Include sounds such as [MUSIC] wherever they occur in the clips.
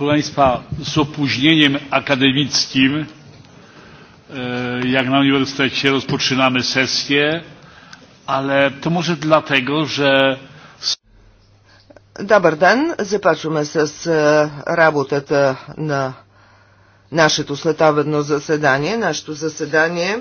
Proszę Państwa, z opóźnieniem akademickim, jak na uniwersytecie, rozpoczynamy sesję, ale to może dlatego, że. Добър ден! Започваме с работата на нашето следобедно заседание. Нашето заседание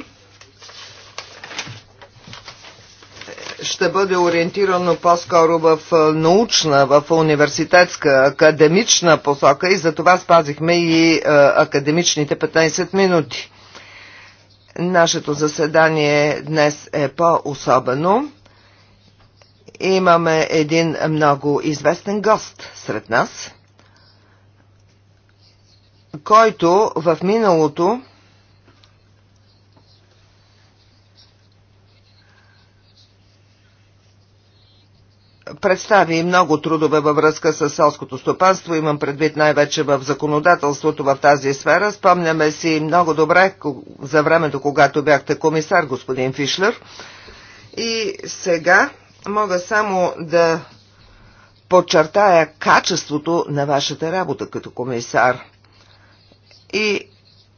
ще бъде ориентирано по-скоро в научна, в университетска, академична посока и за това спазихме и академичните 15 минути. Нашето заседание днес е по-особено. Имаме един много известен гост сред нас, който в миналото представи много трудове във връзка с селското стопанство, имам предвид най-вече в законодателството в тази сфера. Спомняме си много добре за времето, когато бяхте комисар, господин Фишлер. И сега мога само да подчертая качеството на вашата работа като комисар. И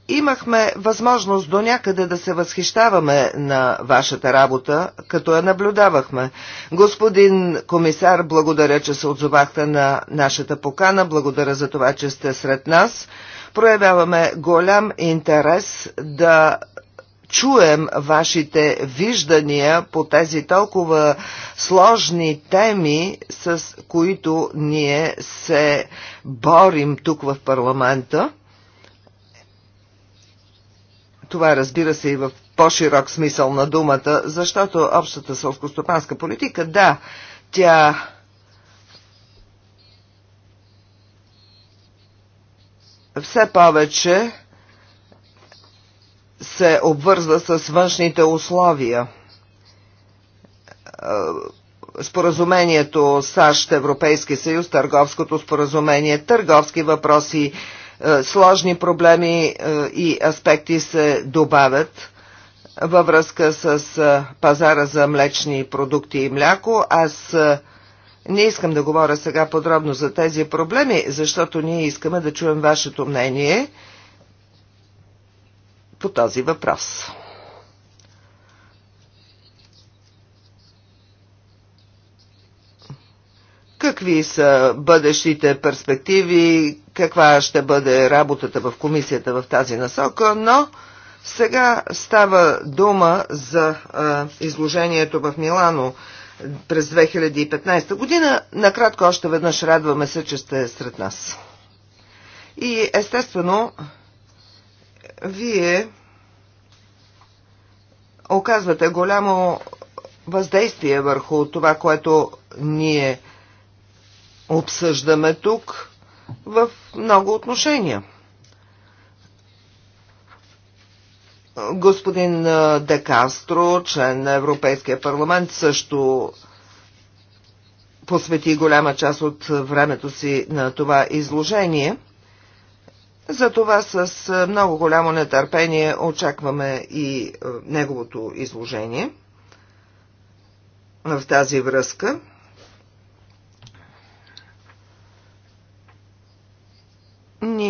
Имахме възможност до някъде да се възхищаваме на вашата работа, като я наблюдавахме. Господин комисар, благодаря, че се отзовахте на нашата покана, благодаря за това, че сте сред нас. Проявяваме голям интерес да чуем вашите виждания по тези толкова сложни теми, с които ние се борим тук в парламента. Това разбира се и в по-широк смисъл на думата, защото общата сълскостопанска политика, да, тя все повече се обвързва с външните условия. Споразумението САЩ-Европейски съюз, търговското споразумение, търговски въпроси, е, сложни проблеми е, и аспекти се добавят във връзка с е, пазара за млечни продукти и мляко. Аз не искам да говоря сега подробно за тези проблеми, защото ние искаме да чуем вашето мнение по този въпрос. какви са бъдещите перспективи, каква ще бъде работата в комисията в тази насока, но сега става дума за а, изложението в Милано през 2015 година. Накратко още веднъж радваме се, че сте сред нас. И естествено, вие оказвате голямо въздействие върху това, което ние обсъждаме тук в много отношения. Господин Де Кастро, член на Европейския парламент, също посвети голяма част от времето си на това изложение. Затова с много голямо нетърпение очакваме и неговото изложение в тази връзка.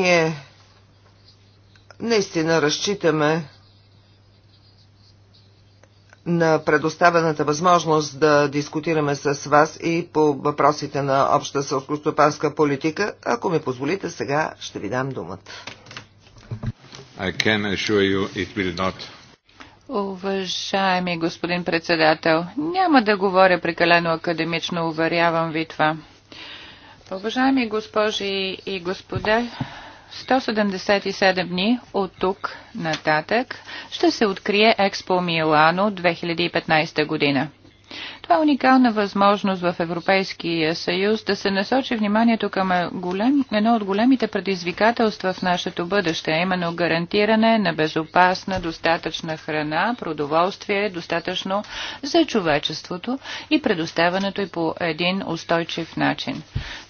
Ние наистина разчитаме на предоставената възможност да дискутираме с вас и по въпросите на обща селскостопанска политика. Ако ми позволите, сега ще ви дам думата. I can assure you it will not. Уважаеми господин председател, няма да говоря прекалено академично, уверявам ви това. Уважаеми госпожи и господа, 177 дни от тук нататък ще се открие Експо Милано 2015 година. Това е уникална възможност в Европейския съюз да се насочи вниманието към голем, едно от големите предизвикателства в нашето бъдеще, именно гарантиране на безопасна, достатъчна храна, продоволствие, достатъчно за човечеството и предоставянето и по един устойчив начин.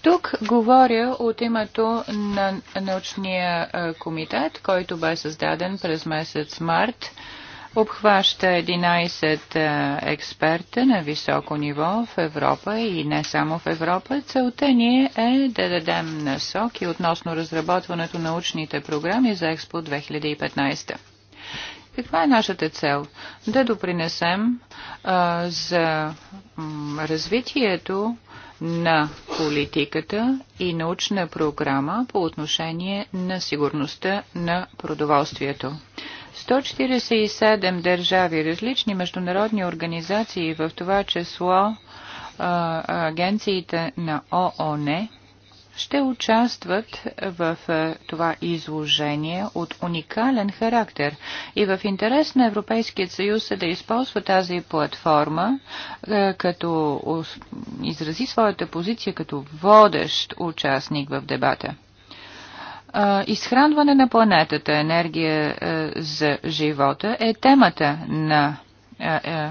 Тук говоря от името на научния комитет, който бе създаден през месец март обхваща 11 е, експерта на високо ниво в Европа и не само в Европа. Целта ни е да дадем насоки относно разработването на научните програми за Експо 2015. Каква е нашата цел? Да допринесем а, е, за м, развитието на политиката и научна програма по отношение на сигурността на продоволствието. 147 държави, различни международни организации, в това число агенциите на ООН, ще участват в това изложение от уникален характер. И в интерес на Европейския съюз е да използва тази платформа, като изрази своята позиция като водещ участник в дебата. Изхранване на планетата, енергия е, за живота е темата на е, е,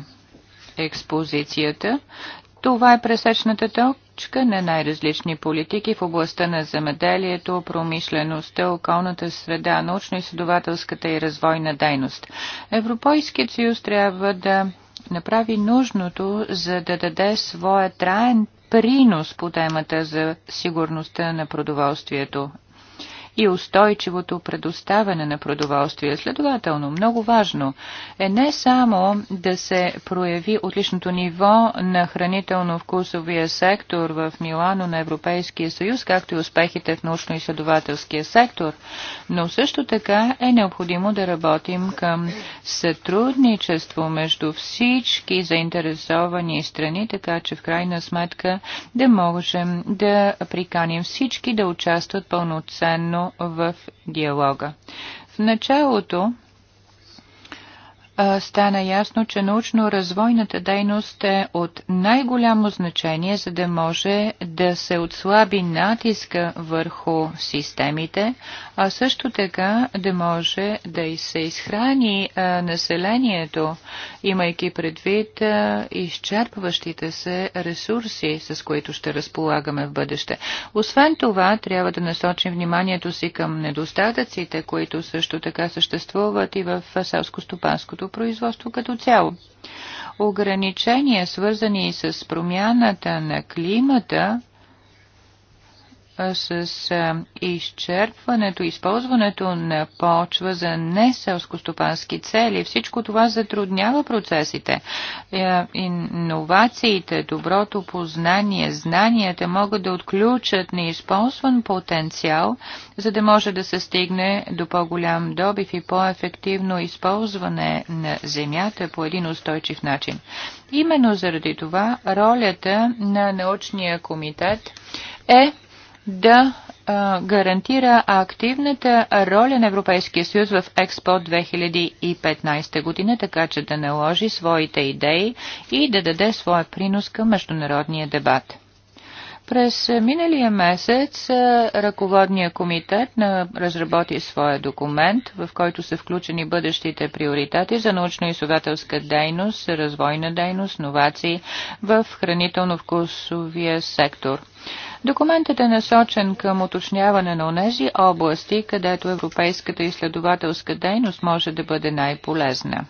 експозицията. Това е пресечната точка на най-различни политики в областта на земеделието, промишлеността, околната среда, научно-изследователската и развойна дейност. Европейският съюз трябва да направи нужното, за да даде своя траен принос по темата за сигурността на продоволствието и устойчивото предоставяне на продоволствие. Следователно, много важно е не само да се прояви отличното ниво на хранително-вкусовия сектор в Милано на Европейския съюз, както и успехите в научно-изследователския сектор, но също така е необходимо да работим към сътрудничество между всички заинтересовани страни, така че в крайна сметка да можем да приканим всички да участват пълноценно в диалога. В началото стана ясно, че научно-развойната дейност е от най-голямо значение, за да може да се отслаби натиска върху системите, а също така да може да и се изхрани населението, имайки предвид изчерпващите се ресурси, с които ще разполагаме в бъдеще. Освен това, трябва да насочим вниманието си към недостатъците, които също така съществуват и в селско-стопанското производство като цяло. Ограничения, свързани с промяната на климата, с изчерпването, използването на почва за неселскостопански цели. Всичко това затруднява процесите. Е, Инновациите, доброто познание, знанията могат да отключат неизползван потенциал, за да може да се стигне до по-голям добив и по-ефективно използване на земята по един устойчив начин. Именно заради това ролята на научния комитет е да гарантира активната роля на Европейския съюз в Експо 2015 година, така че да наложи своите идеи и да даде своя принос към международния дебат. През миналия месец е, ръководния комитет разработи своя документ, в който са включени бъдещите приоритети за научно-изследователска дейност, развойна дейност, новации в хранително-вкусовия сектор. Документът е насочен към уточняване на онези области, където европейската изследователска дейност може да бъде най-полезна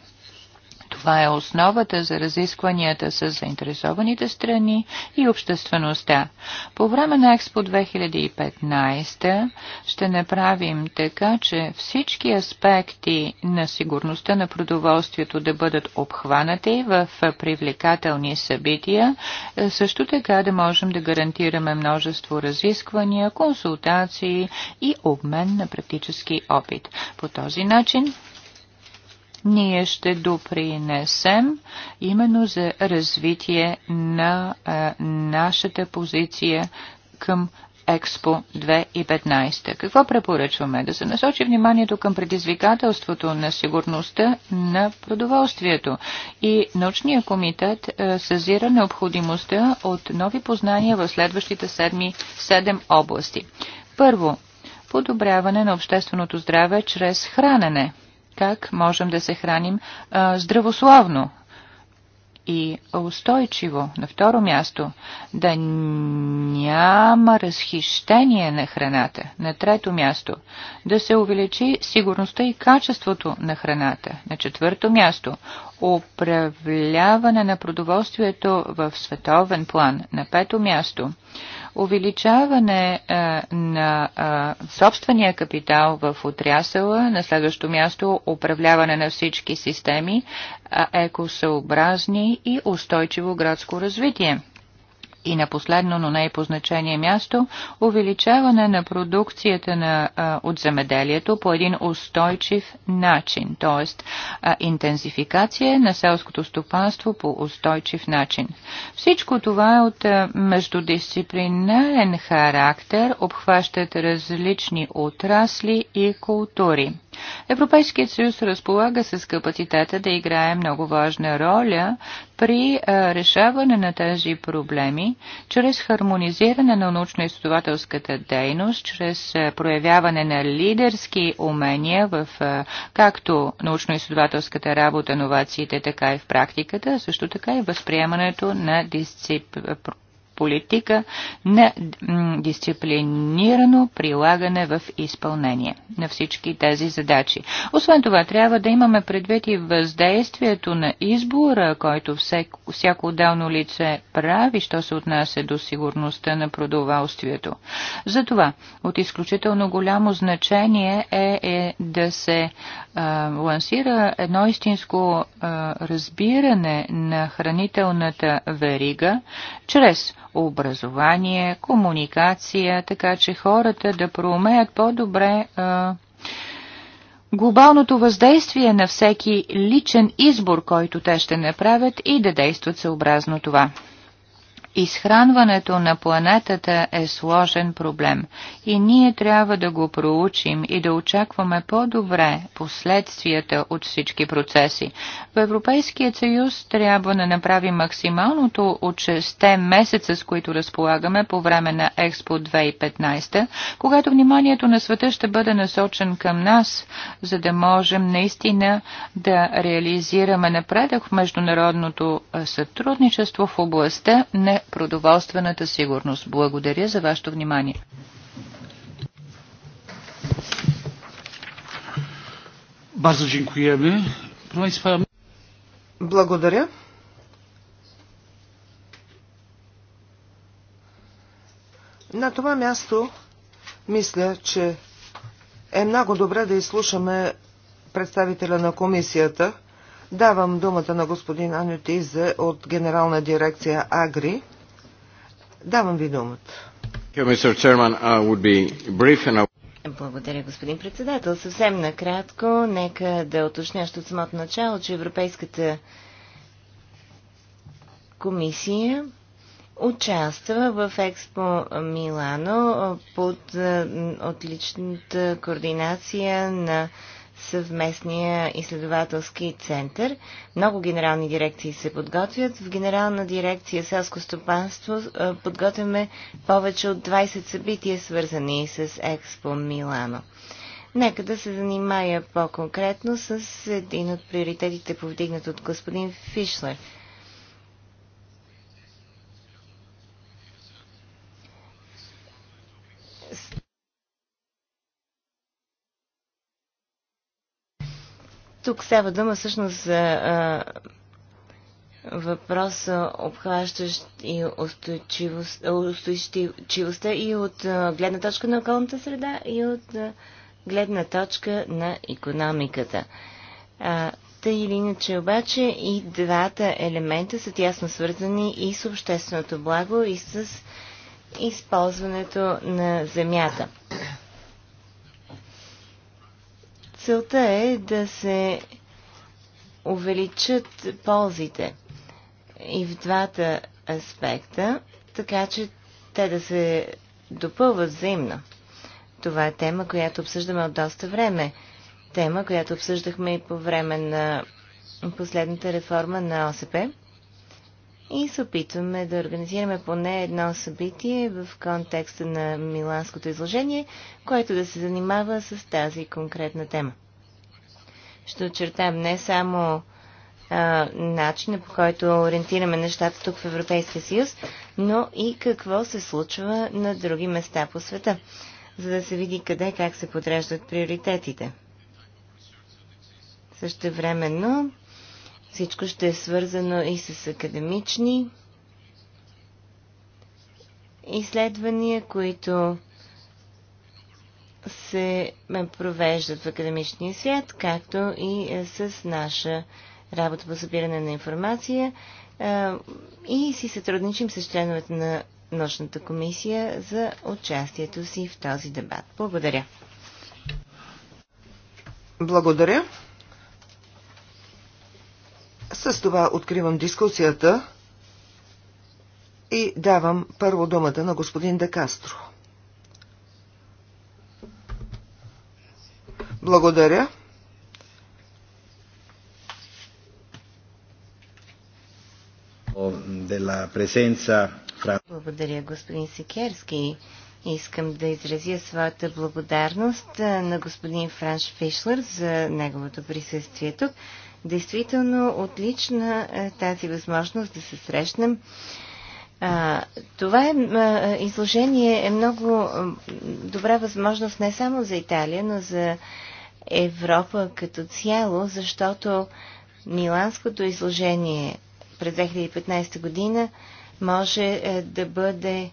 каква е основата за разискванията с заинтересованите страни и обществеността. По време на Експо 2015 ще направим така, че всички аспекти на сигурността на продоволствието да бъдат обхванати в привлекателни събития, е, също така да можем да гарантираме множество разисквания, консултации и обмен на практически опит. По този начин ние ще допринесем именно за развитие на а, нашата позиция към Експо 2015. Какво препоръчваме? Да се насочи вниманието към предизвикателството на сигурността на продоволствието. И научния комитет съзира необходимостта от нови познания в следващите 7 области. Първо, подобряване на общественото здраве чрез хранене – как можем да се храним а, здравословно и устойчиво. На второ място, да няма разхищение на храната. На трето място, да се увеличи сигурността и качеството на храната. На четвърто място, управляване на продоволствието в световен план. На пето място, увеличаване а, е, на а, е, собствения капитал в отрясъла, на следващо място управляване на всички системи, а, екосъобразни и устойчиво градско развитие. И на последно, но не и по значение място, увеличаване на продукцията на, а, от земеделието по един устойчив начин, т.е. интензификация на селското стопанство по устойчив начин. Всичко това е от а, междудисциплинарен характер, обхващат различни отрасли и култури. Европейският съюз разполага с капацитета да играе много важна роля при решаване на тези проблеми чрез хармонизиране на научно-изследователската дейност, чрез проявяване на лидерски умения в както научно-изследователската работа, новациите, така и в практиката, а също така и възприемането на дисциплина политика на дисциплинирано прилагане в изпълнение на всички тези задачи. Освен това, трябва да имаме предвид и въздействието на избора, който всяко, всяко отделно лице прави, що се отнася до сигурността на продоволствието. Затова от изключително голямо значение е, е да се а, лансира едно истинско а, разбиране на хранителната верига чрез образование, комуникация, така че хората да проумеят по-добре глобалното въздействие на всеки личен избор, който те ще направят и да действат съобразно това. Изхранването на планетата е сложен проблем и ние трябва да го проучим и да очакваме по-добре последствията от всички процеси. В Европейския съюз трябва да направим максималното от 6 месеца, с които разполагаме по време на Експо 2015, когато вниманието на света ще бъде насочен към нас, за да можем наистина да реализираме напредък в международното сътрудничество в областта на продоволствената сигурност. Благодаря за вашето внимание. Благодаря. На това място мисля, че е много добре да изслушаме представителя на комисията. Давам думата на господин Анютиза от Генерална дирекция Агри. Давам ви думата. Благодаря, господин председател. Съвсем накратко, нека да уточня още от самото начало, че Европейската комисия участва в Експо Милано под отличната координация на съвместния изследователски център. Много генерални дирекции се подготвят. В генерална дирекция селско стопанство подготвяме повече от 20 събития, свързани с Експо Милано. Нека да се занимая по-конкретно с един от приоритетите, повдигнат от господин Фишлер – Тук става дума всъщност за въпроса, обхващащ и устойчивост, устойчивостта и от а, гледна точка на околната среда, и от а, гледна точка на економиката. А, Та или иначе обаче и двата елемента са тясно свързани и с общественото благо, и с използването на земята. Целта е да се увеличат ползите и в двата аспекта, така че те да се допълват взаимно. Това е тема, която обсъждаме от доста време. Тема, която обсъждахме и по време на последната реформа на ОСП и се опитваме да организираме поне едно събитие в контекста на Миланското изложение, което да се занимава с тази конкретна тема. Ще очертаем не само а, начина по който ориентираме нещата тук в Европейския съюз, но и какво се случва на други места по света, за да се види къде как се подреждат приоритетите. Също времено всичко ще е свързано и с академични изследвания, които се провеждат в академичния свят, както и е, с наша работа по събиране на информация е, и си сътрудничим с членовете на нощната комисия за участието си в този дебат. Благодаря. Благодаря. С това откривам дискусията и давам първо думата на господин Декастро. Благодаря. Благодаря, господин Секерски. Искам да изразя своята благодарност на господин Франш Фишлер за неговото присъствие тук. Действително отлична е тази възможност да се срещнем. А, това е, а, изложение е много а, добра възможност не само за Италия, но за Европа като цяло, защото Миланското изложение през 2015 година може а, е, да бъде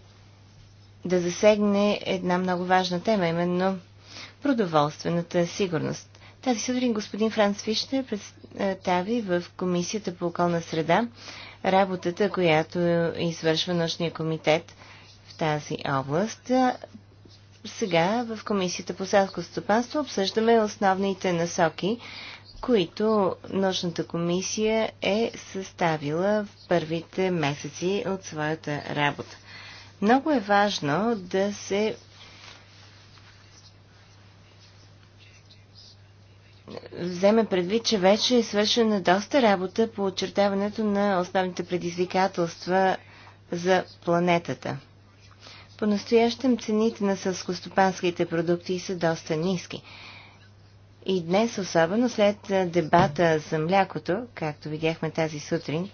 да засегне една много важна тема, именно продоволствената сигурност. Тази сутрин господин Франц Фишнер представи в Комисията по околна среда работата, която извършва нощния комитет в тази област. Сега в Комисията по селско стопанство обсъждаме основните насоки, които нощната комисия е съставила в първите месеци от своята работа. Много е важно да се вземе предвид, че вече е свършена доста работа по очертаването на основните предизвикателства за планетата. По-настоящем цените на сълскостопанските продукти са доста ниски. И днес, особено след дебата за млякото, както видяхме тази сутрин,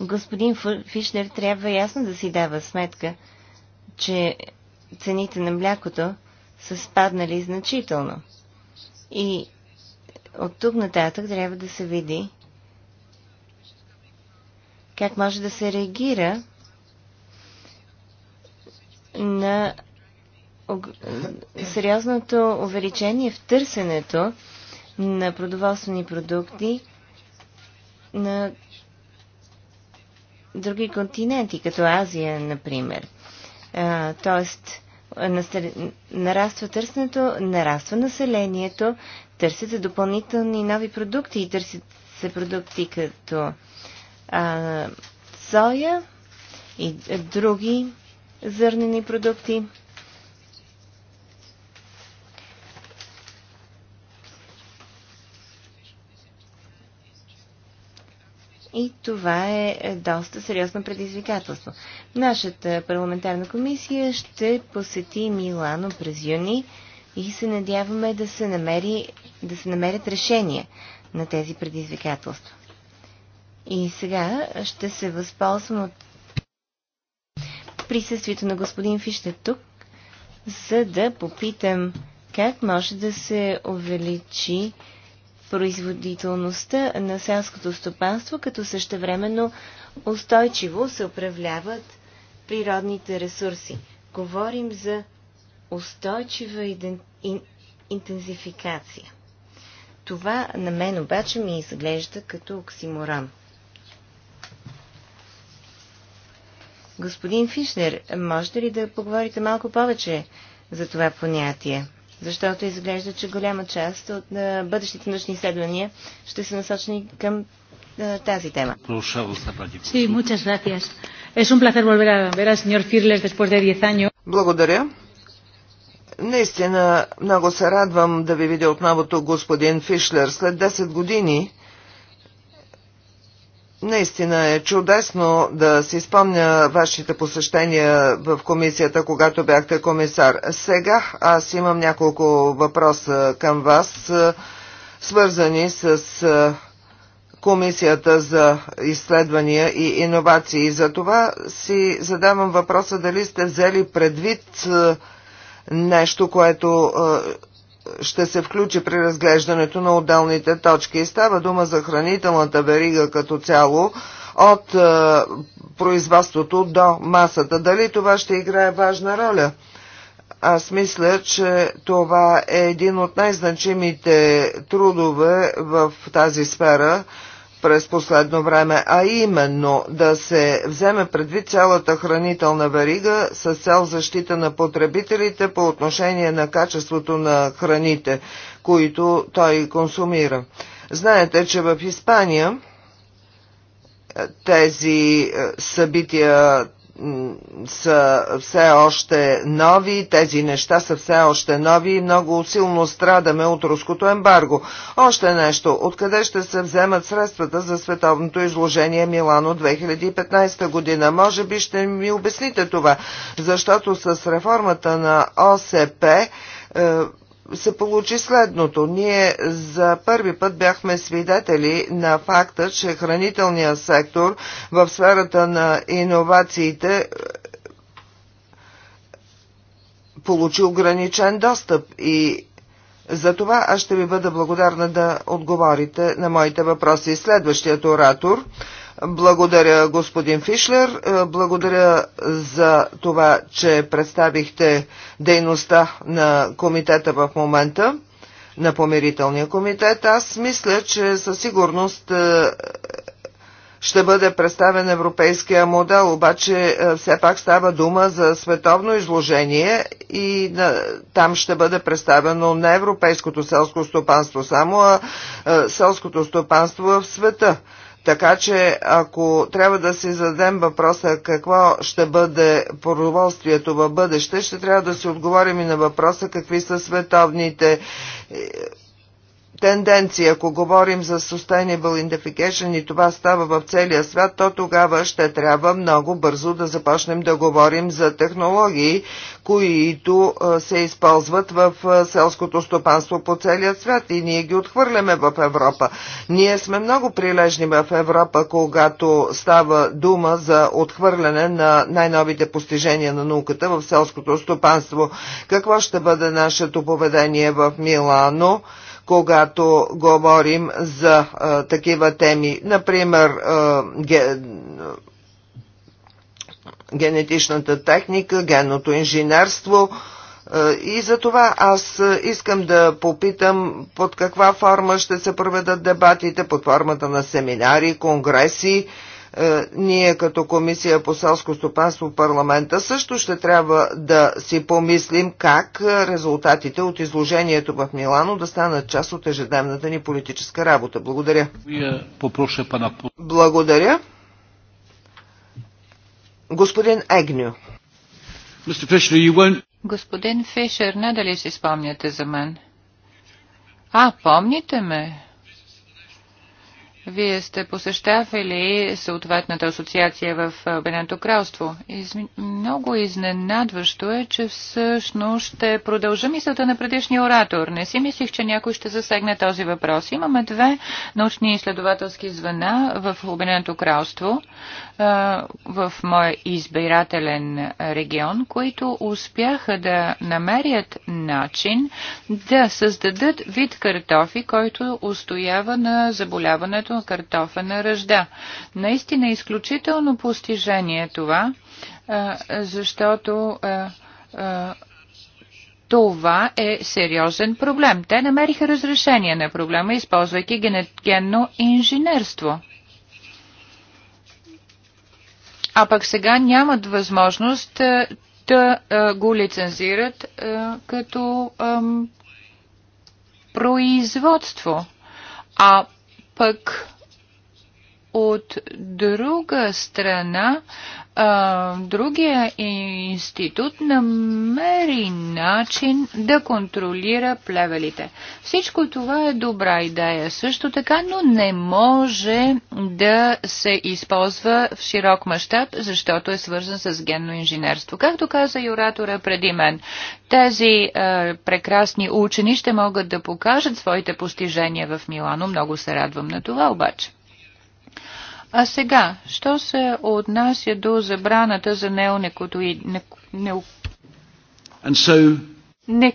господин Фишнер трябва ясно да си дава сметка, че цените на млякото са спаднали значително. И от тук нататък трябва да се види как може да се реагира на сериозното увеличение в търсенето на продоволствени продукти на други континенти, като Азия, например. А, тоест, нараства търсенето, нараства населението, търсят се допълнителни нови продукти и търсят се продукти като а, соя и други зърнени продукти. И това е, е доста сериозно предизвикателство. Нашата парламентарна комисия ще посети Милано през юни и се надяваме да се, намери, да се намерят решения на тези предизвикателства. И сега ще се възползвам от присъствието на господин Фишта тук, за да попитам как може да се увеличи производителността на селското стопанство, като същевременно устойчиво се управляват природните ресурси. Говорим за устойчива иден... ин... интензификация. Това на мен обаче ми изглежда като оксиморан. Господин Фишнер, можете ли да поговорите малко повече за това понятие? Защото изглежда, че голяма част от а, бъдещите научни изследвания ще са насочени към а, тази тема. Благодаря. Наистина много се радвам да ви видя отново тук, господин Фишлер. След 10 години Наистина е чудесно да си спомня вашите посещения в комисията, когато бяхте комисар. Сега аз имам няколко въпроса към вас, е, свързани с е, Комисията за изследвания и иновации. За това си задавам въпроса дали сте взели предвид е, нещо, което ще се включи при разглеждането на отделните точки. Става дума за хранителната верига като цяло от е, производството до масата. Дали това ще играе важна роля? Аз мисля, че това е един от най-значимите трудове в тази сфера, през последно време, а именно да се вземе предвид цялата хранителна верига с цел защита на потребителите по отношение на качеството на храните, които той консумира. Знаете, че в Испания е, тези е, събития са все още нови, тези неща са все още нови и много силно страдаме от руското ембарго. Още нещо, откъде ще се вземат средствата за световното изложение Милано 2015 година? Може би ще ми обясните това, защото с реформата на ОСП е, се получи следното. Ние за първи път бяхме свидетели на факта, че хранителният сектор в сферата на иновациите е, получи ограничен достъп и за това аз ще ви бъда благодарна да отговорите на моите въпроси. Следващият оратор. Благодаря, господин Фишлер. Е, благодаря за това, че представихте дейността на комитета в момента, на помирителния комитет. Аз мисля, че със сигурност е, ще бъде представен европейския модел, обаче е, все пак става дума за световно изложение и там ще бъде представено не европейското селско стопанство само, а селското стопанство в света. Така че, ако трябва да си зададем въпроса какво ще бъде продоволствието в бъдеще, ще трябва да си отговорим и на въпроса какви са световните тенденции. Ако говорим за Sustainable Identification и това става в целия свят, то тогава ще трябва много бързо да започнем да говорим за технологии, които се използват в селското стопанство по целия свят и ние ги отхвърляме в Европа. Ние сме много прилежни в Европа, когато става дума за отхвърляне на най-новите постижения на науката в селското стопанство. Какво ще бъде нашето поведение в Милано? когато говорим за а, такива теми. Например, а, ге, генетичната техника, генното инженерство. И за това аз искам да попитам под каква форма ще се проведат дебатите, под формата на семинари, конгреси, е, ние като Комисия по селско стопанство в парламента също ще трябва да си помислим как е, резултатите от изложението в Милано да станат част от ежедневната ни политическа работа. Благодаря. Е, Благодаря. Господин Егню. Господин Фишер, надали си спомняте за мен? А, помните ме? Вие сте посещавали съответната асоциация в Обединеното кралство. Из... Много изненадващо е, че всъщност ще продължа мисълта на предишния оратор. Не си мислих, че някой ще засегне този въпрос. Имаме две научни изследователски звена в Обединеното кралство, в моя избирателен регион, които успяха да намерят начин да създадат вид картофи, който устоява на заболяването като картофа на ръжда. Наистина е изключително постижение това, защото това е сериозен проблем. Те намериха разрешение на проблема, използвайки генетгенно инженерство. А пък сега нямат възможност да го лицензират като производство. А пък от друга страна, а, другия институт намери начин да контролира плевелите. Всичко това е добра идея също така, но не може да се използва в широк мащаб, защото е свързан с генно инженерство. Както каза и оратора преди мен, тези а, прекрасни учени ще могат да покажат своите постижения в Милано. Много се радвам на това обаче. А сега, що се отнася до забраната за неонекотоиди? Не, не, so, не,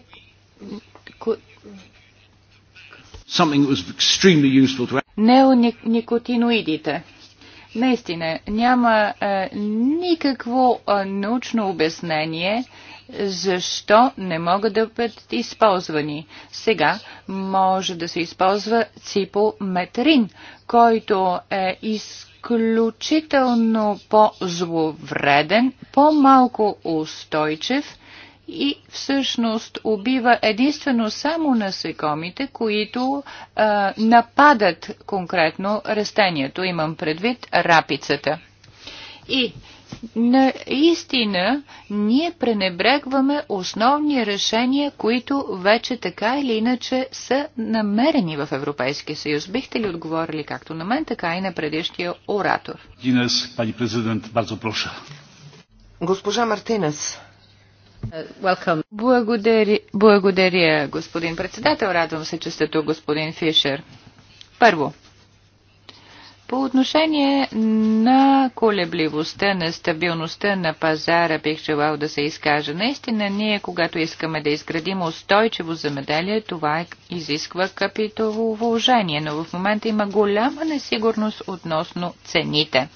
to... Неоникотиноидите. Наистина, няма е, никакво е, научно обяснение защо не могат да бъдат използвани. Сега може да се използва ципометрин, който е из изключително по-зловреден, по-малко устойчив и всъщност убива единствено само насекомите, които а, нападат конкретно растението, имам предвид рапицата. И наистина ние пренебрегваме основни решения, които вече така или иначе са намерени в Европейския съюз. Бихте ли отговорили както на мен, така и на предишния оратор? Динес, пани президент, бързо проша. Госпожа Мартинес. Welcome. Благодаря, благодаря, господин председател. Радвам се, че сте тук, господин Фишер. Първо, по отношение на колебливостта, на стабилността на пазара, бих желал да се изкажа. Наистина, ние, когато искаме да изградим устойчиво замеделие, това е- изисква капиталово вложение, но в момента има голяма несигурност относно цените.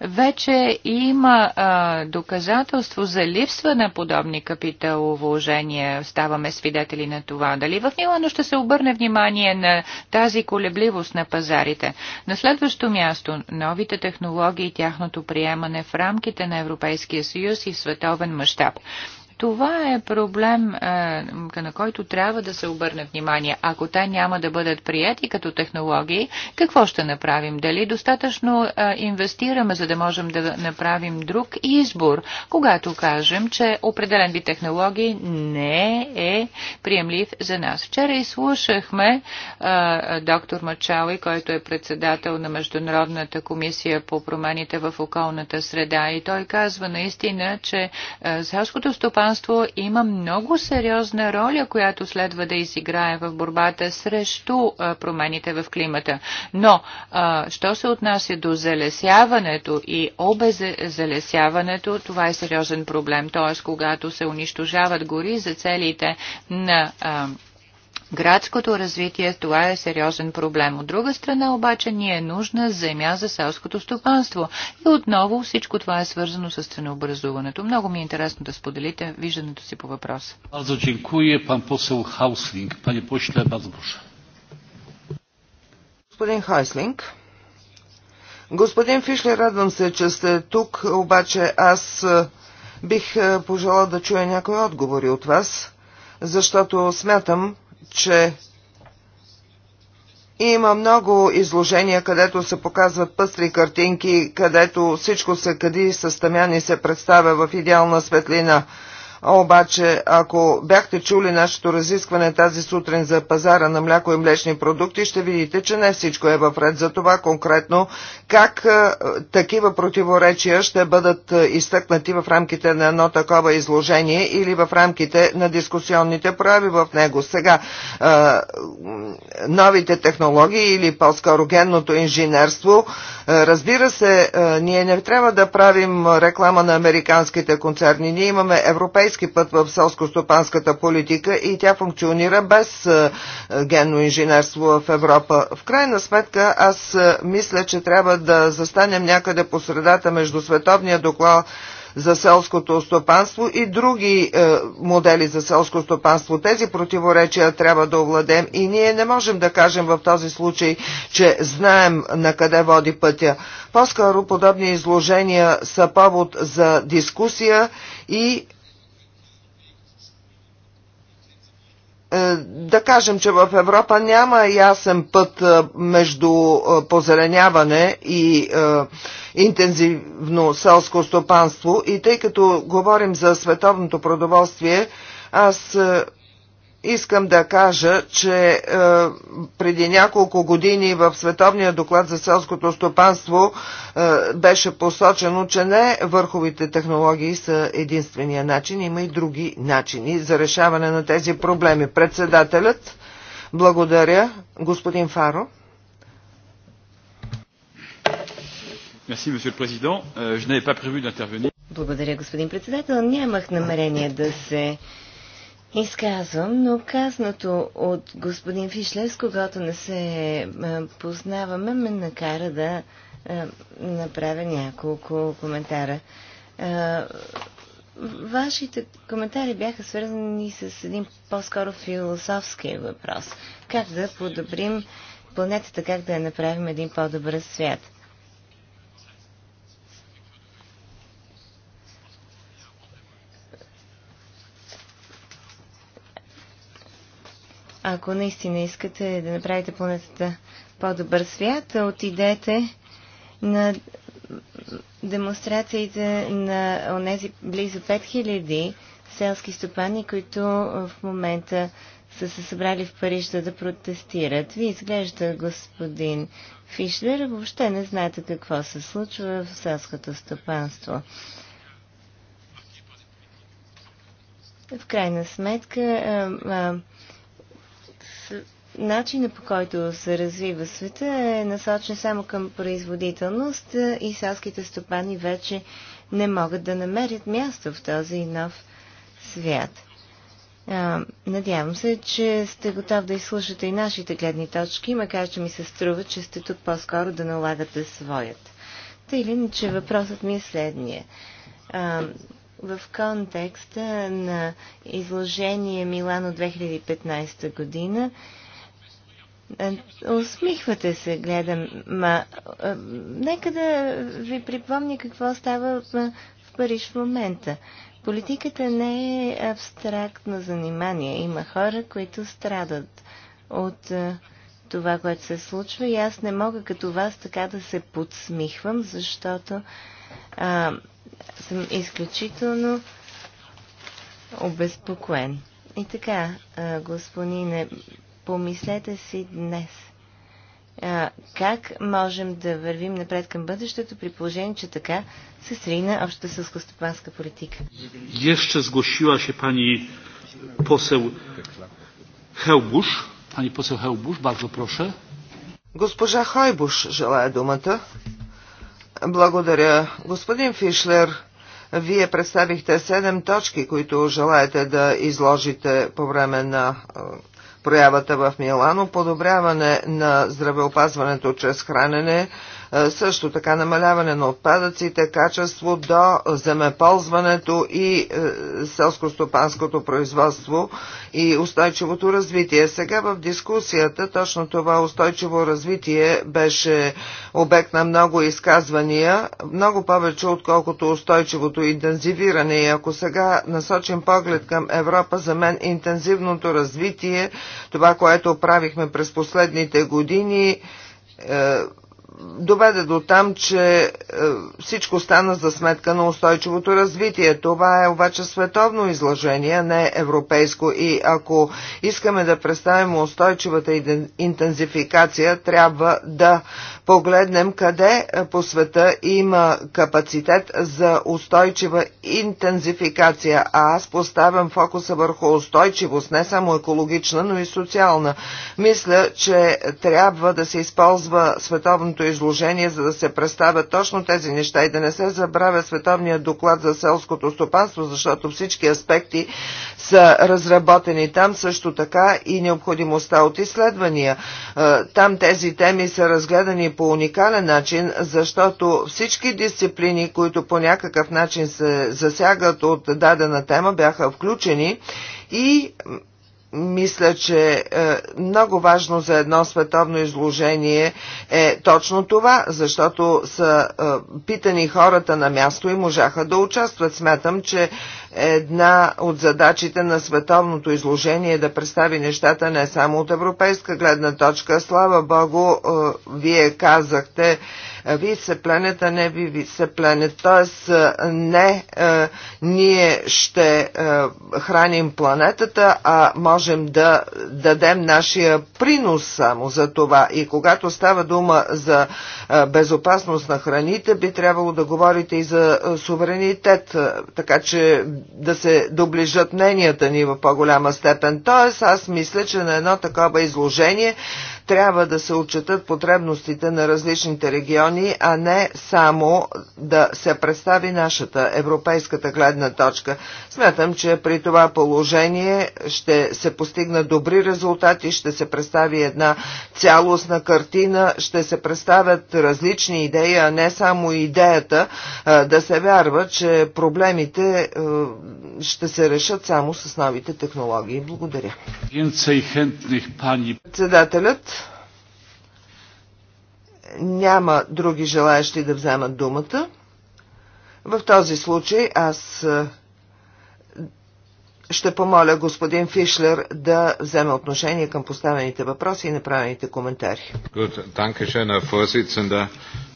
Вече има а, доказателство за липсва на подобни капиталовложения. Ставаме свидетели на това. Дали в Милано ще се обърне внимание на тази колебливост на пазарите? На следващо място, новите технологии и тяхното приемане в рамките на Европейския съюз и в световен мащаб. Това е проблем, е, на който трябва да се обърне внимание. Ако те няма да бъдат прияти като технологии, какво ще направим? Дали достатъчно е, инвестираме, за да можем да направим друг избор, когато кажем, че определен вид технологии не е приемлив за нас? Вчера изслушахме е, доктор Мачали, който е председател на Международната комисия по промените в околната среда и той казва наистина, че селското стопанство стопанство има много сериозна роля, която следва да изиграе в борбата срещу промените в климата. Но, що се отнася до залесяването и обезалесяването, това е сериозен проблем. Т.е. когато се унищожават гори за целите на градското развитие, това е сериозен проблем. От друга страна обаче ни е нужна земя за селското стопанство. И отново всичко това е свързано с ценообразуването. Много ми е интересно да споделите виждането си по въпроса. Bardzo dziękuję, pan poseł Hausling. Panie pośle, bardzo Господин Хайслинг. Господин Фишлер, радвам се, че сте тук, обаче аз е, бих е, пожелал да чуя някои отговори от вас, защото смятам, че има много изложения, където се показват пъстри картинки, където всичко се къди състамян и се представя в идеална светлина. Обаче, ако бяхте чули нашето разискване тази сутрин за пазара на мляко и млечни продукти, ще видите, че не всичко е във ред. За това конкретно как е, такива противоречия ще бъдат е, изтъкнати в рамките на едно такова изложение или в рамките на дискусионните прояви в него. Сега, е, новите технологии или по-скоро генното инженерство, разбира се, ние не трябва да правим реклама на американските концерни. Ние имаме европейски европейски път в селско-стопанската политика и тя функционира без е, генно инженерство в Европа. В крайна сметка аз е, мисля, че трябва да застанем някъде по средата между световния доклад за селското стопанство и други е, модели за селско стопанство. Тези противоречия трябва да овладем и ние не можем да кажем в този случай, че знаем на къде води пътя. По-скоро подобни изложения са повод за дискусия и Е, да кажем, че в Европа няма ясен път е, между е, позеленяване и интензивно селско стопанство и тъй като говорим за световното продоволствие, аз искам да кажа, че е, преди няколко години в Световния доклад за селското стопанство е, беше посочено, че не върховите технологии са единствения начин, има и други начини за решаване на тези проблеми. Председателят, благодаря, господин Фаро. Merci, Monsieur le Président. Euh, je n'avais pas prévu d'intervenir. Благодаря, господин председател. Нямах намерение да се изказвам, но казнато от господин Фишлес, с когато не се познаваме, ме накара да направя няколко коментара. Вашите коментари бяха свързани с един по-скоро философски въпрос. Как да подобрим планетата, как да я направим един по-добър свят. Ако наистина искате да направите планетата по-добър свят, отидете на демонстрациите на онези близо 5000 селски стопани, които в момента са се събрали в Париж да, протестират. Вие изглежда, господин Фишлер, въобще не знаете какво се случва в селското стопанство. В крайна сметка, а, а, Начинът по който се развива света е насочен само към производителност и селските стопани вече не могат да намерят място в този нов свят. Надявам се, че сте готов да изслушате и нашите гледни точки, макар че ми се струва, че сте тук по-скоро да налагате своят. Тъй или че въпросът ми е следния. В контекста на изложение Милано 2015 година е, усмихвате се, гледам. Ма, а, е, нека да ви припомня какво става е, в Париж в момента. Политиката не е абстрактно занимание. Има хора, които страдат от а, това, което се случва и аз не мога като вас така да се подсмихвам, защото а, съм изключително обезпокоен. И така, а, господине Помислете си днес. А, как можем да вървим напред към бъдещето при положение, че така се срина общата сълскостопанска политика? Еще сгощила се пани посел Хелбуш. Пани посел Хелбуш, bardzo проша. Госпожа Хойбуш желая думата. Благодаря. Господин Фишлер, вие представихте седем точки, които желаете да изложите по време на проявата в Милано, подобряване на здравеопазването чрез хранене, също така намаляване на отпадъците, качество до земеползването и е, селско-стопанското производство и устойчивото развитие. Сега в дискусията точно това устойчиво развитие беше обект на много изказвания, много повече отколкото устойчивото интензивиране. И ако сега насочим поглед към Европа, за мен интензивното развитие, това, което правихме през последните години, е, доведе до там, че е, всичко стана за сметка на устойчивото развитие. Това е обаче световно изложение, не европейско и ако искаме да представим устойчивата интензификация, трябва да погледнем къде е, по света има капацитет за устойчива интензификация, а аз поставям фокуса върху устойчивост, не само екологична, но и социална. Мисля, че трябва да се използва световното вашето изложение, за да се представят точно тези неща и да не се забравя световния доклад за селското стопанство, защото всички аспекти са разработени там, също така и необходимостта от изследвания. Е, там тези теми са разгледани по уникален начин, защото всички дисциплини, които по някакъв начин се засягат от дадена тема, бяха включени и мисля, че е, много важно за едно световно изложение е точно това, защото са е, питани хората на място и можаха да участват. Смятам, че една от задачите на световното изложение е да представи нещата не само от европейска гледна точка. Слава Богу, е, вие казахте, вие се пленете, а не ви, ви се пленят. Тоест, не ние ще храним планетата, а можем да дадем нашия принос само за това. И когато става дума за безопасност на храните, би трябвало да говорите и за суверенитет, така че да се доближат мненията ни в по-голяма степен. Тоест, аз мисля, че на едно такова изложение трябва да се отчетат потребностите на различните региони, а не само да се представи нашата европейската гледна точка. Смятам, че при това положение ще се постигна добри резултати, ще се представи една цялостна картина, ще се представят различни идеи, а не само идеята да се вярва, че проблемите ще се решат само с новите технологии. Благодаря. Председателят няма други желаящи да вземат думата. В този случай аз е, ще помоля господин Фишлер да вземе отношение към поставените въпроси и направените коментари.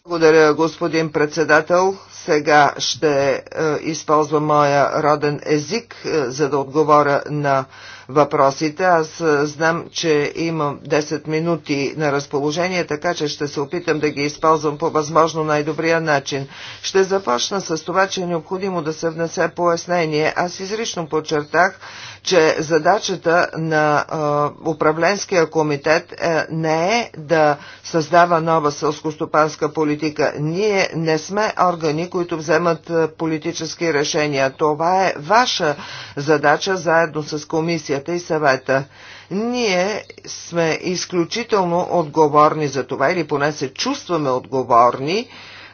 Благодаря, господин председател. Сега ще е, използвам моя роден език, е, за да отговоря на въпросите. Аз знам, че имам 10 минути на разположение, така че ще се опитам да ги използвам по възможно най-добрия начин. Ще започна с това, че е необходимо да се внесе пояснение. Аз изрично подчертах, че задачата на а, управленския комитет е, не е да създава нова сълскостопанска политика. Ние не сме органи, които вземат политически решения. Това е ваша задача заедно с комисията и съвета. Ние сме изключително отговорни за това или поне се чувстваме отговорни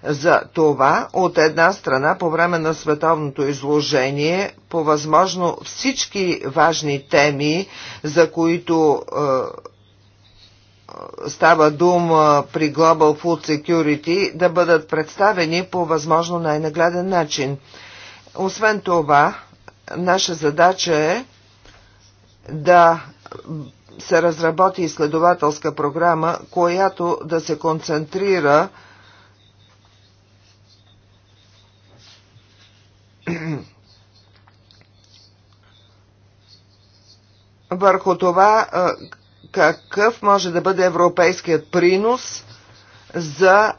за това от една страна по време на световното изложение по възможно всички важни теми, за които е, е, става дума при Global Food Security, да бъдат представени по възможно най-нагледен начин. Освен това, наша задача е да се разработи изследователска програма, която да се концентрира [CLEARS THROAT] върху това какъв може да бъде европейският принос за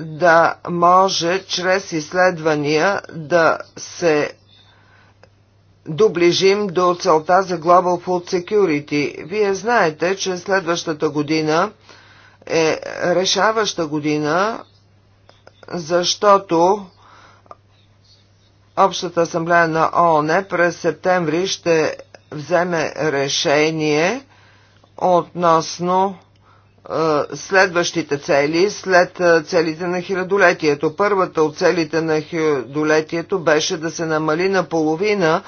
да може чрез изследвания да се доближим до целта за Global Food Security. Вие знаете, че следващата година е решаваща година, защото Общата асамблея на ООН през септември ще вземе решение относно е, следващите цели след е, целите на хилядолетието. Първата от целите на хилядолетието беше да се намали наполовина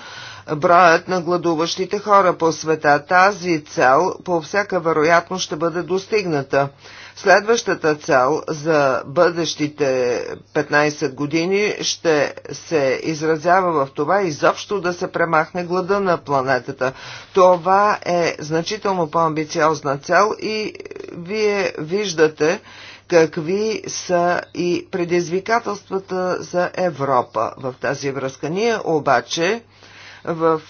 броят на гладуващите хора по света. Тази цел по всяка вероятност ще бъде достигната. Следващата цел за бъдещите 15 години ще се изразява в това изобщо да се премахне глада на планетата. Това е значително по-амбициозна цел и вие виждате, какви са и предизвикателствата за Европа в тази връзка. Ние обаче в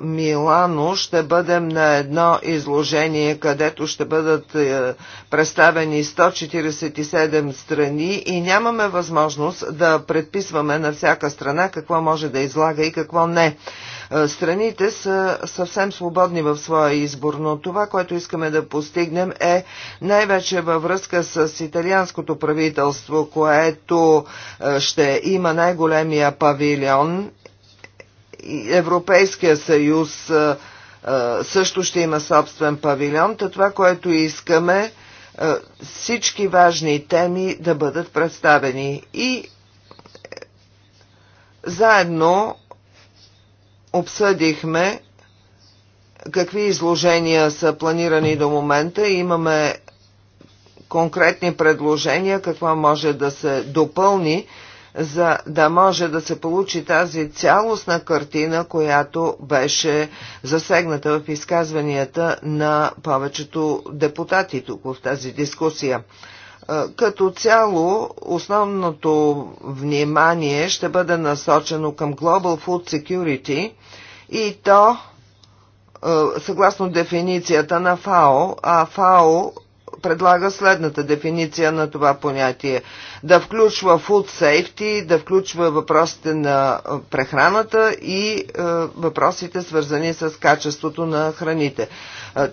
Милано ще бъдем на едно изложение, където ще бъдат е, представени 147 страни и нямаме възможност да предписваме на всяка страна какво може да излага и какво не. Е, страните са съвсем свободни в своя избор, но това, което искаме да постигнем е най-вече във връзка с италианското правителство, което е, ще има най-големия павилион Европейския съюз също ще има собствен павилион. Та това, което искаме, всички важни теми да бъдат представени и е, заедно обсъдихме какви изложения са планирани до момента. Имаме конкретни предложения, какво може да се допълни за да може да се получи тази цялостна картина, която беше засегната в изказванията на повечето депутати тук в тази дискусия. Е, като цяло, основното внимание ще бъде насочено към Global Food Security и то е, съгласно дефиницията на ФАО, а ФАО предлага следната дефиниция на това понятие. Да включва food safety, да включва въпросите на прехраната и въпросите свързани с качеството на храните.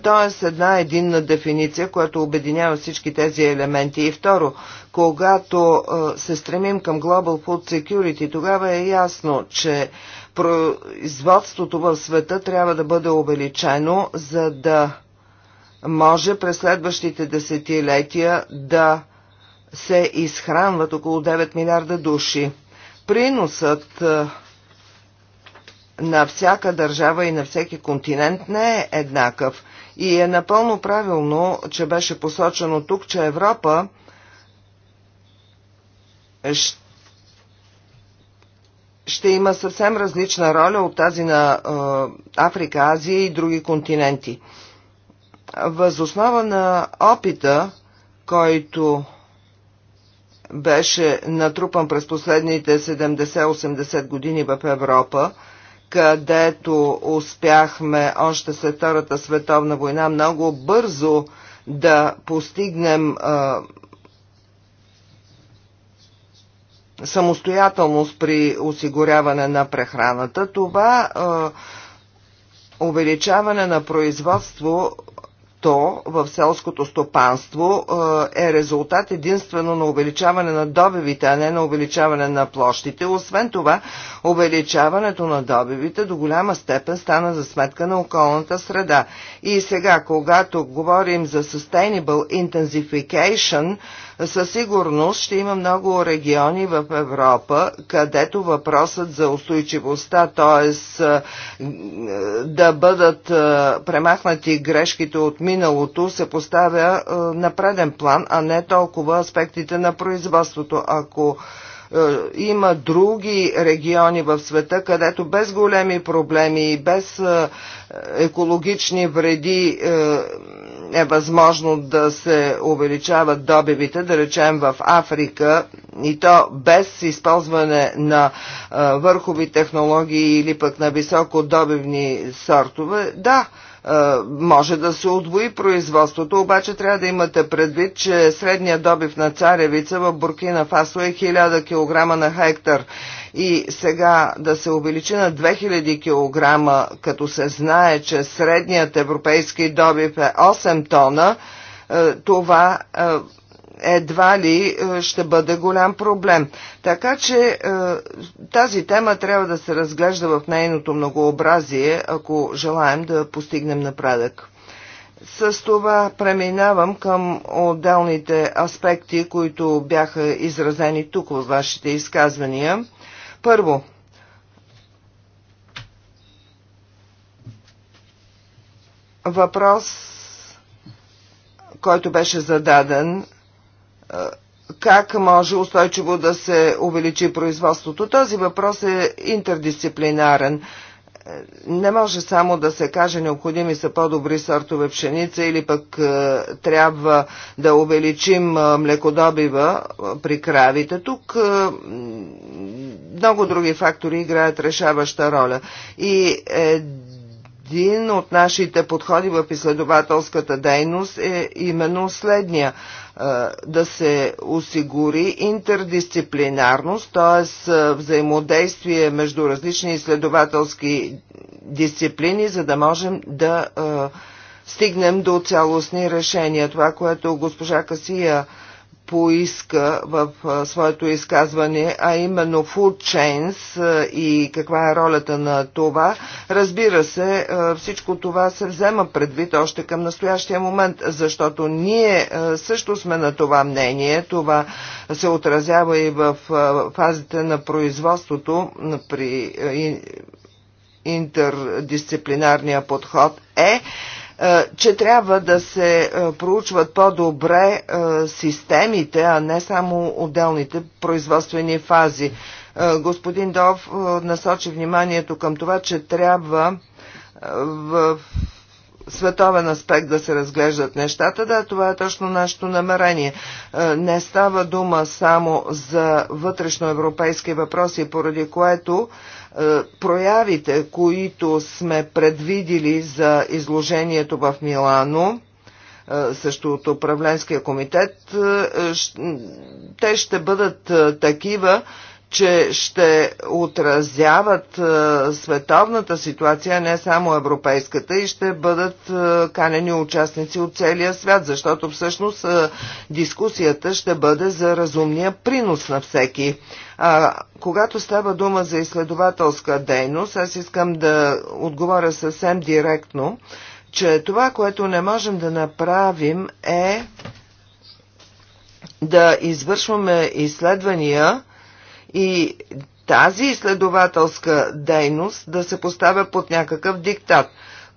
Тоест една единна дефиниция, която обединява всички тези елементи. И второ, когато се стремим към Global Food Security, тогава е ясно, че производството в света трябва да бъде увеличено, за да може през следващите десетилетия да се изхранват около 9 милиарда души. Приносът е, на всяка държава и на всеки континент не е еднакъв. И е напълно правилно, че беше посочено тук, че Европа ще има съвсем различна роля от тази на е, Африка, Азия и други континенти. Възоснова на опита, който беше натрупан през последните 70-80 години в Европа, където успяхме още след Втората световна война много бързо да постигнем а, самостоятелност при осигуряване на прехраната. Това а, увеличаване на производство то в селското стопанство е резултат единствено на увеличаване на добивите, а не на увеличаване на площите. Освен това, увеличаването на добивите до голяма степен стана за сметка на околната среда. И сега, когато говорим за Sustainable Intensification, със сигурност ще има много региони в Европа, където въпросът за устойчивостта, т.е. Е, да бъдат е, премахнати грешките от миналото, се поставя е, на преден план, а не толкова аспектите на производството. Ако има други региони в света, където без големи проблеми и без екологични вреди е възможно да се увеличават добивите, да речем в Африка, и то без използване на върхови технологии или пък на високо добивни сортове, да, може да се отвои производството, обаче трябва да имате предвид, че средният добив на царевица в Буркина Фасо е 1000 кг на хектар и сега да се увеличи на 2000 кг, като се знае, че средният европейски добив е 8 тона, е, това е, едва ли е, ще бъде голям проблем. Така че тази тема трябва да се разглежда в нейното многообразие, ако желаем да постигнем напредък. С това преминавам към отделните аспекти, които бяха изразени тук във вашите изказвания. Първо, въпрос, който беше зададен, как може устойчиво да се увеличи производството? Този въпрос е интердисциплинарен не може само да се каже необходими са по-добри сортове пшеница или пък е, трябва да увеличим е, млекодобива е, при кравите. Тук много други фактори играят решаваща роля. И един от нашите подходи в изследователската дейност е именно следния да се осигури интердисциплинарност, т.е. взаимодействие между различни изследователски дисциплини, за да можем да стигнем до цялостни решения. Това, което госпожа Касия поиска в своето изказване, а именно food chains и каква е ролята на това. Разбира се, всичко това се взема предвид още към настоящия момент, защото ние също сме на това мнение. Това се отразява и в фазите на производството при интердисциплинарния подход е е, че трябва да се е, проучват по-добре е, системите, а не само отделните производствени фази. Господин Дов насочи вниманието към това, че трябва в световен аспект да се разглеждат нещата. Да, това е точно нашето намерение. Не става дума само за вътрешноевропейски въпроси, поради което е, проявите, които сме предвидили за изложението в Милано, е, също от управленския комитет, е, те ще бъдат такива, че ще отразяват световната ситуация, не само европейската, и ще бъдат канени участници от целия свят, защото всъщност дискусията ще бъде за разумния принос на всеки. А, когато става дума за изследователска дейност, аз искам да отговоря съвсем директно, че това, което не можем да направим е да извършваме изследвания и тази изследователска дейност да се поставя под някакъв диктат.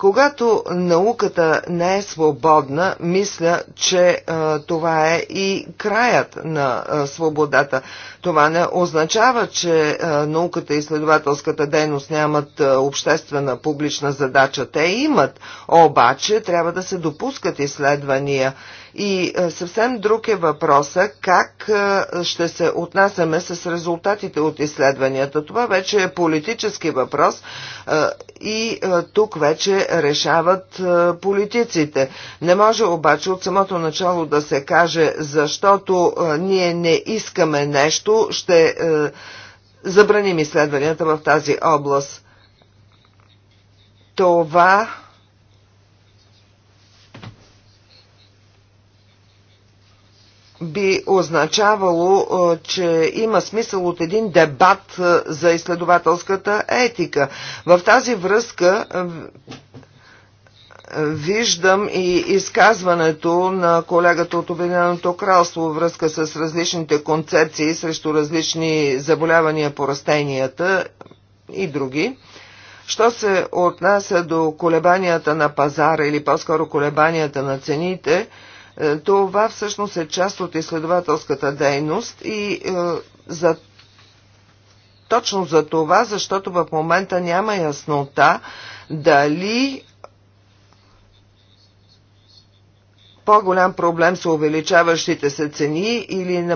Когато науката не е свободна, мисля, че а, е, това е и краят на а, е, свободата. Това не означава, че а, е, науката и изследователската дейност нямат а, обществена публична задача. Те имат, обаче трябва да се допускат изследвания. И е, съвсем друг е въпроса как е, ще се отнасяме с резултатите от изследванията. Това вече е политически въпрос е, и тук вече решават политиците. Не може обаче от самото начало да се каже, защото ние не искаме нещо, ще забраним изследванията в тази област. Това би означавало, е, че има смисъл от един дебат е, за изследователската етика. В тази връзка е, виждам и изказването на колегата от Обединеното кралство във връзка с различните концепции срещу различни заболявания по растенията и други. Що се отнася до колебанията на пазара или по-скоро колебанията на цените – е, това всъщност е част от изследователската дейност и е, за точно за това, защото в момента няма яснота дали по-голям проблем са увеличаващите се цени или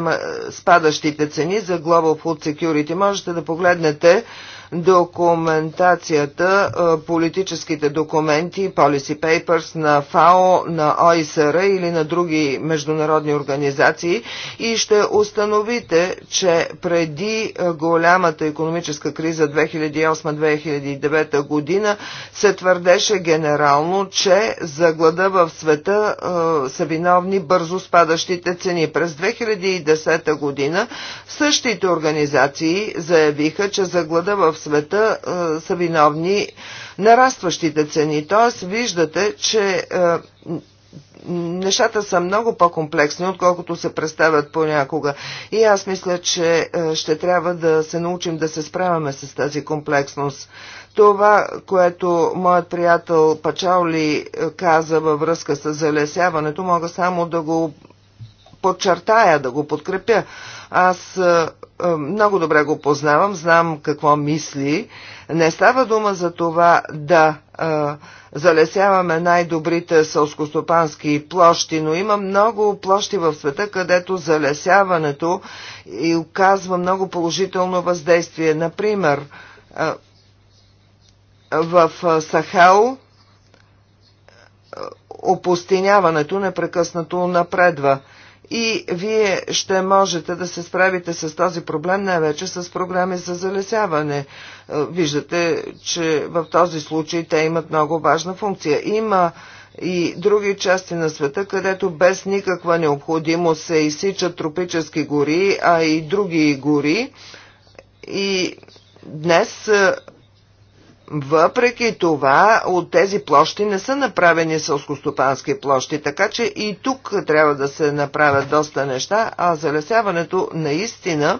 спадащите цени за Global Food Security. Можете да погледнете документацията, политическите документи, policy papers на ФАО, на ОИСР или на други международни организации и ще установите, че преди голямата економическа криза 2008-2009 година се твърдеше генерално, че за глада в света са виновни бързо спадащите цени. През 2010 година същите организации заявиха, че за глада в света а, са виновни нарастващите цени. Тоест, виждате, че а, нещата са много по-комплексни, отколкото се представят понякога. И аз мисля, че ще трябва да се научим да се справяме с тази комплексност. Това, което моят приятел Пачаули каза във връзка с залесяването, мога само да го подчертая, да го подкрепя. Аз е, е, много добре го познавам, знам какво мисли. Не става дума за това да а, е, залесяваме най-добрите сълскостопански площи, но има много площи в света, където залесяването и оказва много положително въздействие. Например, а, в Сахел опустиняването непрекъснато напредва – и вие ще можете да се справите с този проблем най-вече с програми за залесяване. Е, виждате, че в този случай те имат много важна функция. Има и други части на света, където без никаква необходимост се изсичат тропически гори, а и други гори. И днес е, въпреки това, от тези площи не са направени сълскостопански площи, така че и тук трябва да се направят доста неща, а залесяването наистина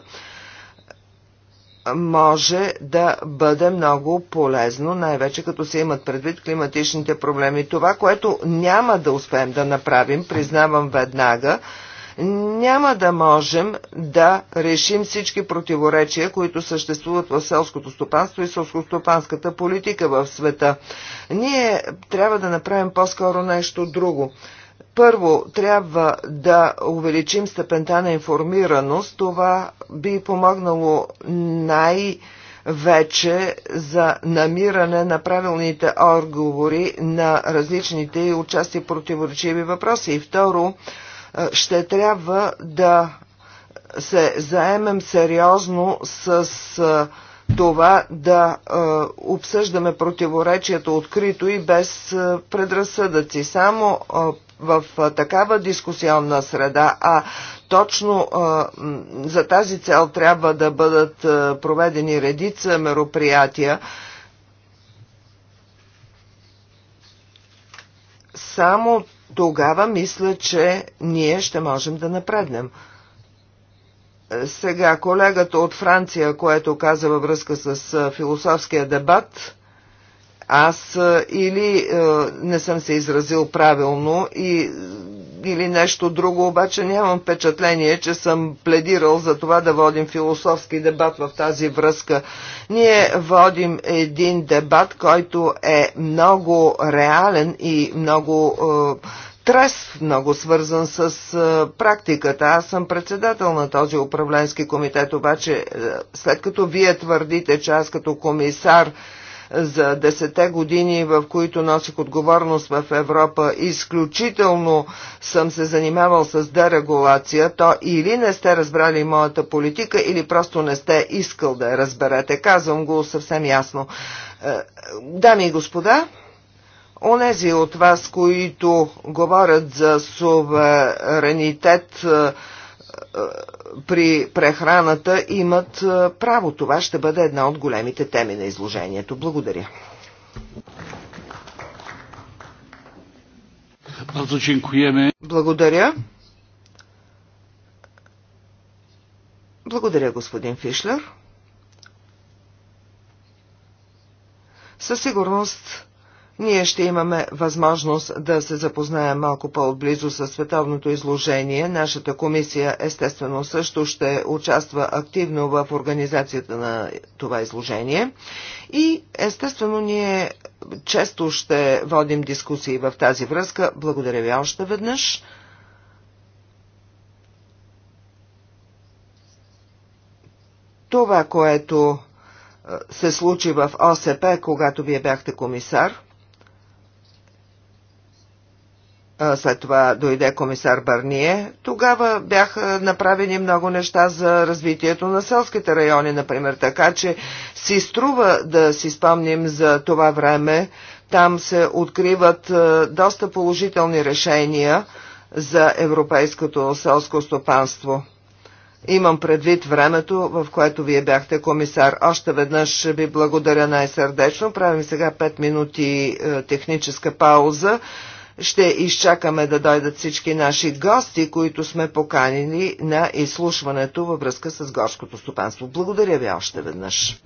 може да бъде много полезно, най-вече като се имат предвид климатичните проблеми. Това, което няма да успеем да направим, признавам веднага, няма да можем да решим всички противоречия, които съществуват в селското стопанство и селскостопанската политика в света. Ние трябва да направим по-скоро нещо друго. Първо, трябва да увеличим степента на информираност. Това би помогнало най- вече за намиране на правилните отговори на различните и отчасти противоречиви въпроси. И второ, ще трябва да се заемем сериозно с това да обсъждаме противоречието открито и без предразсъдъци. Само в такава дискусионна среда, а точно за тази цел трябва да бъдат проведени редица мероприятия, само тогава мисля, че ние ще можем да напреднем. Е, сега колегата от Франция, което каза във връзка с е, философския дебат, аз е, или не съм се изразил правилно и или нещо друго, обаче нямам впечатление, че съм пледирал за това да водим философски дебат в тази връзка. Ние водим един дебат, който е много реален и много е, трес, много свързан с е, практиката. Аз съм председател на този управленски комитет, обаче е, след като вие твърдите, че аз като комисар е, за десете години, в които носих отговорност в Европа, изключително съм се занимавал с дерегулация, то или не сте разбрали моята политика, или просто не сте искал да я разберете. Казвам го съвсем ясно. Е, дами и господа, Онези от вас, които говорят за суверенитет, е, е, при прехраната имат е, право. Това ще бъде една от големите теми на изложението. Благодаря. Благодаря. Благодаря, господин Фишлер. Със сигурност ние ще имаме възможност да се запознаем малко по-отблизо с световното изложение. Нашата комисия естествено също ще участва активно в организацията на това изложение. И естествено ние често ще водим дискусии в тази връзка. Благодаря ви още веднъж. Това, което се случи в ОСП, когато вие бяхте комисар – след това дойде комисар Барние, тогава бяха направени много неща за развитието на селските райони, например, така че си струва да си спомним за това време. Там се откриват доста положителни решения за европейското селско стопанство. Имам предвид времето, в което вие бяхте комисар. Още веднъж ви благодаря най-сърдечно. Правим сега 5 минути е, техническа пауза. Ще изчакаме да дойдат всички наши гости, които сме поканили на изслушването във връзка с горското стопанство. Благодаря ви още веднъж.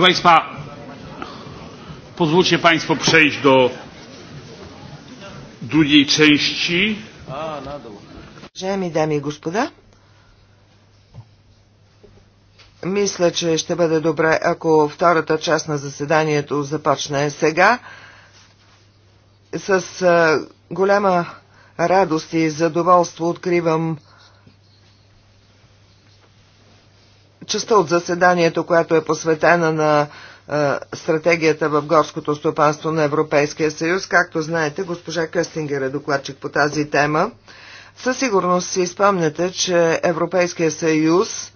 Proszę Państwa, pozwólcie Państwo przejść do drugiej części. Уважаеми дами и господа, мисля, че ще бъде добре, ако втората част на заседанието започне сега. С голяма радост и задоволство откривам частта от заседанието, която е посветена на е, стратегията в горското стопанство на Европейския съюз. Както знаете, госпожа Къстингер е докладчик по тази тема. Със сигурност си спомняте, че Европейския съюз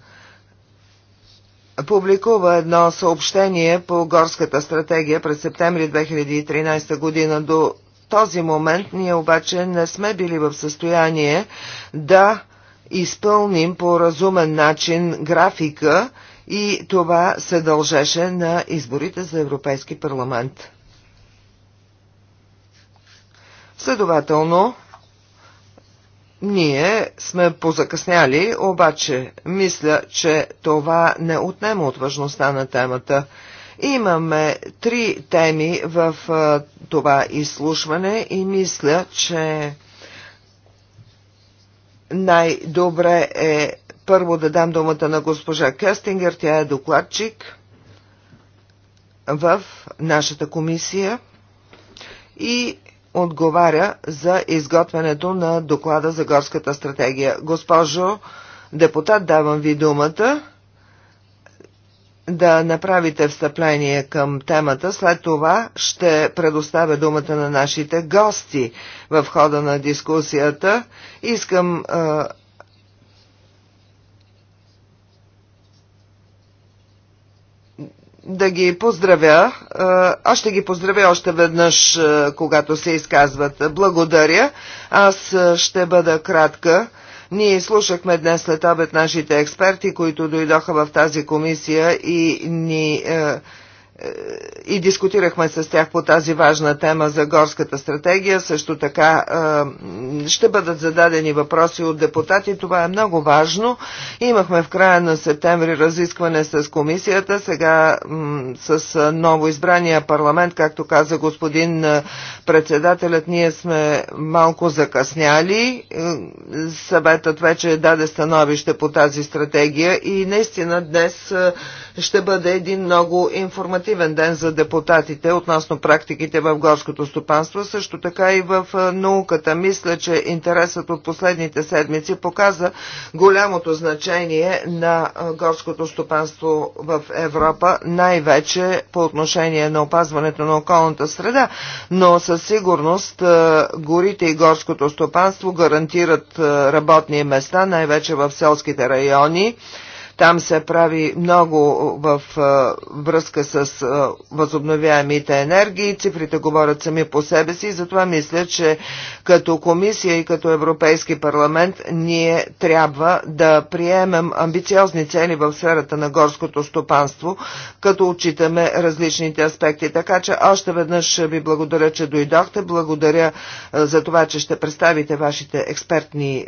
публикува едно съобщение по горската стратегия през септември 2013 година. До този момент ние обаче не сме били в състояние да изпълним по разумен начин графика и това се дължеше на изборите за Европейски парламент. Следователно, ние сме позакъсняли, обаче мисля, че това не отнема от важността на темата. Имаме три теми в това изслушване и мисля, че най-добре е първо да дам думата на госпожа Кестингер. Тя е докладчик в нашата комисия и отговаря за изготвянето на доклада за горската стратегия. Госпожо депутат, давам ви думата да направите встъпление към темата. След това ще предоставя думата на нашите гости в хода на дискусията. Искам а, да ги поздравя. Аз ще ги поздравя още веднъж, когато се изказват. Благодаря. Аз ще бъда кратка. Ние слушахме днес след обед нашите експерти, които дойдоха в тази комисия и ни е, и дискутирахме с тях по тази важна тема за горската стратегия. Също така ще бъдат зададени въпроси от депутати. Това е много важно. Имахме в края на септември разискване с комисията. Сега с ново избрания парламент, както каза господин председателят, ние сме малко закъсняли. Е, съветът вече даде становище по тази стратегия и наистина днес ще бъде един много информативен ден за депутатите относно практиките в горското стопанство, също така и в науката. Мисля, че интересът от последните седмици показа голямото значение на горското стопанство в Европа, най-вече по отношение на опазването на околната среда, но със сигурност горите и горското стопанство гарантират работни места, най-вече в селските райони. Там се прави много в връзка с възобновяемите енергии. Цифрите говорят сами по себе си и затова мисля, че като комисия и като Европейски парламент ние трябва да приемем амбициозни цели в сферата на горското стопанство, като отчитаме различните аспекти. Така че още веднъж ви благодаря, че дойдохте. Благодаря за това, че ще представите вашите експертни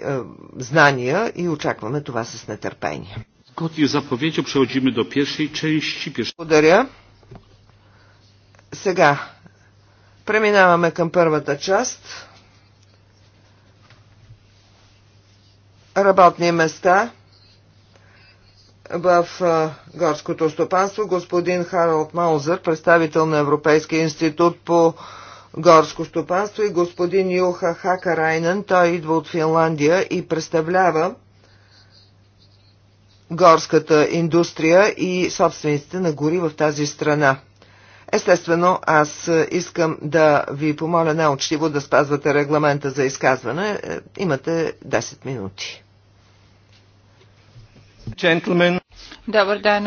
знания и очакваме това с нетърпение. Благодаря. Сега преминаваме към първата част. Работни места в горското стопанство. Господин Харалд Маузър, представител на Европейския институт по горско стопанство и господин Юха Хакарайнен, той идва от Финландия и представлява горската индустрия и собствениците на гори в тази страна. Естествено, аз искам да ви помоля най очтиво да спазвате регламента за изказване. Е, имате 10 минути. Gentlemen. Добър ден,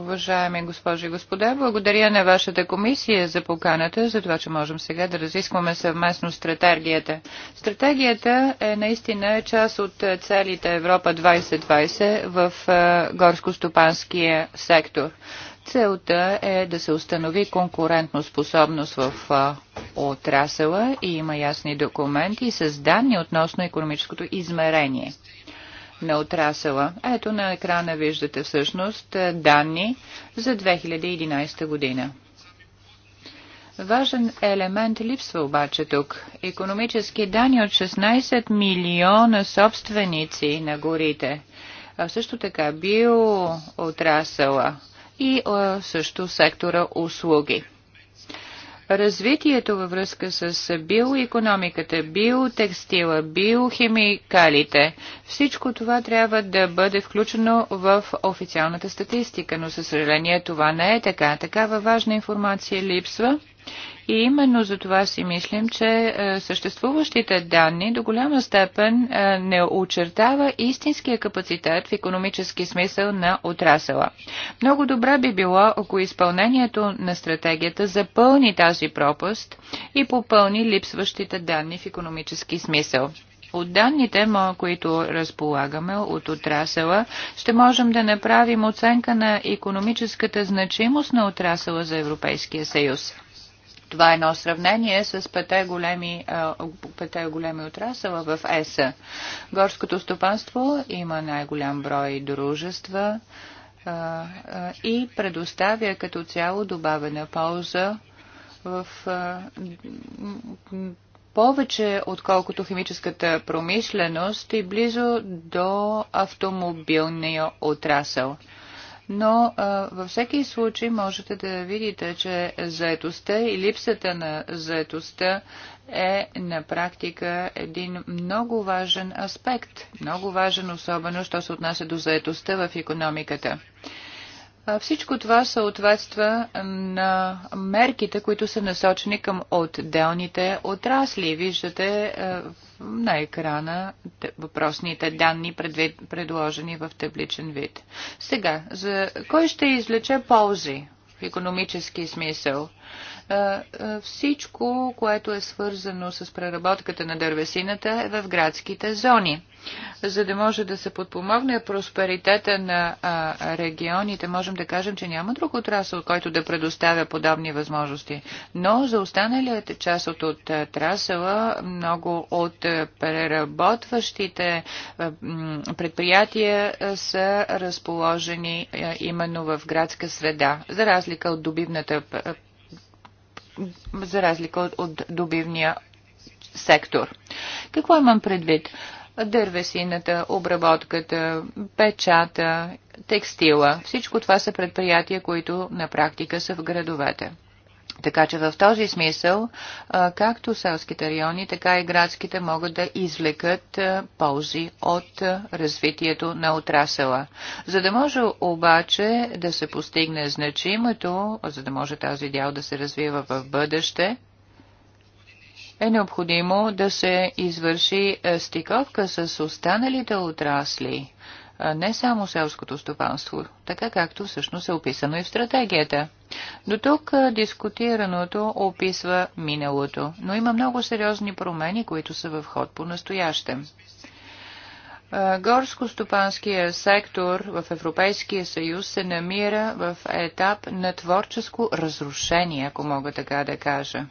уважаеми госпожи и господа. Благодаря на вашата комисия за поканата, за това, че можем сега да разискваме съвместно стратегията. Стратегията е наистина част от целите Европа 2020 в е, горско-стопанския сектор. Целта е да се установи конкурентно способност в е, отрасъла и има ясни документи с данни относно економическото измерение на отрасъла. Ето на екрана виждате всъщност е, данни за 2011 година. Важен елемент липсва обаче тук. Економически данни от 16 милиона собственици на горите, а също така биоотрасъла и също сектора услуги развитието във връзка с биоекономиката, биотекстила, биохимикалите. Всичко това трябва да бъде включено в официалната статистика, но със съжаление това не е така. Такава важна информация липсва и именно за това си мислим, че е, съществуващите данни до голяма степен е, не очертава истинския капацитет в економически смисъл на отрасъла. Много добре би било, ако изпълнението на стратегията запълни тази пропаст и попълни липсващите данни в економически смисъл. От данните, които разполагаме от отрасъла, ще можем да направим оценка на економическата значимост на отрасъла за Европейския съюз. Това е едно сравнение с пете големи, пете големи отрасъла в ЕСА. Горското стопанство има най-голям брой дружества и предоставя като цяло добавена полза в повече отколкото химическата промишленост и близо до автомобилния отрасъл но а, във всеки случай можете да видите, че заетостта и липсата на заетостта е на практика един много важен аспект, много важен особено, що се отнася до заетостта в економиката. Всичко това съответства на мерките, които са насочени към отделните отрасли. Виждате е, на екрана въпросните данни, предложени в табличен вид. Сега, за кой ще излече ползи в економически смисъл? Всичко, което е свързано с преработката на дървесината е в градските зони. За да може да се подпомогне просперитета на регионите, можем да кажем, че няма друг отрасъл, който да предоставя подобни възможности. Но за останалите част от отрасъла, много от преработващите предприятия са разположени именно в градска среда, за разлика от добивната за разлика от, от добивния сектор. Какво имам предвид? дървесината, обработката, печата, текстила. Всичко това са предприятия, които на практика са в градовете. Така че в този смисъл, както селските райони, така и градските могат да извлекат ползи от развитието на отрасъла. За да може обаче да се постигне значимото, за да може тази дял да се развива в бъдеще, е необходимо да се извърши стиковка с останалите отрасли не само селското стопанство, така както всъщност е описано и в стратегията. До тук дискутираното описва миналото, но има много сериозни промени, които са в ход по настоящем. Горско-стопанския сектор в Европейския съюз се намира в етап на творческо разрушение, ако мога така да кажа.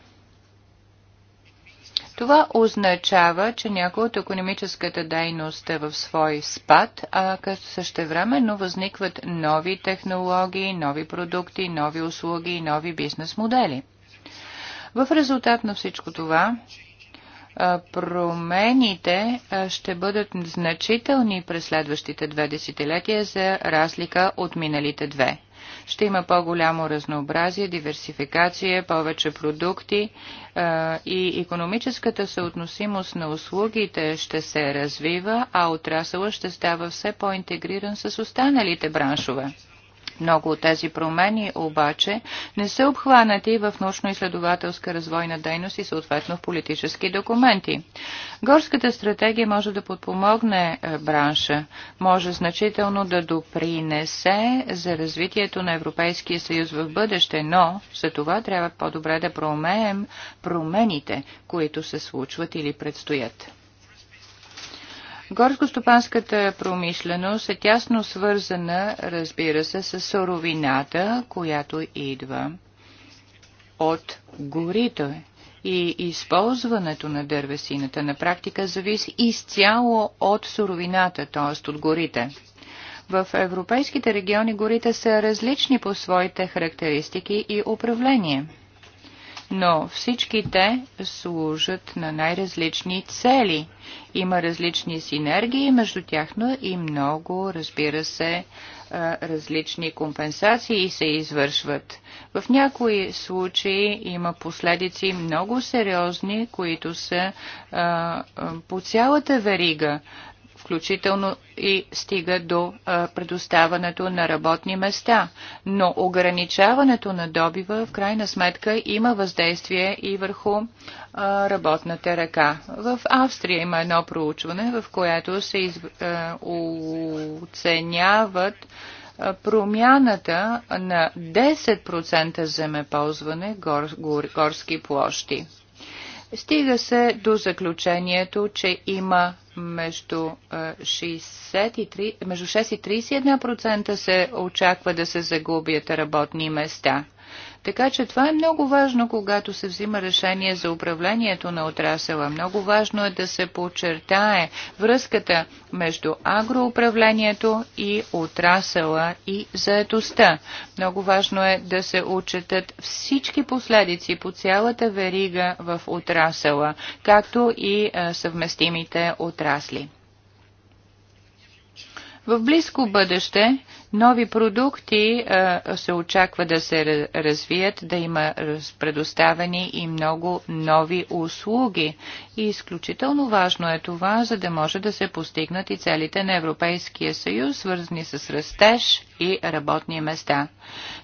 Това означава, че някои от економическата дейност е в свой спад, а като същевременно възникват нови технологии, нови продукти, нови услуги и нови бизнес модели. В резултат на всичко това, промените ще бъдат значителни през следващите две десетилетия за разлика от миналите две ще има по-голямо разнообразие, диверсификация, повече продукти е, и економическата съотносимост на услугите ще се развива, а отрасъла ще става все по-интегриран с останалите браншове. Много от тези промени обаче не са обхванати в научно-изследователска развойна дейност и съответно в политически документи. Горската стратегия може да подпомогне е, бранша, може значително да допринесе за развитието на Европейския съюз в бъдеще, но за това трябва по-добре да проумеем промените, които се случват или предстоят. Горско-стопанската промишленост е тясно свързана, разбира се, с суровината, която идва от горите. И използването на дървесината на практика зависи изцяло от суровината, т.е. от горите. В европейските региони горите са различни по своите характеристики и управление – но всички те служат на най-различни цели. Има различни синергии между тях, но и много, разбира се, различни компенсации се извършват. В някои случаи има последици много сериозни, които са а, по цялата верига включително и стига до предоставането на работни места. Но ограничаването на добива в крайна сметка има въздействие и върху работната ръка. В Австрия има едно проучване, в което се из... оценяват промяната на 10% земеползване гор, гор, горски площи. Стига се до заключението, че има между, 63, е, между 6 и 31% се очаква да се загубят работни места. Така че това е много важно, когато се взима решение за управлението на отрасъла. Много важно е да се подчертае връзката между агроуправлението и отрасъла и заетостта. Много важно е да се отчетат всички последици по цялата верига в отрасъла, както и съвместимите отрасли. В близко бъдеще Нови продукти се очаква да се развият, да има предоставени и много нови услуги. И изключително важно е това, за да може да се постигнат и целите на Европейския съюз, свързани с растеж и работни места.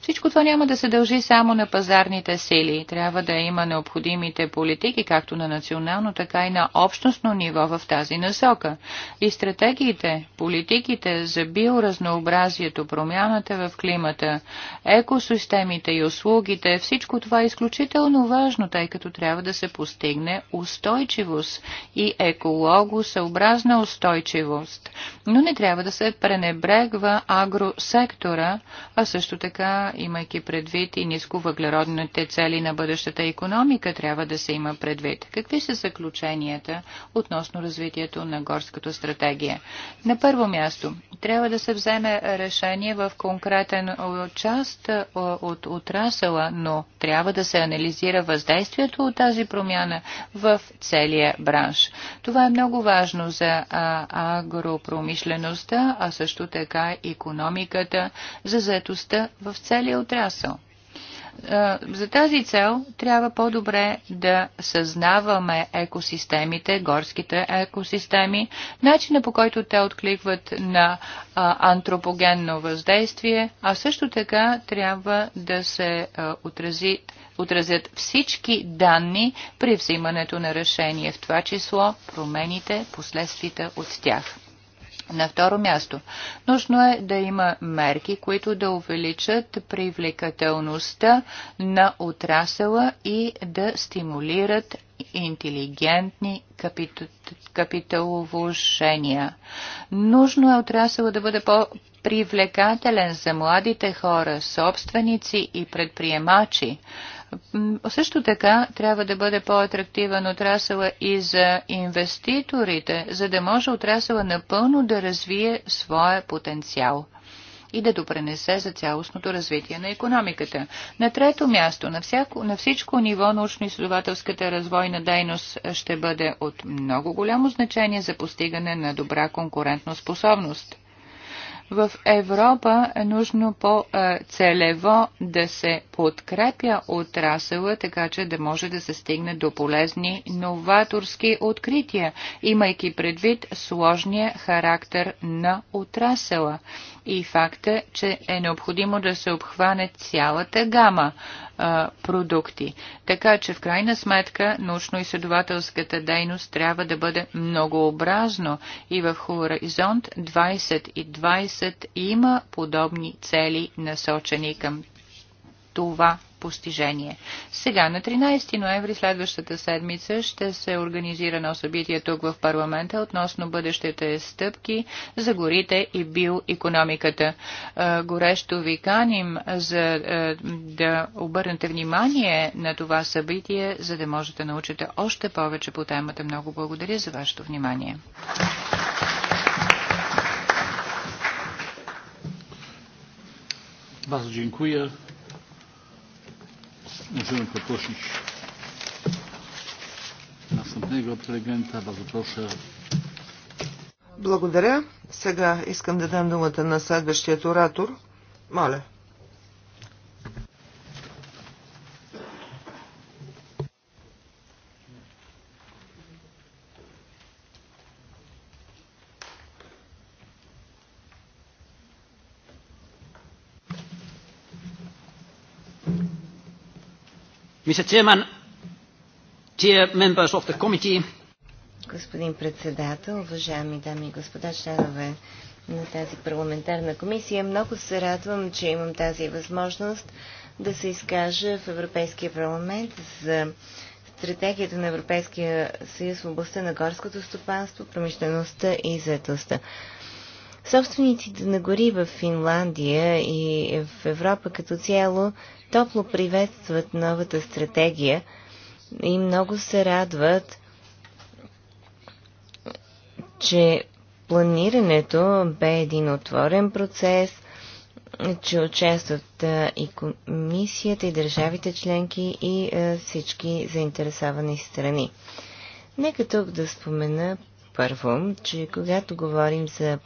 Всичко това няма да се дължи само на пазарните сили. Трябва да има необходимите политики, както на национално, така и на общностно ниво в тази насока. И стратегиите, политиките за биоразнообразието, като промяната в климата, екосистемите и услугите. Всичко това е изключително важно, тъй като трябва да се постигне устойчивост и екологосъобразна устойчивост. Но не трябва да се пренебрегва агросектора, а също така, имайки предвид и ниско въглеродните цели на бъдещата економика, трябва да се има предвид. Какви са заключенията относно развитието на горската стратегия? На първо място, трябва да се вземе решение отношение в конкретен част от отрасъла, но трябва да се анализира въздействието от тази промяна в целия бранш. Това е много важно за агропромишлеността, а също така и економиката, за заетостта в целия отрасъл. Е, за тази цел трябва по-добре да съзнаваме екосистемите, горските екосистеми, начина по който те откликват на антропогенно въздействие, а също така трябва да се отрази отразят всички данни при взимането на решение, в това число промените, последствията от тях. На второ място, нужно е да има мерки, които да увеличат привлекателността на отрасъла и да стимулират интелигентни капит... капиталовложения. Нужно е отрасъла да бъде по привлекателен за младите хора, собственици и предприемачи, също така трябва да бъде по-атрактивен отрасъла и за инвеститорите, за да може отрасъла напълно да развие своя потенциал и да допренесе за цялостното развитие на економиката. На трето място, на, всяко, на всичко ниво научно-изследователската развойна дейност ще бъде от много голямо значение за постигане на добра конкурентна способност. В Европа е нужно по-целево да се подкрепя отрасъла, така че да може да се стигне до полезни новаторски открития, имайки предвид сложния характер на отрасъла и факта, че е необходимо да се обхване цялата гама а, продукти. Така че в крайна сметка научно-изследователската дейност трябва да бъде многообразно и в Хоризонт 20 и 20 има подобни цели насочени към това постижение. Сега, на 13 ноември следващата седмица, ще се организира на събитие тук в парламента относно бъдещите стъпки за горите и биоекономиката. Е, горещо ви каним за е, да обърнете внимание на това събитие, за да можете да научите още повече по темата. Много благодаря за вашето внимание. Bardzo dziękuję. Możemy poprosić Następnego prelegента, възпроша. Благодаря. Сега искам да дам думата на следващия оратор. Моля. Mr. Chairman, dear members of the committee, Господин председател, уважаеми дами и господа членове на тази парламентарна комисия, много се радвам, че имам тази възможност да се изкажа в Европейския парламент за стратегията на Европейския съюз в областта на горското стопанство, промишлеността и заетостта. Собствениците на гори в Финландия и в Европа като цяло топло приветстват новата стратегия и много се радват, че планирането бе един отворен процес, че участват и комисията, и държавите членки, и всички заинтересовани страни. Нека тук да спомена първо, че когато говорим за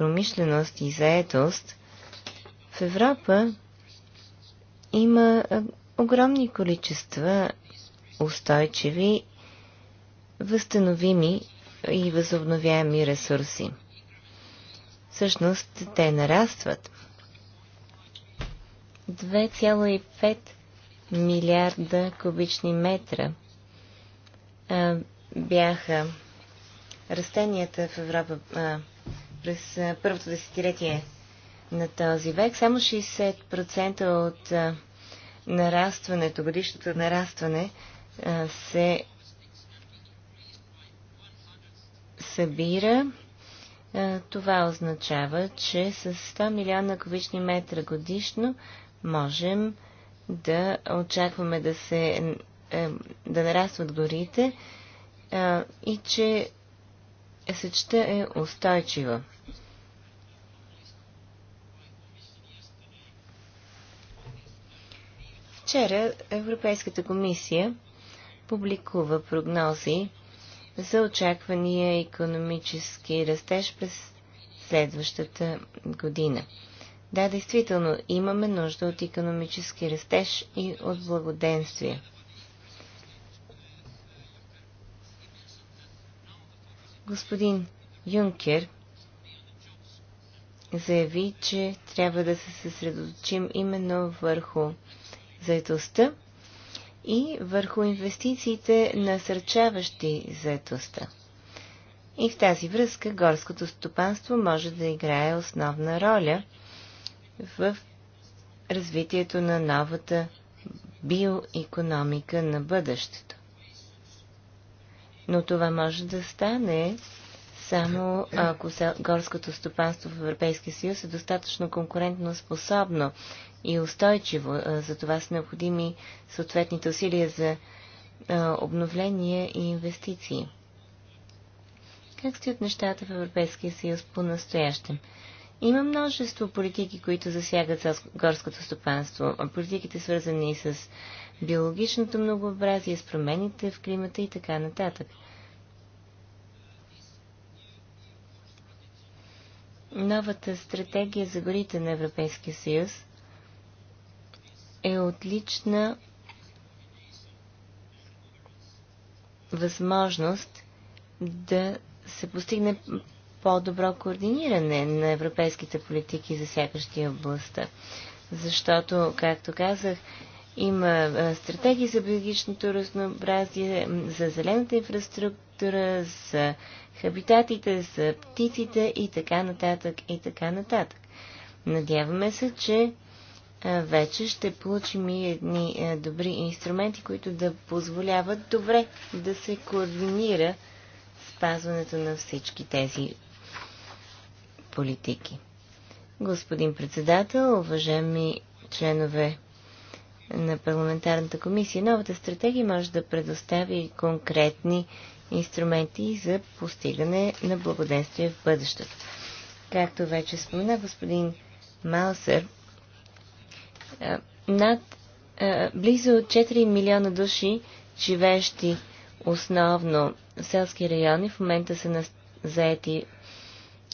промишленост и заетост, в Европа има огромни количества устойчиви, възстановими и възобновяеми ресурси. Всъщност те нарастват. 2,5 милиарда кубични метра а, бяха растенията в Европа а, през първото десетилетие на този век. Само 60% от нарастването, годишното нарастване се събира. Това означава, че с 100 милиона кубични метра годишно можем да очакваме да се е, да нарастват горите и че есечта е устойчива. Вчера Европейската комисия публикува прогнози за очаквания економически растеж през следващата година. Да, действително, имаме нужда от економически растеж и от благоденствие – Господин Юнкер заяви, че трябва да се съсредоточим именно върху заедостта и върху инвестициите, насърчаващи заедостта. И в тази връзка горското стопанство може да играе основна роля в развитието на новата биоекономика на бъдещето но това може да стане само ако горското стопанство в Европейския съюз е достатъчно конкурентно способно и устойчиво. За това са необходими съответните усилия за обновление и инвестиции. Как стоят нещата в Европейския съюз по-настоящем? Има множество политики, които засягат горското стопанство. Политиките свързани с биологичното многообразие, с промените в климата и така нататък. Новата стратегия за горите на Европейския съюз е отлична възможност да се постигне по-добро координиране на европейските политики, засягащи областта. Защото, както казах, има стратегии за биологичното разнообразие, за зелената инфраструктура, за хабитатите, за птиците и така нататък, и така нататък. Надяваме се, че вече ще получим и едни добри инструменти, които да позволяват добре да се координира спазването на всички тези политики. Господин председател, уважаеми членове на парламентарната комисия. Новата стратегия може да предостави конкретни инструменти за постигане на благоденствие в бъдещето. Както вече спомена господин Малсър, над близо 4 милиона души, живеещи основно в селски райони, в момента са заети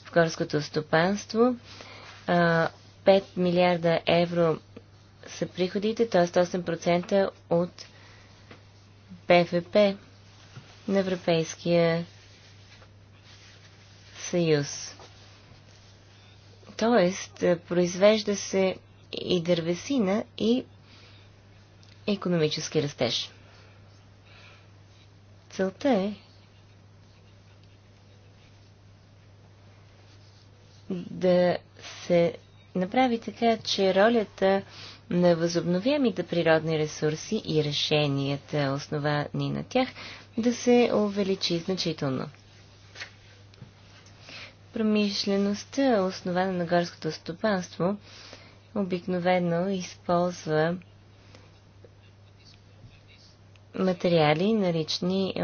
в горското стопанство. 5 милиарда евро са приходите, т.е. 8% от БВП на Европейския съюз. Тоест, произвежда се и дървесина, и економически растеж. Целта е да се направи така, че ролята на възобновяемите природни ресурси и решенията, основани на тях, да се увеличи значително. Промишлеността, основана на горското стопанство, обикновено използва материали, налични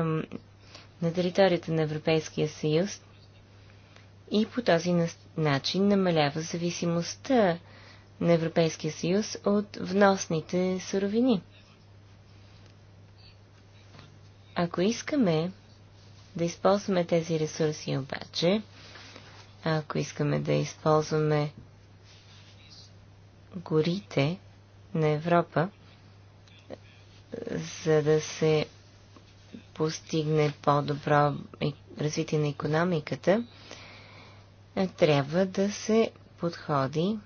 на територията на Европейския съюз и по този начин намалява зависимостта на Европейския съюз от вносните суровини. Ако искаме да използваме тези ресурси обаче, ако искаме да използваме горите на Европа, за да се постигне по-добро развитие на економиката, трябва да се подходи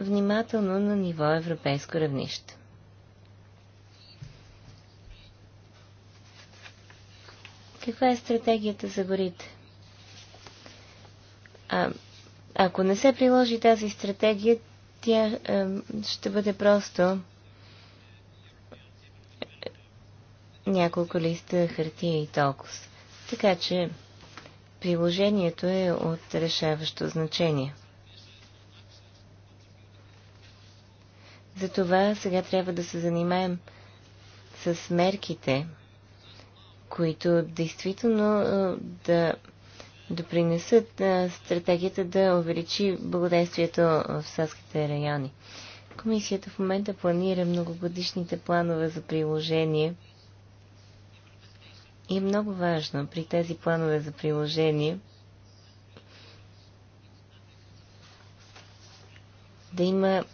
внимателно на ниво европейско равнище. Каква е стратегията за горите? А, ако не се приложи тази стратегия, тя а, ще бъде просто няколко листа хартия и толкова. Така че приложението е от решаващо значение. Затова сега трябва да се занимаем с мерките, които действително да допринесат стратегията да увеличи благодействието в садските райони. Комисията в момента планира многогодишните планове за приложение и е много важно при тези планове за приложение да има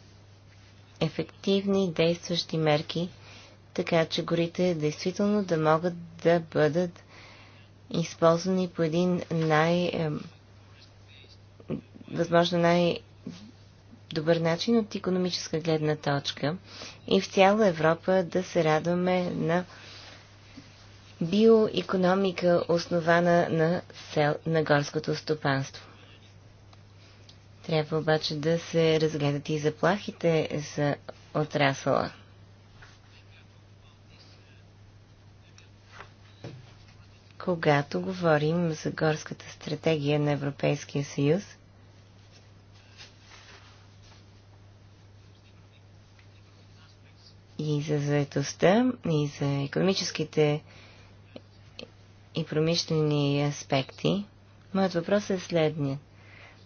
ефективни действащи мерки, така че горите действително да могат да бъдат използвани по един най... възможно най добър начин от економическа гледна точка и в цяла Европа да се радваме на биоекономика, основана на, сел, на горското стопанство. Трябва обаче да се разгледат и заплахите за отрасъла. Когато говорим за горската стратегия на Европейския съюз, и за заедостта, и за економическите и промишлени аспекти, моят въпрос е следният.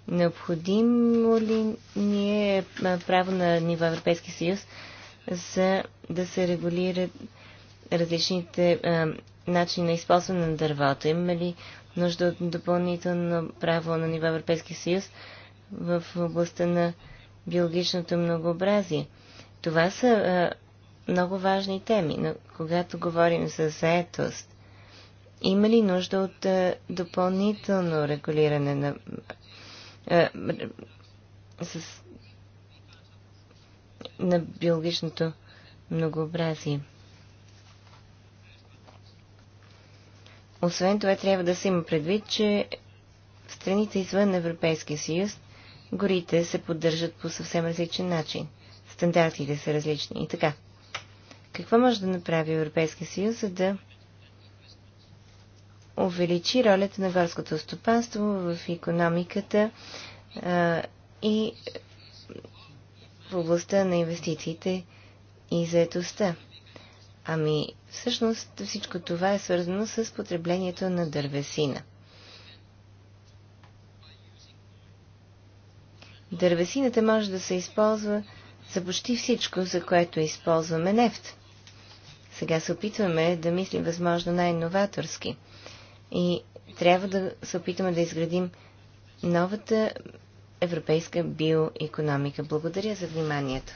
Необходимо ли ни е право на ниво Европейски съюз за да се регулират различните а, начини на използване на дървото? Има ли нужда от допълнително право на ниво Европейски съюз в областта на биологичното многообразие? Това са а, много важни теми, но когато говорим за заетост, има ли нужда от а, допълнително регулиране на е, с, на биологичното многообразие. Освен това, трябва да се има предвид, че в страните извън Европейския съюз горите се поддържат по съвсем различен начин. Стандартите са различни и така. Какво може да направи Европейския съюз, за да увеличи ролята на горското стопанство в економиката а, и в областта на инвестициите и заетостта. Ами, всъщност всичко това е свързано с потреблението на дървесина. Дървесината може да се използва за почти всичко, за което използваме нефт. Сега се опитваме да мислим възможно най-новаторски – и трябва да се опитаме да изградим новата европейска биоекономика. Благодаря за вниманието.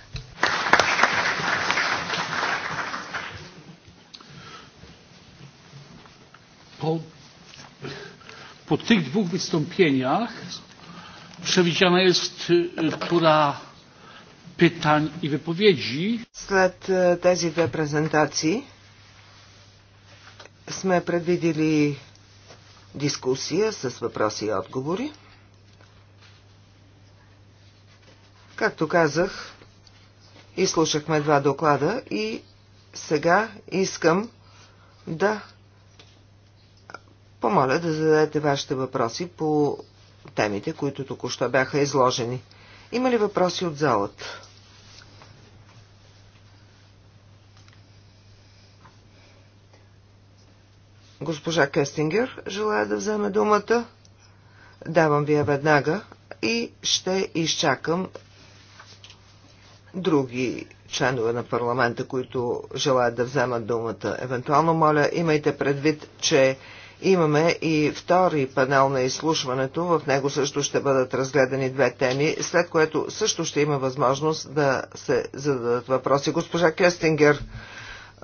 Po, po tych dwóch wystąpieniach przewidziana jest tura pytań i wypowiedzi. Sled тези две презентации сме предвидили дискусия с въпроси и отговори. Както казах, изслушахме два доклада и сега искам да помоля да зададете вашите въпроси по темите, които току-що бяха изложени. Има ли въпроси от залата? Госпожа Кестингер желая да вземе думата. Давам ви я веднага и ще изчакам други членове на парламента, които желаят да вземат думата. Евентуално, моля, имайте предвид, че имаме и втори панел на изслушването. В него също ще бъдат разгледани две теми, след което също ще има възможност да се зададат въпроси. Госпожа Кестингер,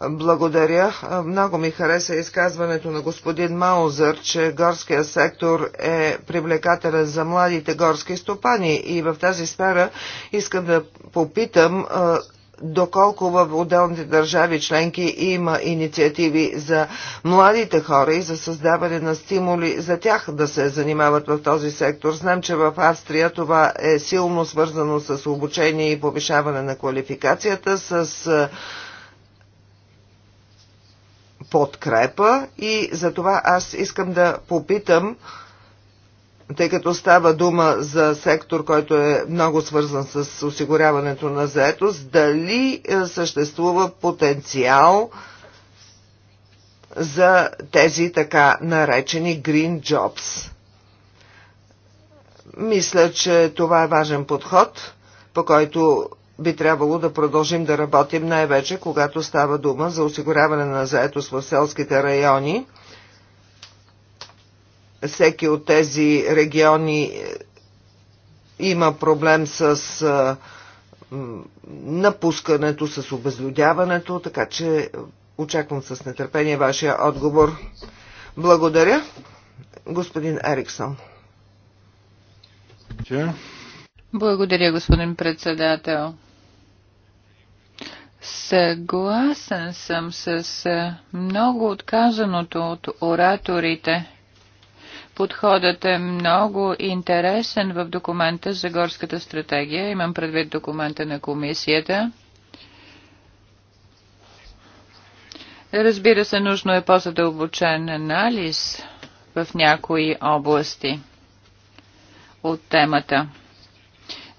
благодаря. Много ми хареса изказването на господин Маузър, че горския сектор е привлекателен за младите горски стопани и в тази сфера искам да попитам доколко в отделните държави членки има инициативи за младите хора и за създаване на стимули за тях да се занимават в този сектор. Знам, че в Австрия това е силно свързано с обучение и повишаване на квалификацията, с подкрепа и за това аз искам да попитам, тъй като става дума за сектор, който е много свързан с осигуряването на заетост, дали е, съществува потенциал за тези така наречени green jobs. Мисля, че това е важен подход, по който би трябвало да продължим да работим най-вече, когато става дума за осигуряване на заетост в селските райони. Всеки от тези региони е, има проблем с е, напускането, с обезлюдяването, така че очаквам с нетърпение вашия отговор. Благодаря, господин Ериксон. Благодаря, господин председател. Съгласен съм с много отказаното от ораторите. Подходът е много интересен в документа за горската стратегия. Имам предвид документа на комисията. Разбира се, нужно е по-задълбочен анализ в някои области от темата.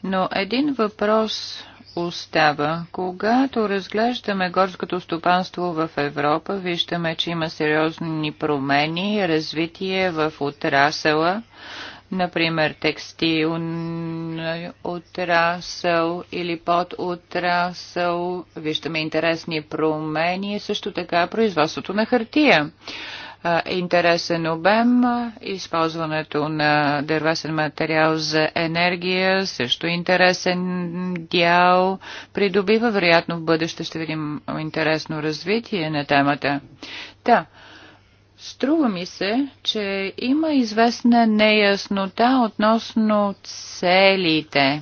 Но един въпрос остава. Когато разглеждаме горското стопанство в Европа, виждаме, че има сериозни промени, развитие в отрасъла, например текстил отрасъл или под отрасъл. Виждаме интересни промени, също така производството на хартия интересен обем. Използването на дървесен материал за енергия също интересен дял придобива. Вероятно в бъдеще ще видим интересно развитие на темата. Да. Струва ми се, че има известна неяснота относно целите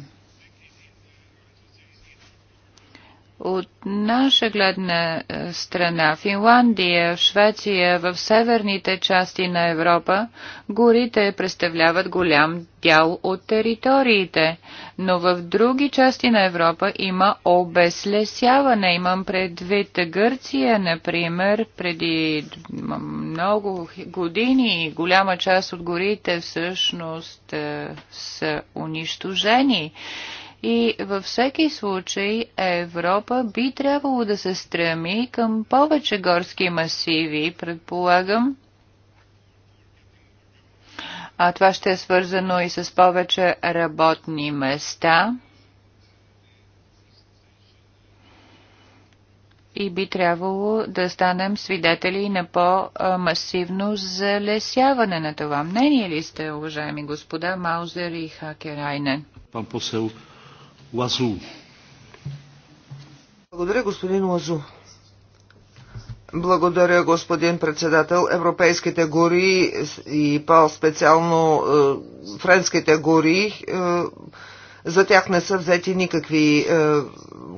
От наша гледна е, страна, Финландия, Швеция, в северните части на Европа, горите представляват голям дял от териториите, но в други части на Европа има обезлесяване. Имам предвид Гърция, например, преди много години голяма част от горите всъщност е, са унищожени. И във всеки случай Европа би трябвало да се стреми към повече горски масиви, предполагам. А това ще е свързано и с повече работни места. и би трябвало да станем свидетели на по-масивно залесяване на това. Мнение ли сте, уважаеми господа Маузер и Хакерайнен? Пан посел Лазу. Благодаря, господин Лазу. Благодаря, господин председател. Европейските гори и по-специално е, френските гори е, за тях не са взети никакви е,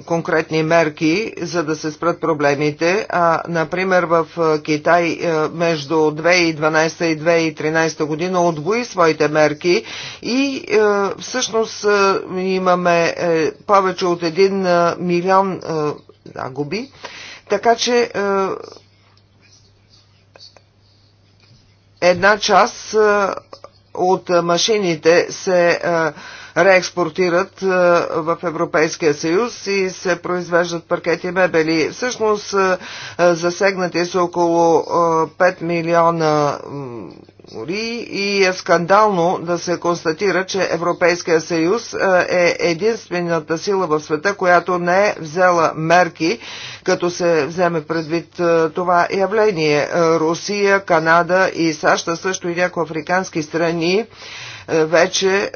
конкретни мерки, за да се спрат проблемите. А, например, в е, Китай е, между 2012 и 2013 година отвои своите мерки и е, всъщност е, имаме е, повече от 1 е, милион е, загуби. Така че. Е, една част е, от машините се реекспортират в Европейския съюз и се произвеждат паркети мебели. Всъщност засегнати са около 5 милиона дори и е скандално да се констатира, че Европейския съюз е единствената сила в света, която не е взела мерки, като се вземе предвид това явление. Русия, Канада и САЩ, също и някои африкански страни е, вече е,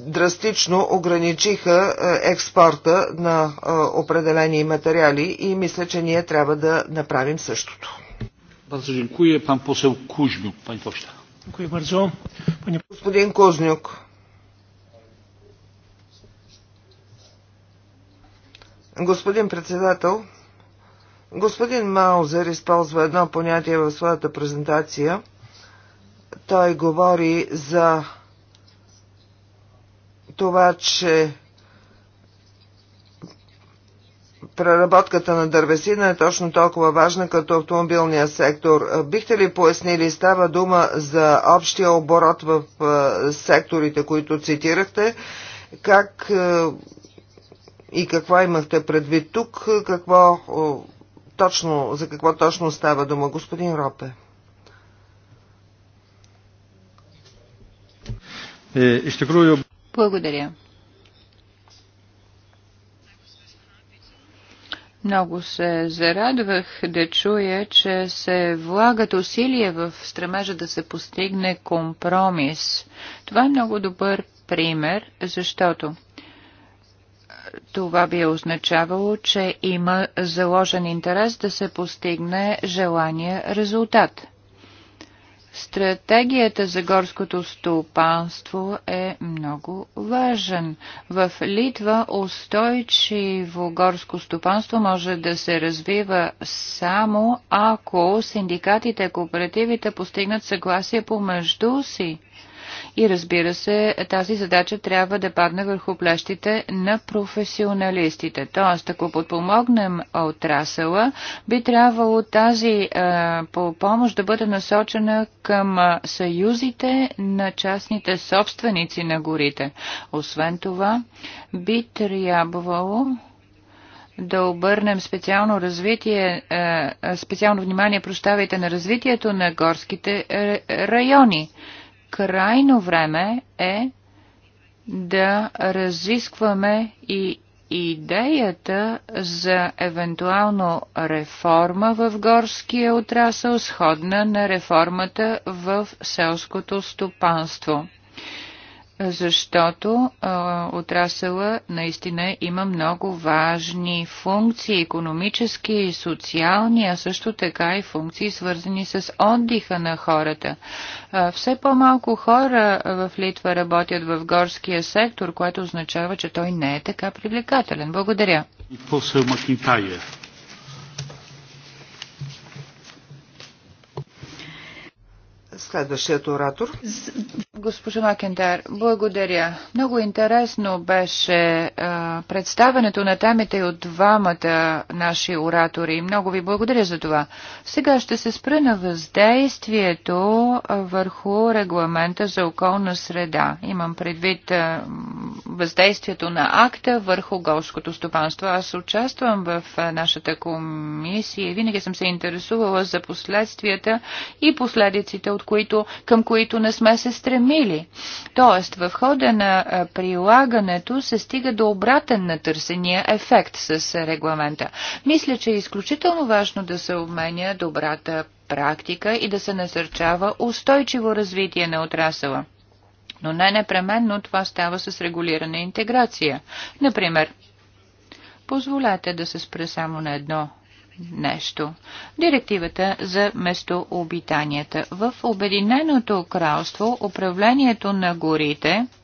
драстично ограничиха е, експорта на определени материали и мисля, че ние трябва да направим същото. Господин Кузнюк. Господин председател, господин Маузер използва едно понятие в своята презентация. Той говори за това, че преработката на дървесина е точно толкова важна като автомобилния сектор. Бихте ли пояснили, става дума за общия оборот в секторите, които цитирахте? Как и какво имахте предвид тук? Какво, точно, за какво точно става дума, господин Ропе? Е, и ще благодаря. Много се зарадвах да чуя, че се влагат усилия в стремежа да се постигне компромис. Това е много добър пример, защото това би означавало, че има заложен интерес да се постигне желания резултат. Стратегията за горското стопанство е много важен. В Литва устойчиво горско стопанство може да се развива само ако синдикатите и кооперативите постигнат съгласие помежду си. И разбира се, тази задача трябва да падне върху плещите на професионалистите. Тоест, ако подпомогнем отрасъла, би трябвало тази а, е, помощ да бъде насочена към е, съюзите на частните собственици на горите. Освен това, би трябвало да обърнем специално развитие, е, специално внимание, прощавайте, на развитието на горските райони крайно време е да разискваме и идеята за евентуално реформа в горския отрасъл, сходна на реформата в селското стопанство защото а, отрасъла наистина има много важни функции, економически и социални, а също така и функции свързани с отдиха на хората. А, все по-малко хора в Литва работят в горския сектор, което означава, че той не е така привлекателен. Благодаря. И Макинтайер. Следващият оратор. Госпожа Макентар, благодаря. Много интересно беше а, представенето на темите от двамата наши оратори. Много ви благодаря за това. Сега ще се спра на въздействието върху регламента за околна среда. Имам предвид а, въздействието на акта върху голското стопанство. Аз участвам в а, нашата комисия и винаги съм се интересувала за последствията и последиците от които, към които не сме се стремили. Тоест, в хода на прилагането се стига до обратен на търсения ефект с регламента. Мисля, че е изключително важно да се обменя добрата практика и да се насърчава устойчиво развитие на отрасъла. Но не непременно това става с регулирана интеграция. Например, позволете да се спре само на едно нещо. Директивата за местообитанията. В Обединеното кралство управлението на горите –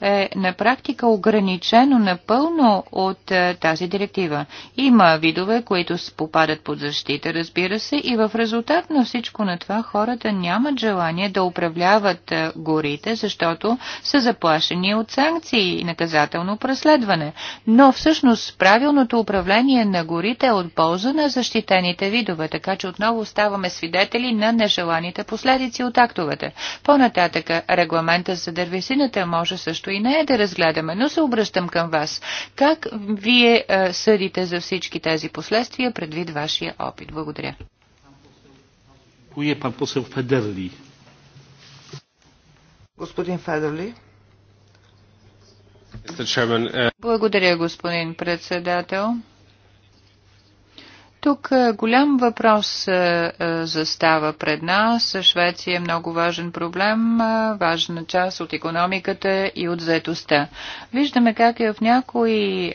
е на практика ограничено напълно от е, тази директива. Има видове, които попадат под защита, разбира се, и в резултат на всичко на това хората нямат желание да управляват е, горите, защото са заплашени от санкции и наказателно преследване. Но всъщност правилното управление на горите е от полза на защитените видове, така че отново ставаме свидетели на нежеланите последици от актовете. По-нататъка регламента за дървесината може също нещо и не е да разгледаме, но се обръщам към вас. Как вие е, съдите за всички тези последствия предвид вашия опит? Благодаря. Кой е пан посел Федерли? Господин Федерли. Е, Благодаря, господин председател. Тук е, голям въпрос е, е, застава пред нас. Швеция е много важен проблем, важна част от економиката и от заетостта. Виждаме как и в някои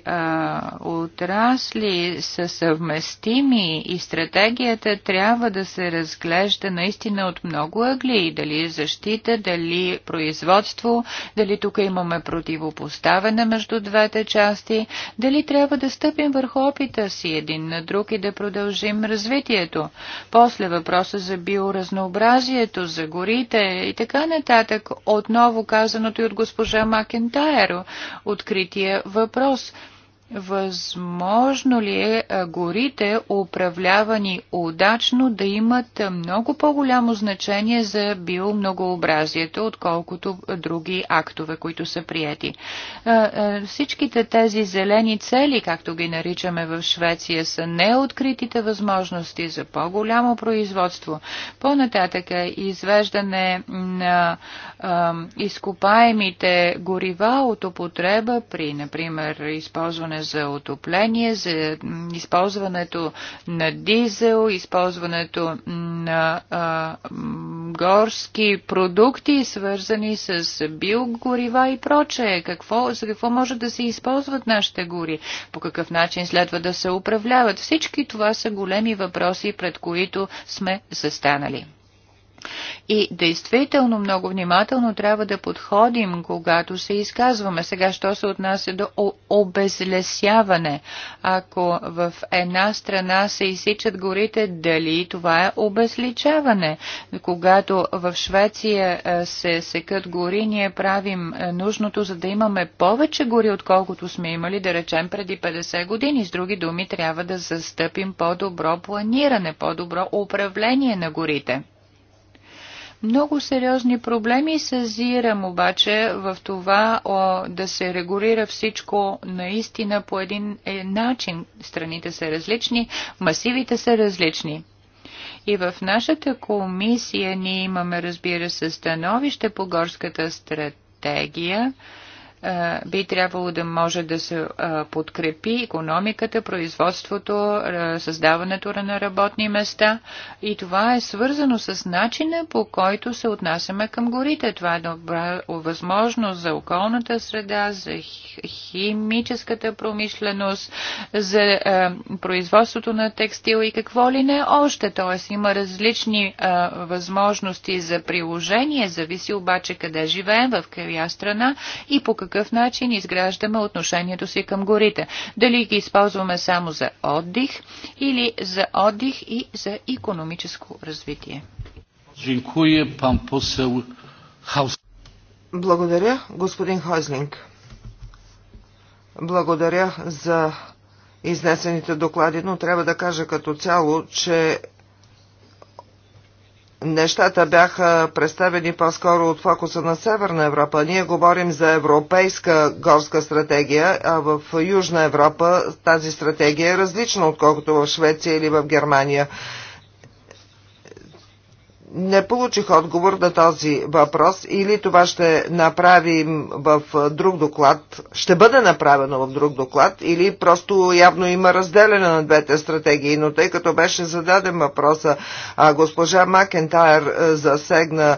отрасли са съвместими и стратегията трябва да се разглежда наистина от много агли. Дали защита, дали производство, дали тук имаме противопоставяне между двете части, дали трябва да стъпим върху опита си един на друг и да продължим развитието. После въпроса за биоразнообразието, за горите и така нататък, отново казаното и от госпожа Макентайро, открития въпрос – Възможно ли е горите, управлявани удачно, да имат много по-голямо значение за биомногообразието, отколкото други актове, които са приети? Всичките тези зелени цели, както ги наричаме в Швеция, са неоткритите възможности за по-голямо производство. По-нататък е извеждане на изкопаемите горива от употреба при, например, използване за отопление, за използването на дизел, използването на а, горски продукти, свързани с биогорива и прочее. Какво, за какво може да се използват нашите гори? По какъв начин следва да се управляват? Всички това са големи въпроси, пред които сме застанали. И действително много внимателно трябва да подходим, когато се изказваме. Сега, що се отнася до обезлесяване? Ако в една страна се изсичат горите, дали това е обезличаване? Когато в Швеция е, се секат гори, ние правим е, нужното, за да имаме повече гори, отколкото сме имали, да речем, преди 50 години. С други думи, трябва да застъпим по-добро планиране, по-добро управление на горите. Много сериозни проблеми съзирам обаче в това о, да се регулира всичко наистина по един е, начин. Страните са различни, масивите са различни. И в нашата комисия ние имаме, разбира се, становище по горската стратегия би трябвало да може да се подкрепи економиката, производството, създаването на работни места. И това е свързано с начина по който се отнасяме към горите. Това е добра възможност за околната среда, за химическата промишленост, за производството на текстил и какво ли не още. Т.е. има различни възможности за приложение, зависи обаче къде живеем, в коя страна и по какъв какъв начин изграждаме отношението си към горите. Дали ги използваме само за отдих или за отдих и за економическо развитие. Благодаря, господин Хойзлинг. Благодаря за изнесените доклади, но трябва да кажа като цяло, че нещата бяха представени по-скоро от фокуса на Северна Европа. Ние говорим за европейска горска стратегия, а в Южна Европа тази стратегия е различна, отколкото в Швеция или в Германия не получих отговор на този въпрос или това ще направим в друг доклад, ще бъде направено в друг доклад или просто явно има разделена на двете стратегии, но тъй като беше зададен въпроса, а госпожа Макентайр засегна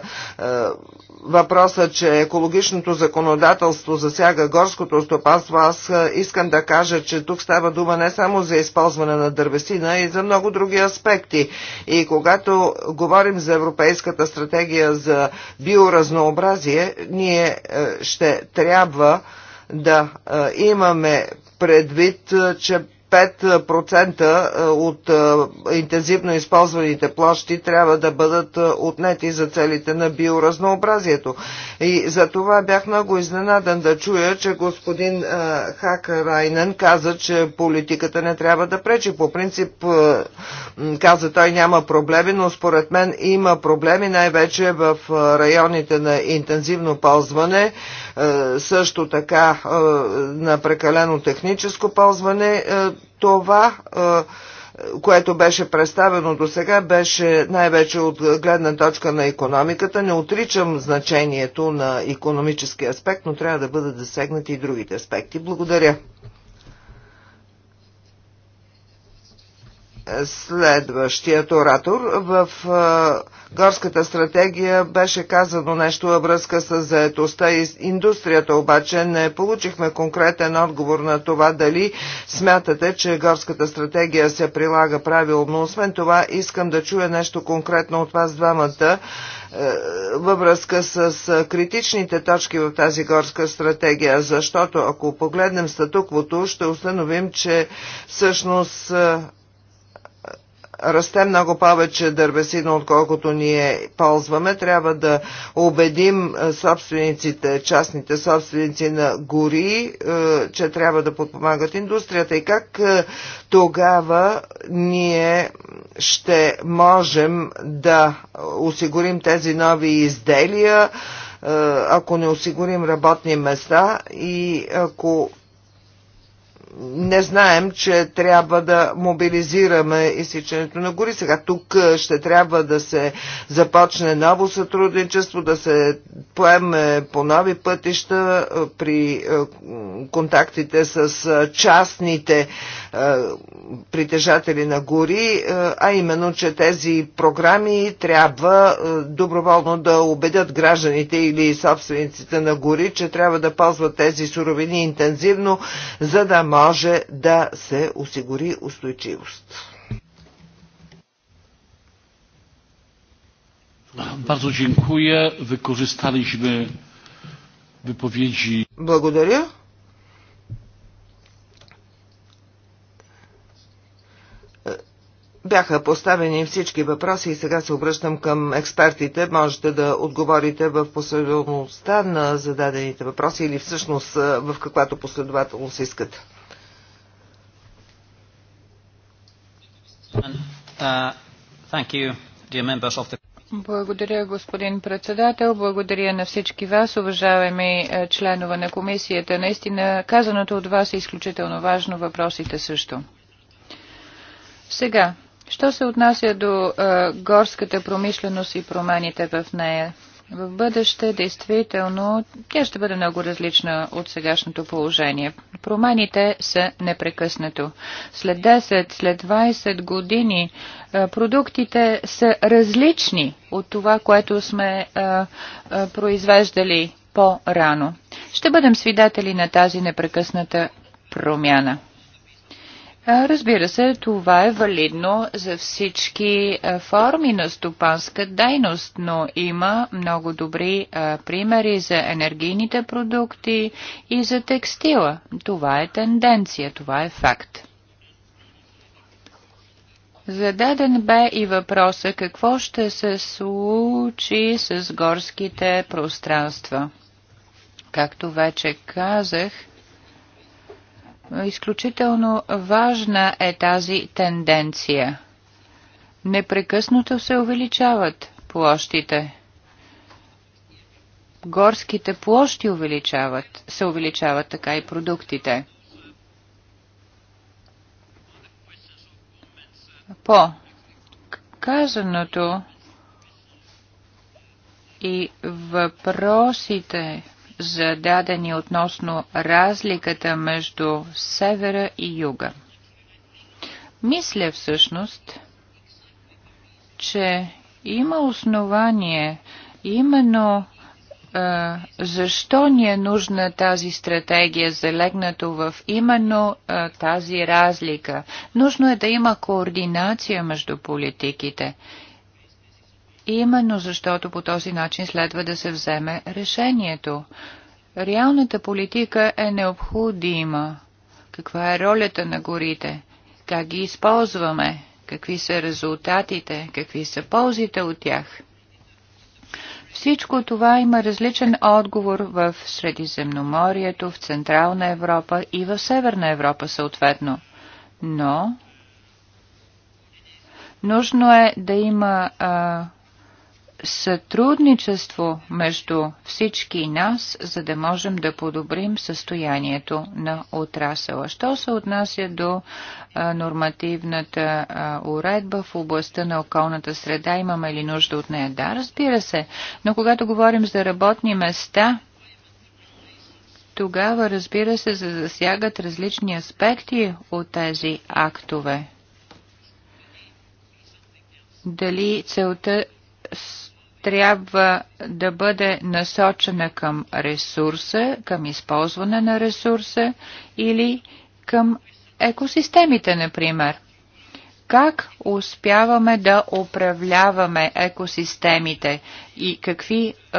въпроса, че екологичното законодателство засяга горското стопанство, аз искам да кажа, че тук става дума не само за използване на дървесина, а и за много други аспекти. И когато говорим за Европейската стратегия за биоразнообразие, ние е, ще трябва да е, имаме предвид, е, че 5% е, от е, интензивно използваните площи трябва да бъдат е, отнети за целите на биоразнообразието. И за това бях много изненадан да чуя, че господин Хак Райнен каза, че политиката не трябва да пречи. По принцип, каза той, няма проблеми, но според мен има проблеми най-вече в районите на интензивно ползване, е, също така е, на прекалено техническо ползване. Е, това което беше представено до сега, беше най-вече от гледна точка на економиката. Не отричам значението на економически аспект, но трябва да бъдат засегнати и другите аспекти. Благодаря. Следващият оратор в горската стратегия беше казано нещо във връзка с заетостта и индустрията, обаче не получихме конкретен отговор на това дали смятате, че горската стратегия се прилага правилно. Освен това, искам да чуя нещо конкретно от вас двамата е, във връзка с критичните точки в тази горска стратегия, защото ако погледнем статуквото, ще установим, че всъщност е, расте много повече дървесина, отколкото ние ползваме. Трябва да убедим е, собствениците, частните собственици на гори, е, че трябва да подпомагат индустрията. И как е, тогава ние ще можем да осигурим тези нови изделия, ако не осигурим работни места и ако не знаем, че трябва да мобилизираме изсичането на гори. Сега тук е, ще трябва да се започне ново сътрудничество, да се поеме по нови пътища е, при е, контактите с частните притежатели на гори, а именно, че тези програми трябва доброволно да убедят гражданите или собствениците на гори, че трябва да ползват тези суровини интензивно, за да може може да се осигури устойчивост. Bardzo dziękuję. Wykorzystaliśmy wypowiedzi. Благодаря. Бяха поставени всички въпроси и сега се обръщам към експертите. Можете да отговорите в последователността на зададените въпроси или всъщност в каквато последователност искате. Благодаря, господин председател. Благодаря на всички вас, уважаеми е, членове на комисията. Наистина, казаното от вас е изключително важно, въпросите също. Сега, що се отнася до а, е, горската промишленост и промените в нея? в бъдеще, действително, тя ще бъде много различна от сегашното положение. Промените са непрекъснато. След 10, след 20 години продуктите са различни от това, което сме произвеждали по-рано. Ще бъдем свидетели на тази непрекъсната промяна. Разбира се, това е валидно за всички форми на стопанска дейност, но има много добри примери за енергийните продукти и за текстила. Това е тенденция, това е факт. Зададен бе и въпроса какво ще се случи с горските пространства. Както вече казах, Изключително важна е тази тенденция. Непрекъснато се увеличават площите. Горските площи увеличават, се увеличават така и продуктите. По казаното и въпросите зададени относно разликата между севера и юга. Мисля всъщност, че има основание именно защо ни е нужна тази стратегия, залегнато в именно тази разлика. Нужно е да има координация между политиките именно защото по този начин следва да се вземе решението. Реалната политика е необходима. Каква е ролята на горите? Как ги използваме? Какви са резултатите? Какви са ползите от тях? Всичко това има различен отговор в Средиземноморието, в Централна Европа и в Северна Европа съответно. Но нужно е да има а, сътрудничество между всички нас, за да можем да подобрим състоянието на отрасъла. Що се отнася до нормативната уредба в областта на околната среда, имаме ли нужда от нея? Да, разбира се, но когато говорим за работни места, тогава, разбира се, се засягат различни аспекти от тези актове. Дали целта трябва да бъде насочена към ресурса, към използване на ресурса или към екосистемите, например. Как успяваме да управляваме екосистемите и какви е,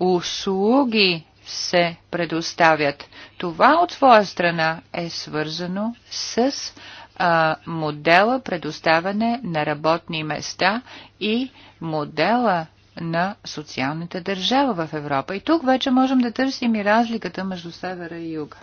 услуги се предоставят? Това от своя страна е свързано с е, модела предоставяне на работни места и модела на социалната държава в Европа. И тук вече можем да търсим и разликата между севера и юга.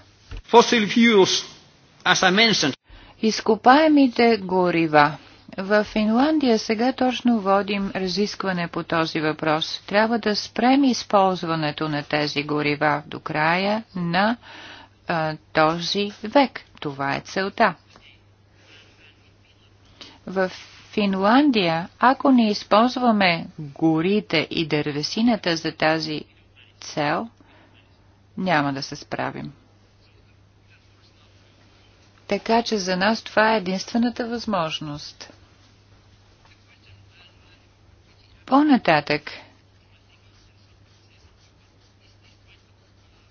Изкопаемите горива. В Финландия сега точно водим разискване по този въпрос. Трябва да спрем използването на тези горива до края на а, този век. Това е целта. В Финландия, ако не използваме горите и дървесината за тази цел, няма да се справим. Така че за нас това е единствената възможност. По-нататък.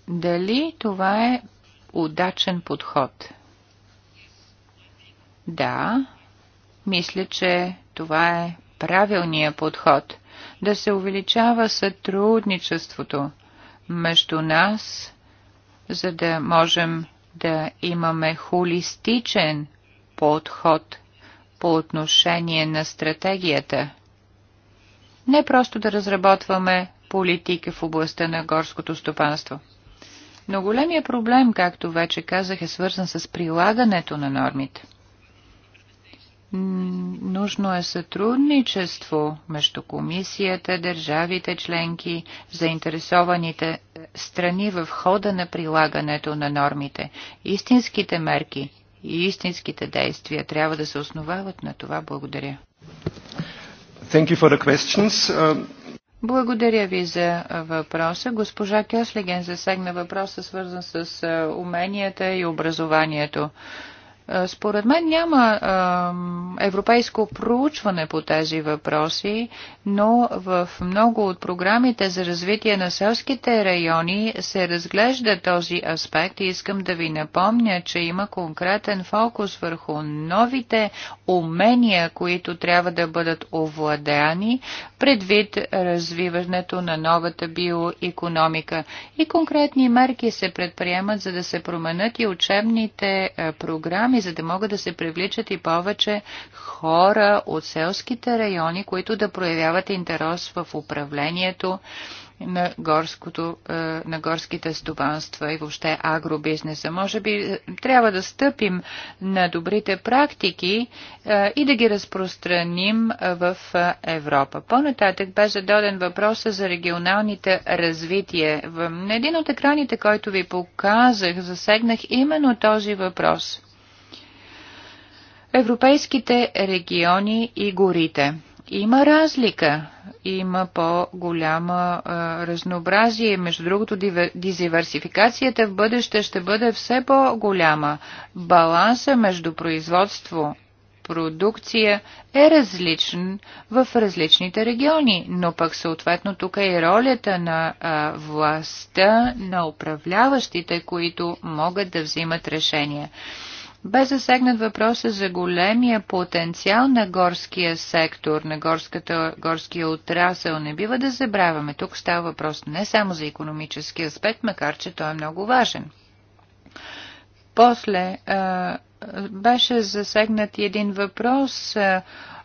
Дали това е удачен подход? Да, мисля, че това е правилният подход. Да се увеличава сътрудничеството между нас, за да можем да имаме холистичен подход по отношение на стратегията. Не просто да разработваме политика в областта на горското стопанство. Но големия проблем, както вече казах, е свързан с прилагането на нормите. Нужно е сътрудничество между комисията, държавите членки, заинтересованите страни в хода на прилагането на нормите. Истинските мерки и истинските действия трябва да се основават на това. Благодаря. Thank you for the questions. Uh... Благодаря ви за въпроса. Госпожа Кеслиген засегна въпроса, свързан с уменията и образованието. Uh, е, според мен няма европейско проучване по тези въпроси, но в много от програмите за развитие на селските райони се разглежда този аспект и искам да ви напомня, че има конкретен фокус върху новите умения, които трябва да бъдат овладяни предвид развиването на новата биоекономика. И конкретни мерки се предприемат, за да се променят и учебните е, програми за да могат да се привличат и повече хора от селските райони, които да проявяват интерес в управлението на, горското, е, на горските стопанства и въобще агробизнеса. Може би е, трябва да стъпим на добрите практики е, и да ги разпространим в Европа. По-нататък бе зададен въпроса за регионалните развитие. В един от екраните, който ви показах, засегнах именно този въпрос – европейските региони и горите. Има разлика, има по-голяма разнообразие. Между другото, дизиверсификацията в бъдеще ще бъде все по-голяма. Баланса между производство продукция е различен в различните региони, но пък съответно тук е и ролята на а, властта, на управляващите, които могат да взимат решения. Бе засегнат въпроса за големия потенциал на горския сектор, на горската, горския отрасъл. Не бива да забравяме. Тук става въпрос не само за економически аспект, макар че той е много важен. После а, беше засегнат един въпрос а,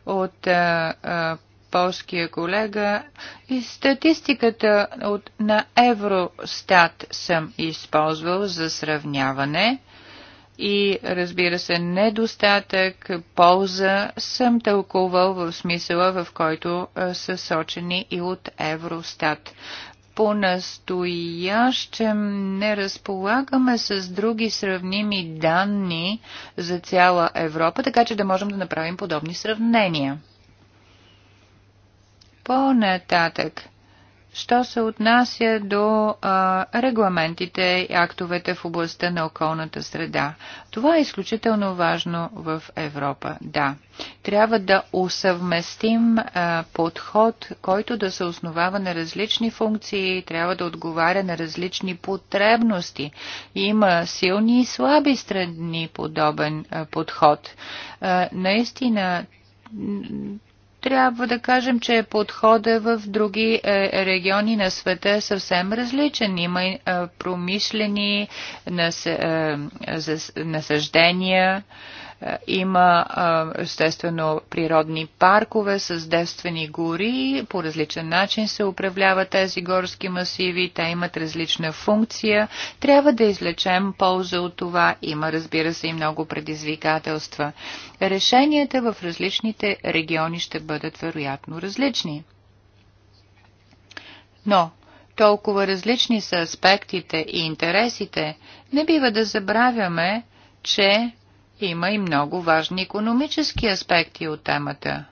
от а, а, полския колега и статистиката от, на Евростат съм използвал за сравняване. А, и разбира се недостатък, полза съм тълкувал в смисъла, в който са сочени и от Евростат. По-настоящем не разполагаме с други сравними данни за цяла Европа, така че да можем да направим подобни сравнения. По-нататък – Що се отнася до а, регламентите и актовете в областта на околната среда? Това е изключително важно в Европа. Да, трябва да усъвместим а, подход, който да се основава на различни функции, трябва да отговаря на различни потребности. Има силни и слаби страни подобен а, подход. А, наистина трябва да кажем, че подхода в други е, региони на света е съвсем различен. Има е, промишлени е, насъждения. Е, има е, естествено природни паркове с девствени гори. По различен начин се управляват тези горски масиви. Те имат различна функция. Трябва да излечем полза от това. Има, разбира се, и много предизвикателства. Решенията в различните региони ще бъдат вероятно различни. Но толкова различни са аспектите и интересите, не бива да забравяме, че има и много важни економически аспекти от темата.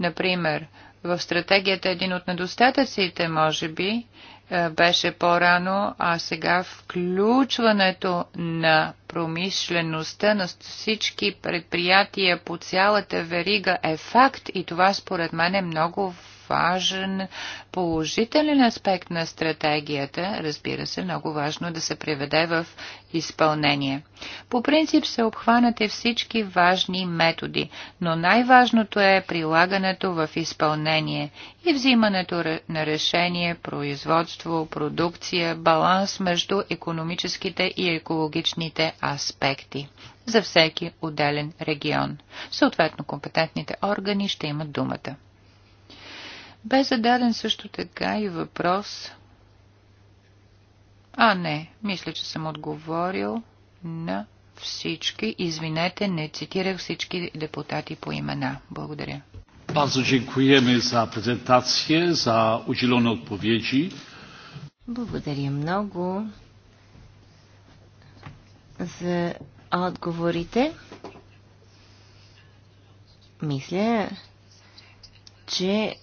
Например, в стратегията един от недостатъците, може би, е, беше по-рано, а сега включването на промишлеността на всички предприятия по цялата верига е факт и това според мен е много важен положителен аспект на стратегията. Разбира се, много важно е да се приведе в изпълнение. По принцип се обхванате всички важни методи, но най-важното е прилагането в изпълнение и взимането на решение, производство, продукция, баланс между економическите и екологичните аспекти за всеки отделен регион. Съответно, компетентните органи ще имат думата. Бе зададен също така и въпрос. А, не, мисля, че съм отговорил на всички. Извинете, не цитирах всички депутати по имена. Благодаря. Базо dziękujemy за презентация, за уделено отповеди. Благодаря много за отговорите. Мисля, че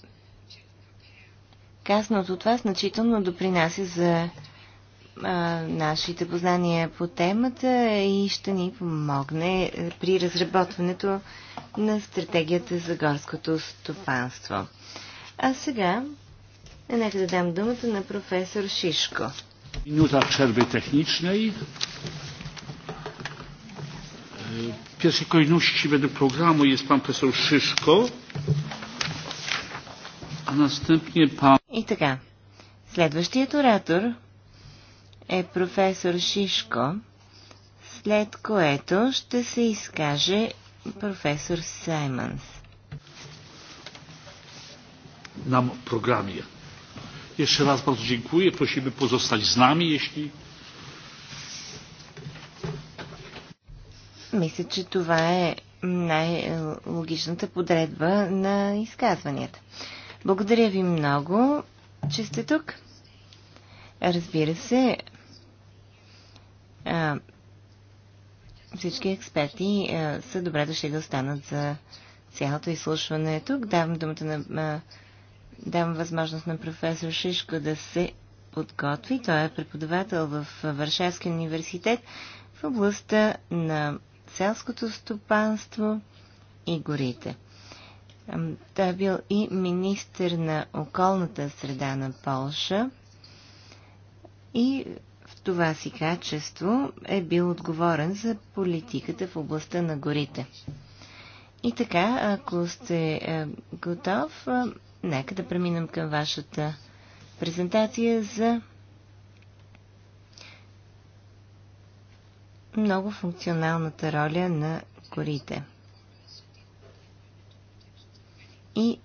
Казаното това значително допринася за а, нашите познания по темата и ще ни помогне при разработването на стратегията за горското стопанство. А сега, нека да дам думата на професор Шишко. Минута черви технична и. pierwszej kolejności według programu jest pan profesor Szyszko, a następnie pan и така, следващият оратор е професор Шишко, след което ще се изкаже професор Саймънс. Нам програмия. Jeszcze raz bardzo dziękuję. Prosimy pozostać z nami, jeśli... Мисля, че това е най-логичната подредба на изказванията. Благодаря ви много, че сте тук. Разбира се, а, всички експерти а, са добре дошли да останат за цялото изслушване тук. Давам думата на... А, давам възможност на професор Шишко да се подготви. Той е преподавател в Варшавския университет в областта на селското стопанство и горите. Той е бил и министър на околната среда на Полша и в това си качество е бил отговорен за политиката в областта на горите. И така, ако сте е, готов, е, нека да преминем към вашата презентация за много функционалната роля на горите и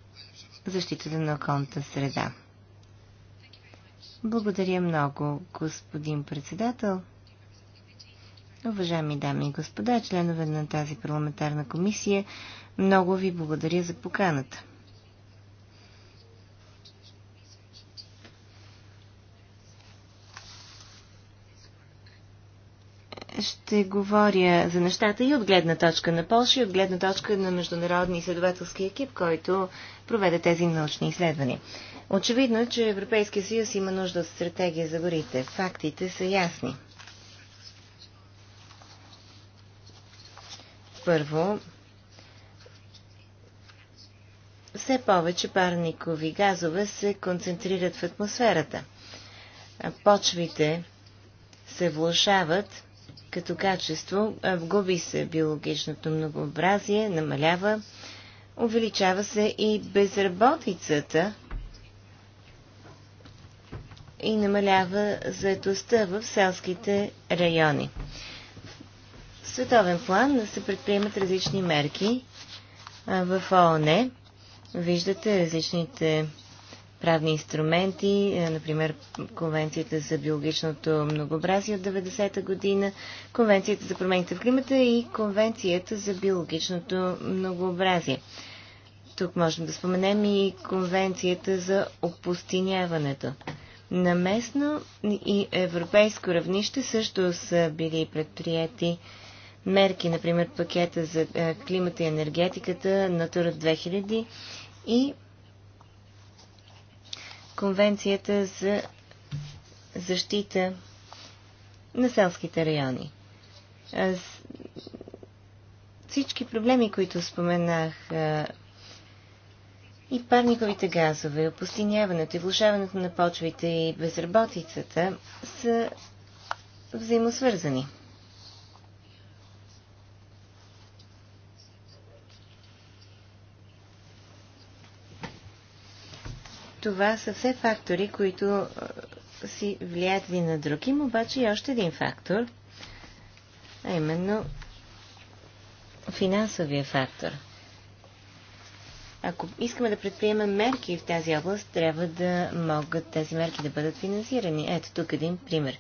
защитата на околната среда. Благодаря много, господин председател. Уважаеми дами и господа, членове на тази парламентарна комисия, много ви благодаря за поканата. ще говоря за нещата и от гледна точка на Польша, и от гледна точка на международния изследователски екип, който проведе тези научни изследвания. Очевидно е, че Европейския съюз има нужда от стратегия за горите. Фактите са ясни. Първо, все повече парникови газове се концентрират в атмосферата. Почвите се влушават като качество, губи се биологичното многообразие, намалява, увеличава се и безработицата и намалява заедостта в селските райони. В световен план да се предприемат различни мерки в ООН. Виждате различните правни инструменти, е, например Конвенцията за биологичното многообразие от 90-та година, Конвенцията за промените в климата и Конвенцията за биологичното многообразие. Тук можем да споменем и Конвенцията за опустиняването. На местно и европейско равнище също са били предприяти мерки, например пакета за е, климата и енергетиката, Натура 2000 и Конвенцията за защита на селските райони. Аз... Всички проблеми, които споменах, и парниковите газове, опустиняването и влушаването на почвите и безработицата са взаимосвързани. Това са все фактори, които си влияят един на друг. Има обаче и още един фактор, а именно финансовия фактор. Ако искаме да предприемем мерки в тази област, трябва да могат тези мерки да бъдат финансирани. Ето тук един пример.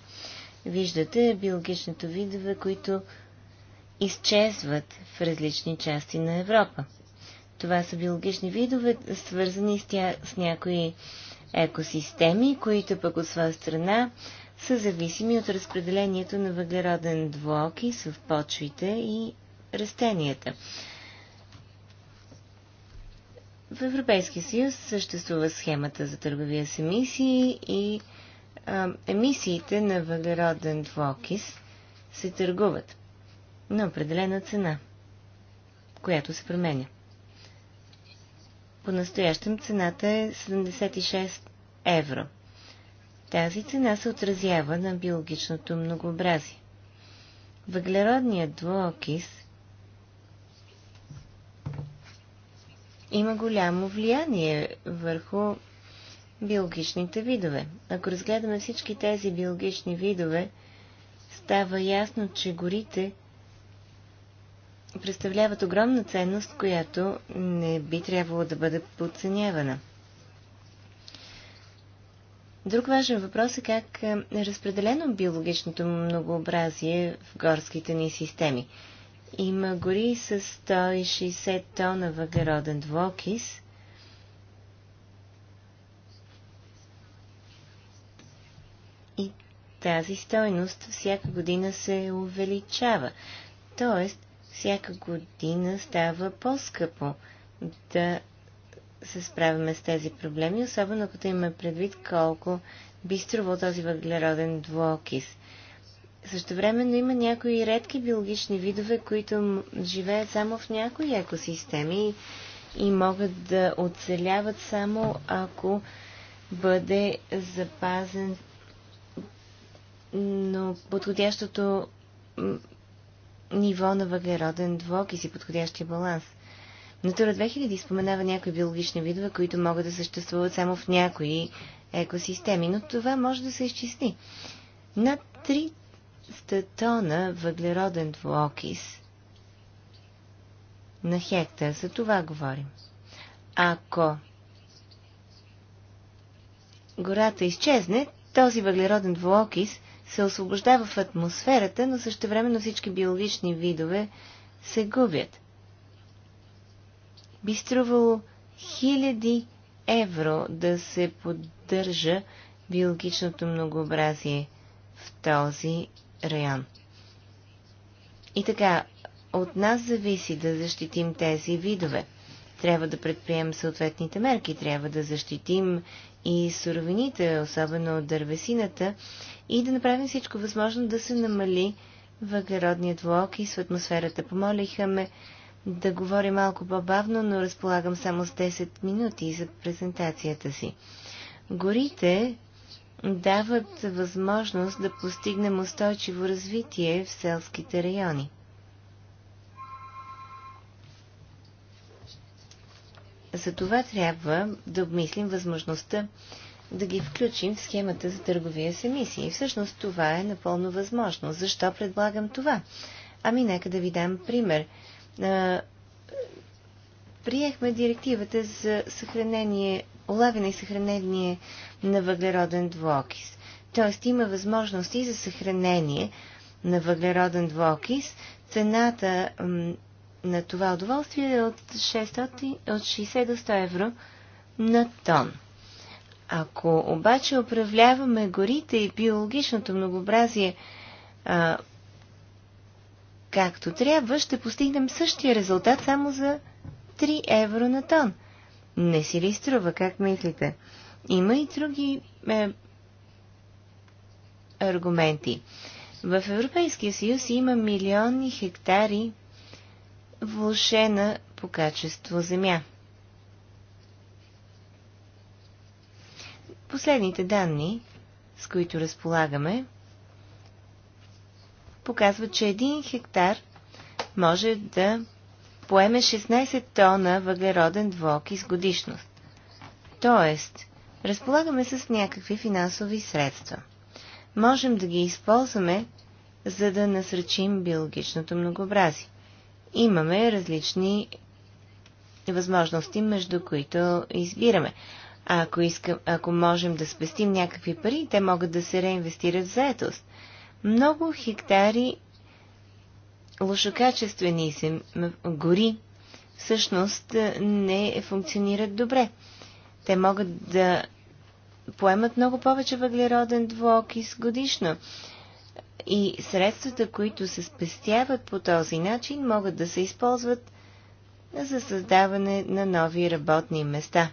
Виждате биологичните видове, които изчезват в различни части на Европа. Това са биологични видове, свързани с, тя, с някои екосистеми, които пък от своя страна са зависими от разпределението на въглероден двуокис в почвите и растенията. В Европейския съюз съществува схемата за търговия с емисии и а, емисиите на въглероден двуокис се търгуват на определена цена, която се променя. По-настоящем цената е 76 евро. Тази цена се отразява на биологичното многообразие. Въглеродният двуокис има голямо влияние върху биологичните видове. Ако разгледаме всички тези биологични видове, става ясно, че горите представляват огромна ценност, която не би трябвало да бъде подценявана. Друг важен въпрос е как е, е разпределено биологичното многообразие в горските ни системи. Има гори с 160 тона въглероден двокис. И тази стойност всяка година се увеличава. Тоест, всяка година става по-скъпо да се справяме с тези проблеми, особено като имаме предвид колко би струвал този въглероден двуокис. Също времено има някои редки биологични видове, които живеят само в някои екосистеми и могат да оцеляват само ако бъде запазен но подходящото ниво на въглероден двуокис и подходящия баланс. Натура 2000 споменава някои биологични видове, които могат да съществуват само в някои екосистеми, но това може да се изчисти. Над 300 тона въглероден двуокис на хектар, за това говорим. Ако гората изчезне, този въглероден двуокис – се освобождава в атмосферата, но също всички биологични видове се губят. Би струвало хиляди евро да се поддържа биологичното многообразие в този район. И така, от нас зависи да защитим тези видове. Трябва да предприемем съответните мерки, трябва да защитим и суровините, особено от дървесината, и да направим всичко възможно да се намали въглеродният и с атмосферата. Помолиха ме да говори малко по-бавно, но разполагам само с 10 минути за презентацията си. Горите дават възможност да постигнем устойчиво развитие в селските райони. За това трябва да обмислим възможността да ги включим в схемата за търговия с емисии. Всъщност това е напълно възможно. Защо предлагам това? Ами нека да ви дам пример. Приехме директивата за съхранение, улавяне и съхранение на въглероден двуокис. Тоест има възможности за съхранение на въглероден двуокис. Цената на това удоволствие е от, 600, от 60 до 100 евро на тон. Ако обаче управляваме горите и биологичното многообразие а, както трябва, ще постигнем същия резултат само за 3 евро на тон. Не си ли струва, как мислите? Има и други е, аргументи. В Европейския съюз има милиони хектари влушена по качество земя. Последните данни, с които разполагаме, показват, че един хектар може да поеме 16 тона въглероден двуокис годишност. Тоест, разполагаме с някакви финансови средства. Можем да ги използваме, за да насръчим биологичното многообразие имаме различни възможности, между които избираме. А ако, искам, ако можем да спестим някакви пари, те могат да се реинвестират в заетост. Много хектари лошокачествени гори всъщност не функционират добре. Те могат да поемат много повече въглероден двуокис годишно и средствата, които се спестяват по този начин, могат да се използват за създаване на нови работни места.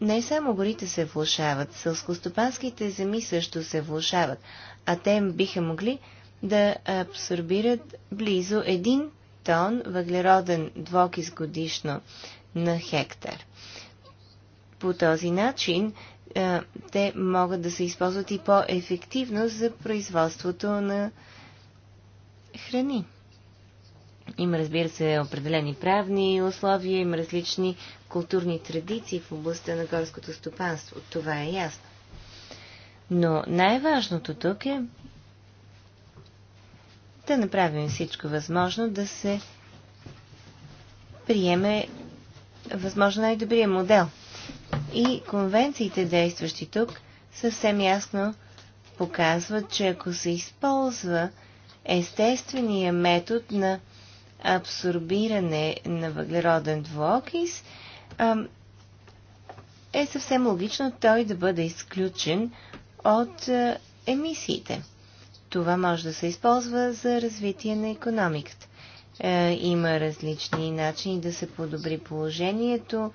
Не само горите се влушават, сълскостопанските земи също се влушават, а те биха могли да абсорбират близо 1 тон въглероден двокис годишно на хектар. По този начин е, те могат да се използват и по-ефективно за производството на храни. Има, разбира се, определени правни условия, има различни културни традиции в областта на горското стопанство. Това е ясно. Но най-важното тук е да направим всичко възможно да се приеме възможно най-добрия модел – и конвенциите, действащи тук, съвсем ясно показват, че ако се използва естествения метод на абсорбиране на въглероден двуокис, е съвсем логично той да бъде изключен от емисиите. Това може да се използва за развитие на економиката. Е, има различни начини да се подобри положението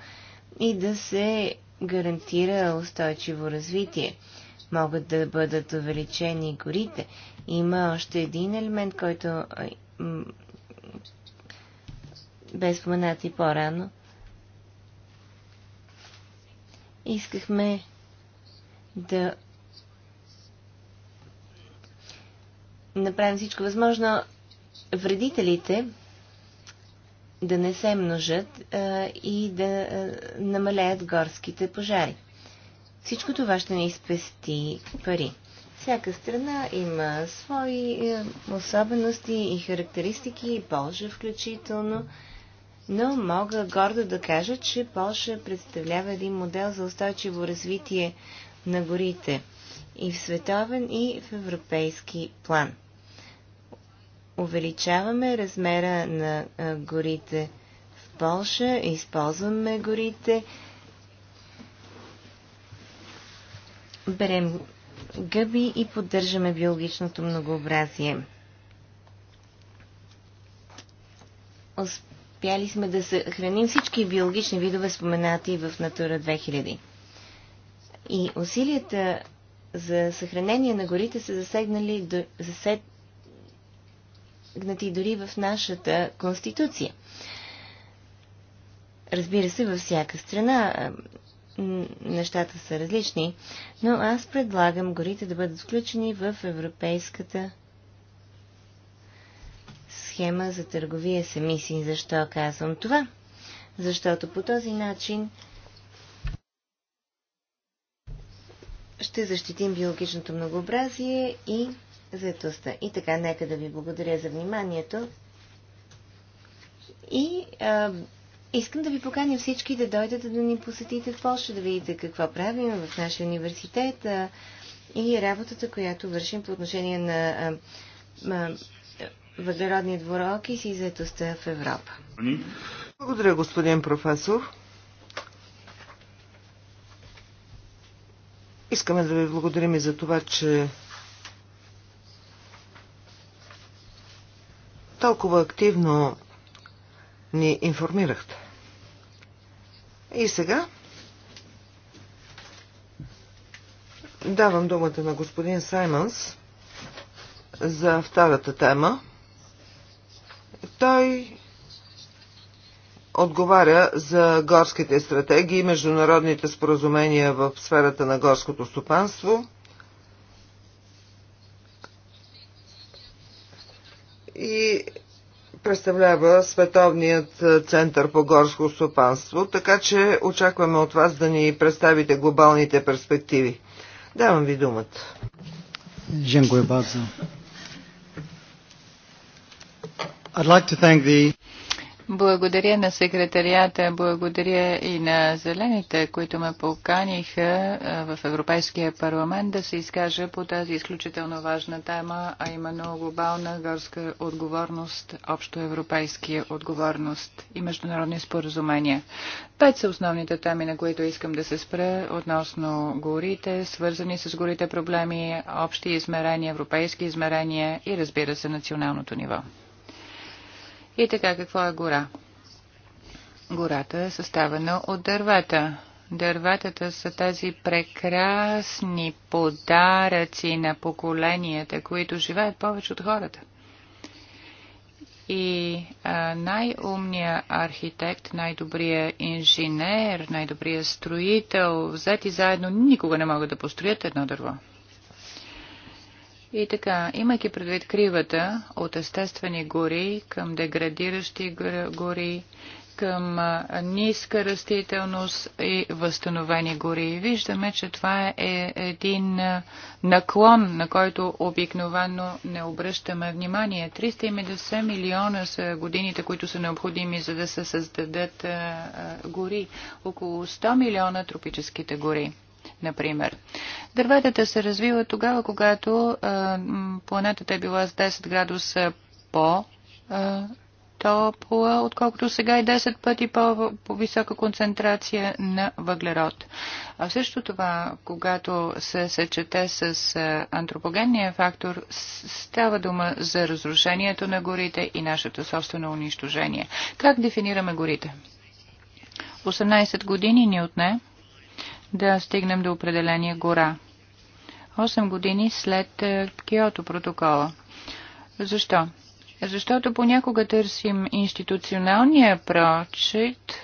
и да се гарантира устойчиво развитие. Могат да бъдат увеличени горите. Има още един елемент, който бе споменат и по-рано. Искахме да направим всичко възможно вредителите да не се множат а, и да а, намалеят горските пожари. Всичко това ще ни спести пари. Всяка страна има свои е, особености и характеристики, и Полша включително, но мога гордо да кажа, че Полша представлява един модел за устойчиво развитие на горите и в световен, и в европейски план увеличаваме размера на горите в Польша, използваме горите, берем гъби и поддържаме биологичното многообразие. Успяли сме да съхраним всички биологични видове, споменати в Натура 2000. И усилията за съхранение на горите са засегнали до, засед, засегнати дори в нашата конституция. Разбира се, във всяка страна нещата са различни, но аз предлагам горите да бъдат включени в европейската схема за търговия с емисии. Защо казвам това? Защото по този начин ще защитим биологичното многообразие и заедостта. И така, нека да ви благодаря за вниманието. И а, искам да ви поканя всички да дойдете да ни посетите в Польша, да видите какво правим в нашия университет а, и работата, която вършим по отношение на а, а, въглеродния двуокис и заетостта в Европа. Благодаря, господин професор. Искаме да ви благодарим и за това, че толкова активно ни информирахте. И сега давам думата на господин Саймънс за втората тема. Той отговаря за горските стратегии, международните споразумения в сферата на горското стопанство – и представлява Световният център по горско стопанство, така че очакваме от вас да ни представите глобалните перспективи. Давам ви думата. Dziękuję bardzo. I'd like to thank the благодаря на секретарията, благодаря и на зелените, които ме поканиха в Европейския парламент да се изкажа по тази изключително важна тема, а именно глобална горска отговорност, общо европейския отговорност и международни споразумения. Пет са основните теми, на които искам да се спра относно горите, свързани с горите проблеми, общи измерения, европейски измерения и разбира се националното ниво. И така, какво е гора? Гората е съставена от дървата. Дърватата са тези прекрасни подаръци на поколенията, които живеят повече от хората. И най-умният архитект, най-добрият инженер, най-добрият строител, взети заедно, никога не могат да построят едно дърво. И така, имайки предвид кривата от естествени гори към деградиращи гори, към ниска растителност и възстановени гори. Виждаме, че това е, е един наклон, на който обикновено не обръщаме внимание. 350 милиона са годините, които са необходими, за да се създадат гори. Около 100 милиона тропическите гори например. Дърветата се развиват тогава, когато а, планетата е била с 10 градуса по а, топла, отколкото сега и е 10 пъти по-висока концентрация на въглерод. А също това, когато се съчете с антропогенния фактор, става дума за разрушението на горите и нашето собствено унищожение. Как дефинираме горите? 18 години ни отне да стигнем до определения гора. 8 години след е, Киото протокола. Защо? Защото понякога търсим институционалния прочит, е,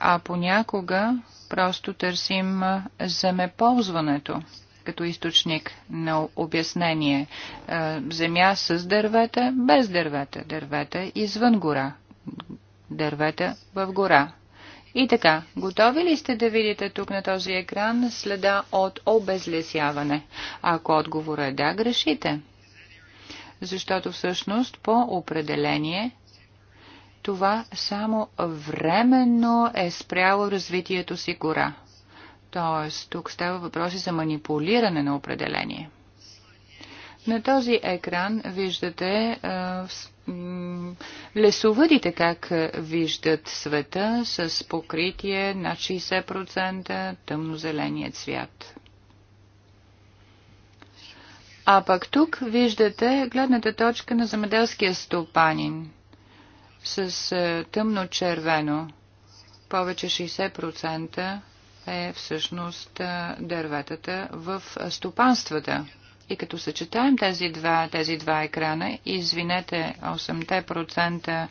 а понякога просто търсим е, земеползването като източник на обяснение. Земя с дървета, без дървета, дървета извън гора, дървета в гора. И така, готови ли сте да видите тук на този екран следа от обезлесяване? Ако отговора е да, грешите. Защото всъщност по определение това само временно е спряло развитието си гора. Тоест, тук става въпроси за манипулиране на определение. На този екран виждате е, лесовъдите как виждат света с покритие на 60% тъмнозеления цвят. А пък тук виждате гледната точка на замеделския стопанин с е, тъмно-червено. Повече 60% е всъщност е, дърветата в е, стопанствата. И като съчетаем тези два, тези два екрана, извинете 8%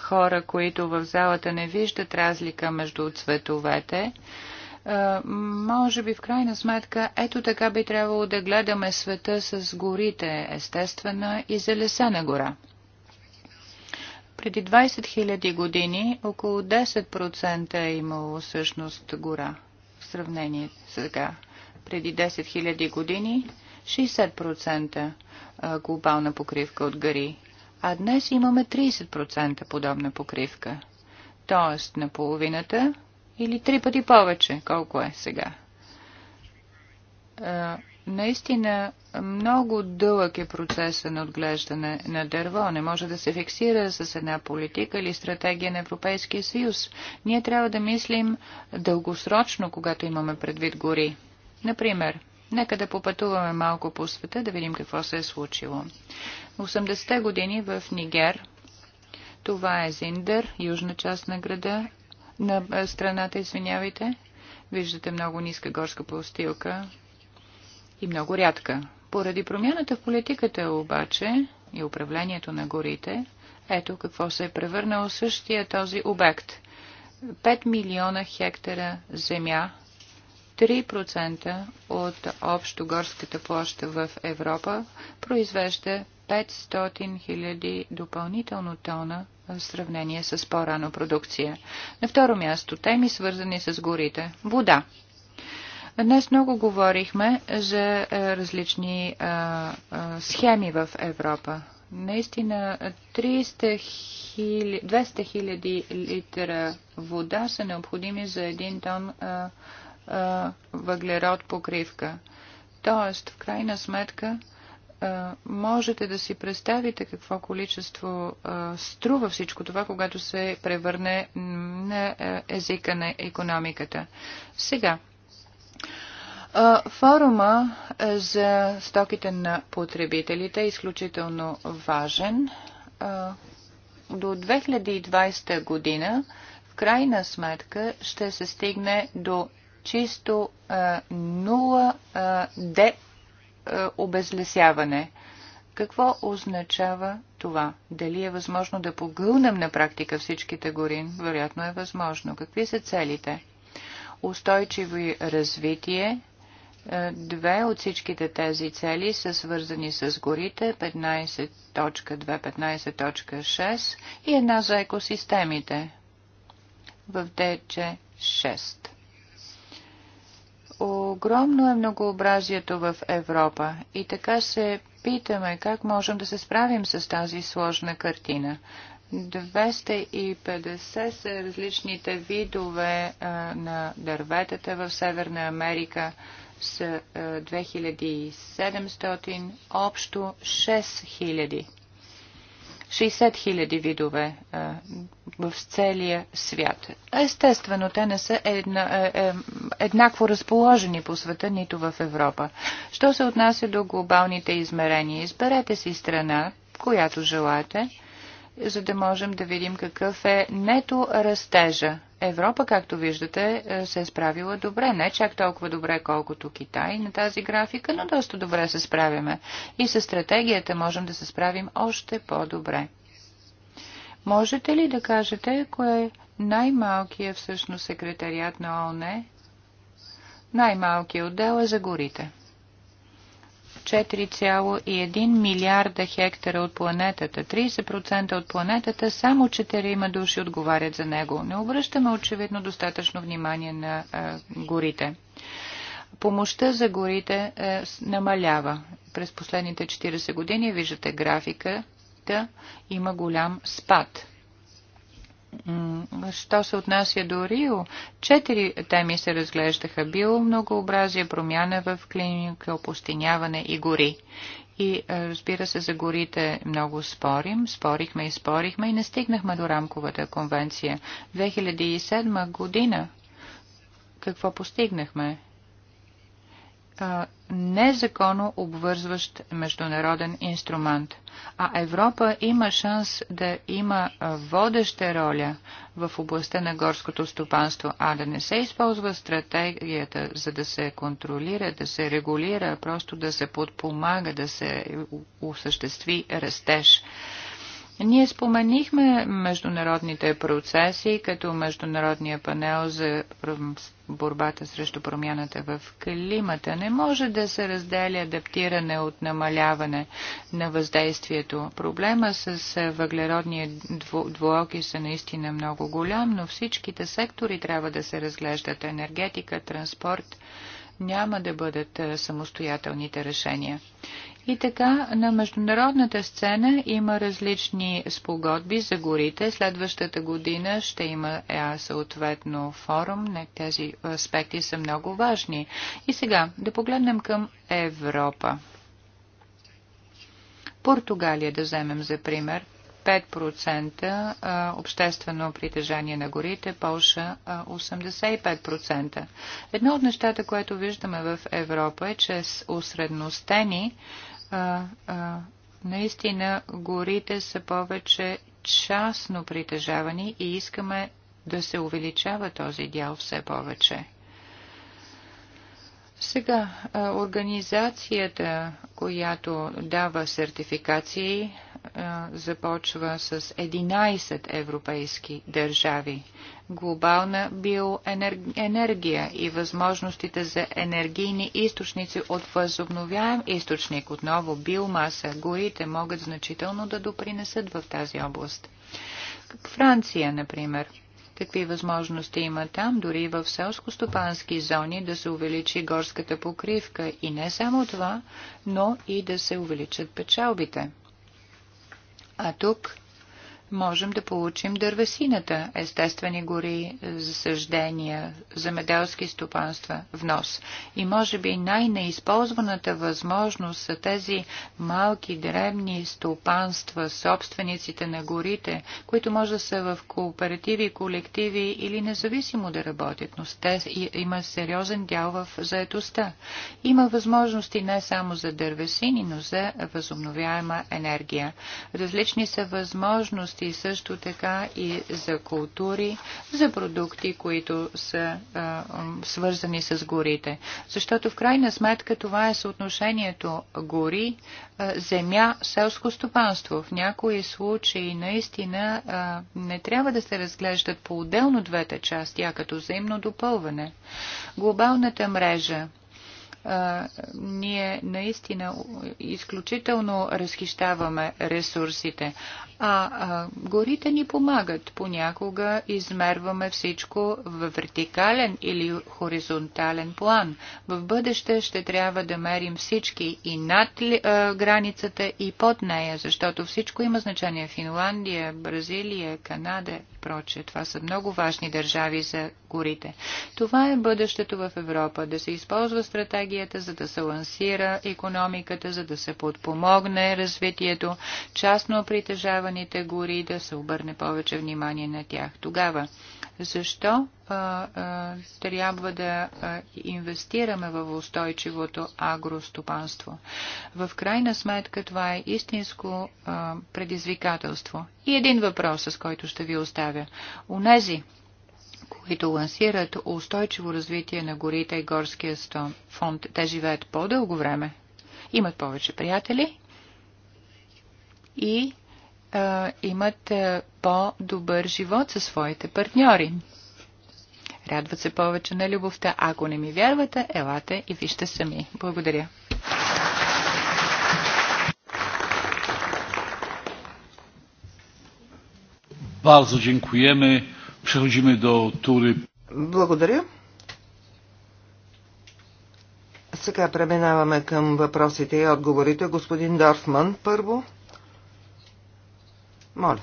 хора, които в залата не виждат разлика между цветовете, е, може би в крайна сметка ето така би трябвало да гледаме света с горите, естествена и залесена гора. Преди 20 000 години около 10% е имало всъщност гора в сравнение с сега преди 10 000 години 60% глобална покривка от гъри, а днес имаме 30% подобна покривка. Тоест на половината или три пъти повече, колко е сега. Наистина много дълъг е процеса на отглеждане на дърво. Не може да се фиксира с една политика или стратегия на Европейския съюз. Ние трябва да мислим дългосрочно, когато имаме предвид гори. Например, нека да попътуваме малко по света, да видим какво се е случило. 80-те години в Нигер, това е Зиндър, южна част на града, на страната, извинявайте. Виждате много ниска горска пластилка и много рядка. Поради промяната в политиката обаче и управлението на горите, ето какво се е превърнал същия този обект. 5 милиона хектара земя 3% от общо горската в Европа произвежда 500 000 допълнително тона в сравнение с по-рано продукция. На второ място теми свързани с горите. Вода. Днес много говорихме за е, различни а, е, а, е, схеми в Европа. Наистина 300 хили, 200 000 литра вода са необходими за един тон а, въглерод покривка. Тоест, в крайна сметка, можете да си представите какво количество струва всичко това, когато се превърне на езика на економиката. Сега, форума за стоките на потребителите е изключително важен. До 2020 година, в крайна сметка, ще се стигне до чисто нула де обезлесяване. Какво означава това? Дали е възможно да погълнем на практика всичките гори? Вероятно е възможно. Какви са целите? Устойчиво развитие. Две от всичките тези цели са свързани с горите 15.2, 15.6 и една за екосистемите в ДЧ 6 огромно е многообразието в Европа и така се питаме как можем да се справим с тази сложна картина. 250 са различните видове а, на дърветата в Северна Америка с 2700, общо 6000. 60 хиляди видове а, в целия свят. Естествено, те не са една, е, е, еднакво разположени по света, нито в Европа. Що се отнася до глобалните измерения? Изберете си страна, която желаете, за да можем да видим какъв е нето растежа Европа, както виждате, е, се е справила добре. Не чак толкова добре, колкото Китай на тази графика, но доста добре се справяме. И с стратегията можем да се справим още по-добре. Можете ли да кажете, кое е най-малкият всъщност секретарият на ООН? Най-малкият отдел е за горите. 4,1 милиарда хектара от планетата. 30% от планетата, само 4 има души отговарят за него. Не обръщаме очевидно достатъчно внимание на а, горите. Помощта за горите а, намалява. През последните 40 години, виждате графиката, има голям спад – Що се отнася до Рио, четири теми се разглеждаха. Било многообразие, промяна в клиника, опустиняване и гори. И е, разбира се, за горите много спорим. Спорихме и спорихме и не стигнахме до рамковата конвенция. 2007 година какво постигнахме? незаконно обвързващ международен инструмент. А Европа има шанс да има водеща роля в областта на горското стопанство, а да не се използва стратегията, за да се контролира, да се регулира, просто да се подпомага, да се осъществи растеж. Ние споменихме международните процеси, като Международния панел за борбата срещу промяната в климата. Не може да се разделя адаптиране от намаляване на въздействието. Проблема с въглеродния двуоки е, са наистина много голям, но всичките сектори трябва да се разглеждат. Енергетика, транспорт няма да бъдат самостоятелните решения. И така на международната сцена има различни спогодби за горите. Следващата година ще има е, съответно форум. Тези аспекти са много важни. И сега да погледнем към Европа. Португалия да вземем за пример. 5% обществено притежание на горите, Полша 85%. Едно от нещата, което виждаме в Европа е, че с усредностени а, а, наистина горите са повече частно притежавани и искаме да се увеличава този дял все повече. Сега, организацията, която дава сертификации, започва с 11 европейски държави. Глобална биоенергия и възможностите за енергийни източници от възобновяем източник, отново биомаса, горите могат значително да допринесат в тази област. Франция, например. Какви възможности има там, дори в селско-стопански зони, да се увеличи горската покривка и не само това, но и да се увеличат печалбите. А тук можем да получим дървесината, естествени гори, засъждения, замеделски стопанства, внос. И може би най-неизползваната възможност са тези малки древни стопанства, собствениците на горите, които може да са в кооперативи, колективи или независимо да работят, но те има сериозен дял в заетостта. Има възможности не само за дървесини, но за възобновяема енергия. Различни са възможности области, също така и за култури, за продукти, които са а, свързани с горите. Защото в крайна сметка това е съотношението гори, а, земя, селско стопанство. В някои случаи наистина а, не трябва да се разглеждат по-отделно двете части, а като взаимно допълване. Глобалната мрежа ние наистина изключително разхищаваме ресурсите а, а горите ни помагат. Понякога измерваме всичко в вертикален или хоризонтален план. В бъдеще ще трябва да мерим всички и над ли, а, границата и под нея, защото всичко има значение. Финландия, Бразилия, Канада и прочее. Това са много важни държави за горите. Това е бъдещето в Европа. Да се използва стратегията, за да се лансира економиката, за да се подпомогне развитието, частно притежаване използваните гори, да се обърне повече внимание на тях. Тогава, защо а, а, трябва да а, инвестираме в устойчивото агростопанство? В крайна сметка това е истинско а, предизвикателство. И един въпрос, с който ще ви оставя. Унези, които лансират устойчиво развитие на горите и горския фонд, те живеят по-дълго време, имат повече приятели и а, имат по-добър живот със своите партньори. Радват се повече на любовта. Ако не ми вярвате, елате и вижте сами. Благодаря. Bardzo dziękujemy. Przechodzimy do tury. Благодаря. Сега преминаваме към въпросите и отговорите. Господин Дорфман, първо. Моля.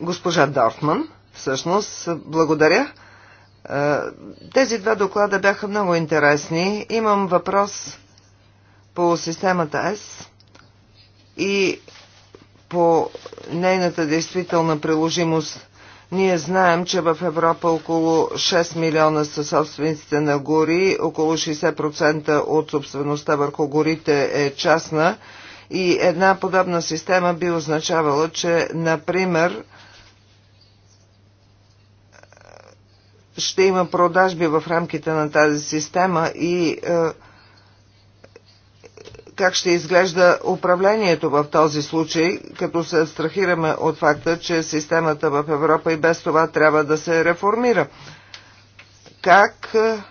Госпожа Дорфман, всъщност, благодаря. Е, тези два доклада бяха много интересни. Имам въпрос по системата С и по нейната действителна приложимост. Ние знаем, че в Европа около 6 милиона са собствениците на гори, около 60% от собствеността върху горите е частна и една подобна система би означавала, че, например, ще има продажби в рамките на тази система и е, как ще изглежда управлението в този случай, като се страхираме от факта, че системата в Европа и без това трябва да се реформира. Как е,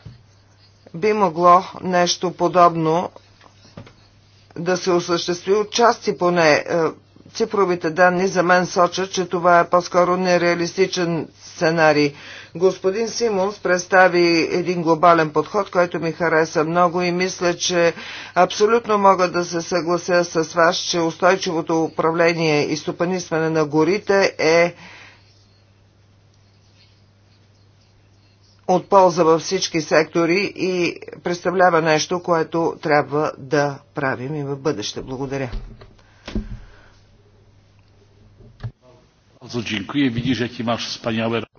би могло нещо подобно да се осъществи от части поне е, цифровите данни за мен сочат, че това е по-скоро нереалистичен сценарий. Господин Симонс представи един глобален подход, който ми хареса много и мисля, че абсолютно мога да се съглася с вас, че устойчивото управление и стопанисване на горите е от полза във всички сектори и представлява нещо, което трябва да правим и в бъдеще. Благодаря.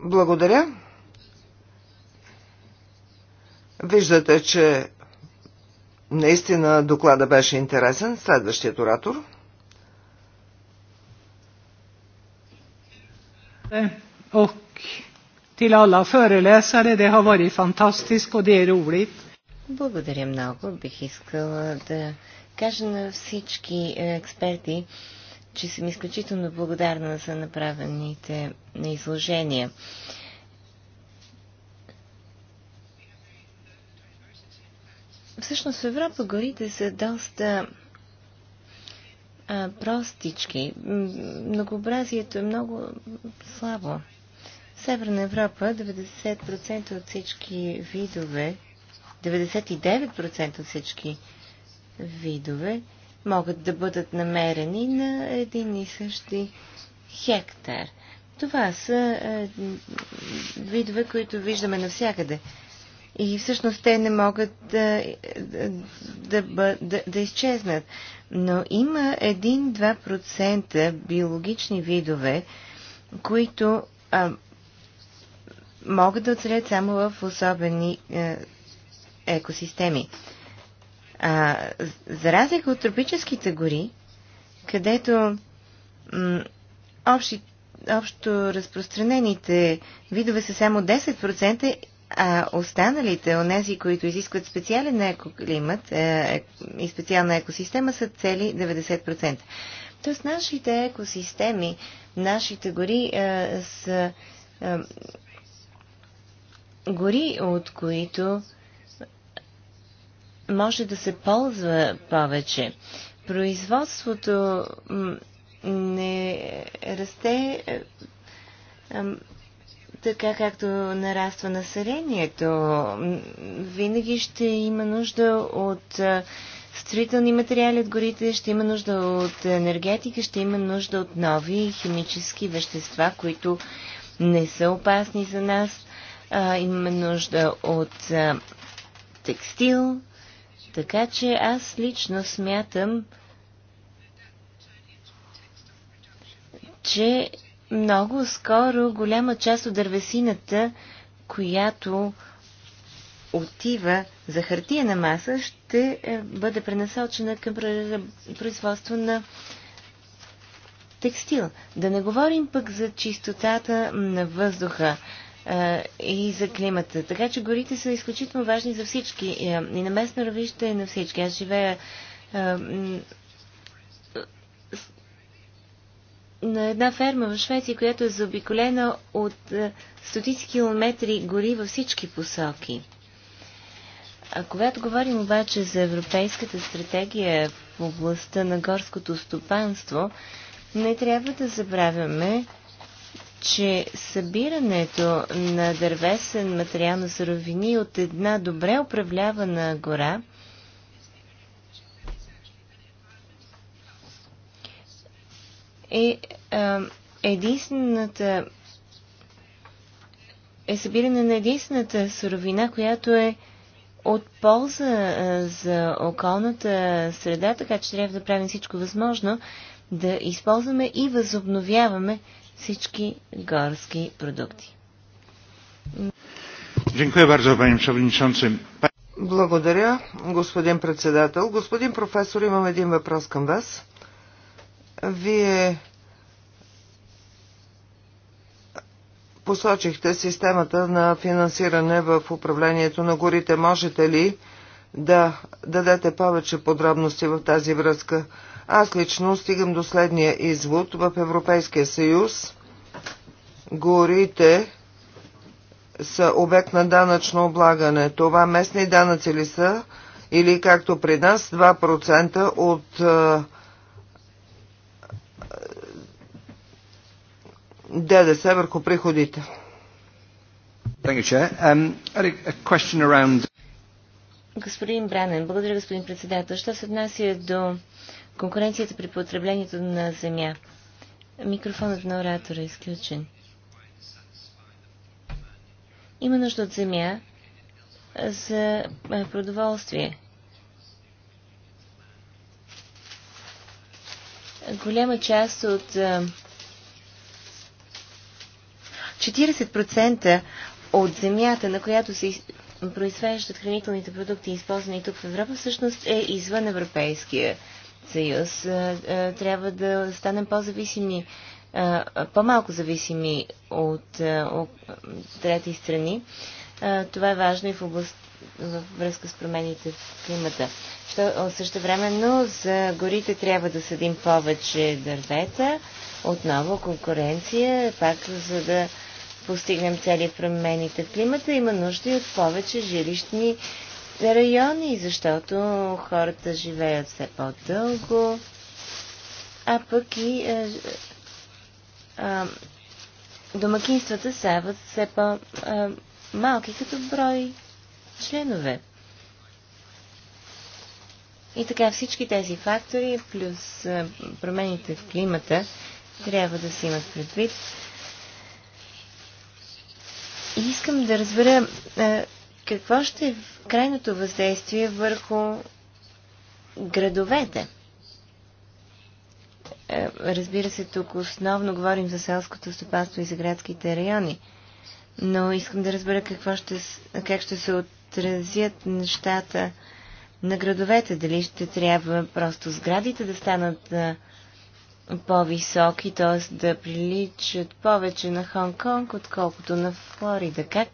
Благодаря. Виждате, че наистина доклада беше интересен. Следващият оратор. alla det har varit fantastiskt och det är roligt. Благодаря много. Бих искала да кажа на всички е, експерти, че съм изключително благодарна за направените на изложения. Всъщност в Европа горите са доста а, простички. Многообразието е много слабо. В Северна Европа 90% от всички видове, 99% от всички видове могат да бъдат намерени на един и същи хектар. Това са е, видове, които виждаме навсякъде. И всъщност те не могат да, да, да, да изчезнат. Но има 1-2% биологични видове, които а, могат да оцелят само в особени е, екосистеми. А, за разлика от тропическите гори, където общи, общо разпространените видове са само 10%, а останалите, онези, които изискват специален екоклимат е, е и специална екосистема, са цели 90%. Тоест нашите екосистеми, нашите гори е, са е, гори, от които може да се ползва повече. Производството не расте е, така както нараства населението. Винаги ще има нужда от е, строителни материали от горите, ще има нужда от енергетика, ще има нужда от нови химически вещества, които не са опасни за нас. имаме нужда от е, текстил, така че аз лично смятам, че много скоро голяма част от дървесината, която отива за хартиена маса, ще е, бъде пренасочена към производство на текстил. Да не говорим пък за чистотата на въздуха и за климата. Така че горите са изключително важни за всички. И на местно равнище на всички. Аз живея на една ферма в Швеция, която е заобиколена от стотици километри гори във всички посоки. А когато говорим обаче за Европейската стратегия в областта на горското стопанство, не трябва да забравяме, че събирането на дървесен материал на суровини е от една добре управлявана гора е а, единствената е събиране на единствената суровина, която е от полза а, за околната среда, така че трябва да правим всичко възможно да използваме и възобновяваме всички горски продукти. Благодаря, господин председател. Господин професор, имам един въпрос към вас. Вие посочихте системата на финансиране в управлението на горите. Можете ли да дадете повече подробности в тази връзка? Аз лично стигам до следния извод. В Европейския съюз горите са обект на данъчно облагане. Това местни данъци ли са? Или както при нас 2% от а, ДДС върху приходите. Um, господин Бранен, благодаря господин председател. Що се отнася до конкуренцията при потреблението на земя. Микрофонът на оратора е изключен. Има нужда от земя за продоволствие. Голяма част от 40% от земята, на която се произвеждат хранителните продукти, използвани тук в Европа, всъщност е извън Европейския съюз, трябва да станем по-зависими, по-малко зависими от, трети страни. Това е важно и в област във връзка с промените в климата. Що, също времено за горите трябва да съдим повече дървета, отново конкуренция, пак за да постигнем цели промените в климата, има нужда и от повече жилищни райони, защото хората живеят все по-дълго, а пък и а, е, а, домакинствата стават все по-малки като брой членове. И така всички тези фактори, плюс е, промените в климата, трябва да се имат предвид. И искам да разбера е, какво ще е крайното въздействие върху градовете? Е, разбира се, тук основно говорим за селското стопанство и за градските райони, но искам да разбера какво ще, как ще се отразят нещата на градовете. Дали ще трябва просто сградите да станат по-високи, т.е. да приличат повече на Хонг-Конг, отколкото на Флорида. Как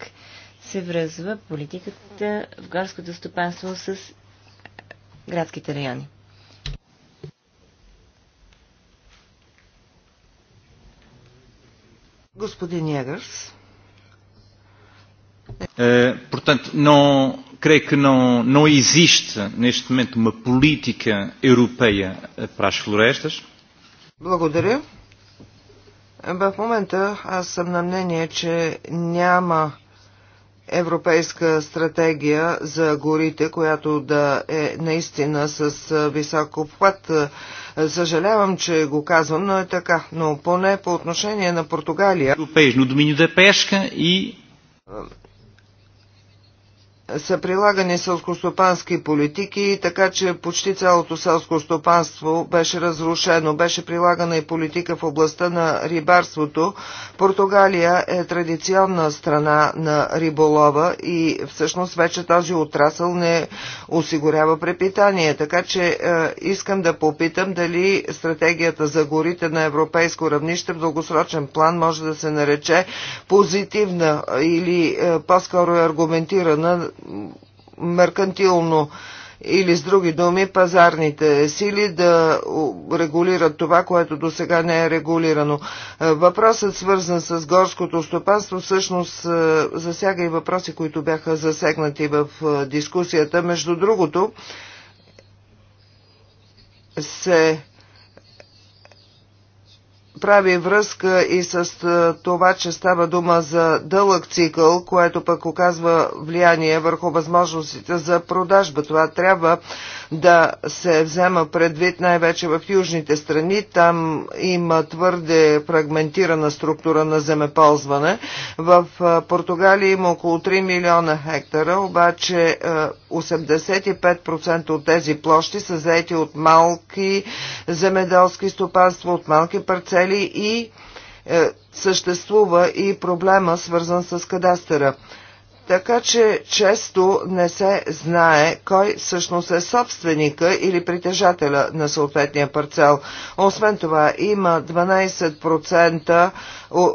се връзва политиката в горското стопанство с градските райони. Господин Ягърс. Uh, portanto, não, creio que não, não existe neste momento uma política europeia para as florestas. Благодаря. В момента аз съм на мнение, че няма европейска стратегия за горите, която да е наистина с висок обхват. Съжалявам, че го казвам, но е така. Но поне по отношение на Португалия. Европейно доминио да пешка и са прилагани селскостопански политики, така че почти цялото селско стопанство беше разрушено. Беше прилагана и политика в областта на рибарството. Португалия е традиционна страна на риболова и всъщност вече този отрасъл не осигурява препитание. Така че е, искам да попитам дали стратегията за горите на европейско равнище в дългосрочен план може да се нарече позитивна или е, по-скоро аргументирана меркантилно или с други думи пазарните сили да регулират това, което до сега не е регулирано. Е, въпросът свързан с горското стопанство всъщност е, засяга и въпроси, които бяха засегнати в е, дискусията. Между другото се прави връзка и с това, че става дума за дълъг цикъл, което пък оказва влияние върху възможностите за продажба. Това трябва да се взема предвид най-вече в южните страни. Там има твърде фрагментирана структура на земеползване. В Португалия има около 3 милиона хектара, обаче 85% от тези площи са заети от малки земеделски стопанства, от малки парцели и е, съществува и проблема, свързан с кадастъра така че често не се знае кой всъщност е собственика или притежателя на съответния парцел. Освен това има 12%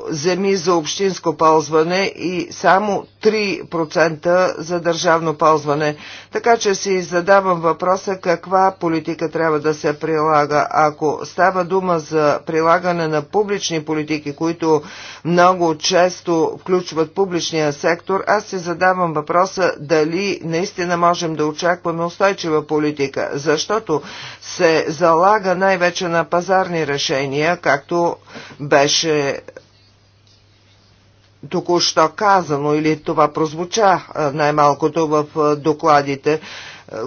земи за общинско ползване и само 3% за държавно ползване. Така че си задавам въпроса каква политика трябва да се прилага. Ако става дума за прилагане на публични политики, които много често включват публичния сектор, аз си задавам въпроса дали наистина можем да очакваме устойчива политика, защото се залага най-вече на пазарни решения, както беше току-що казано или това прозвуча най-малкото в докладите,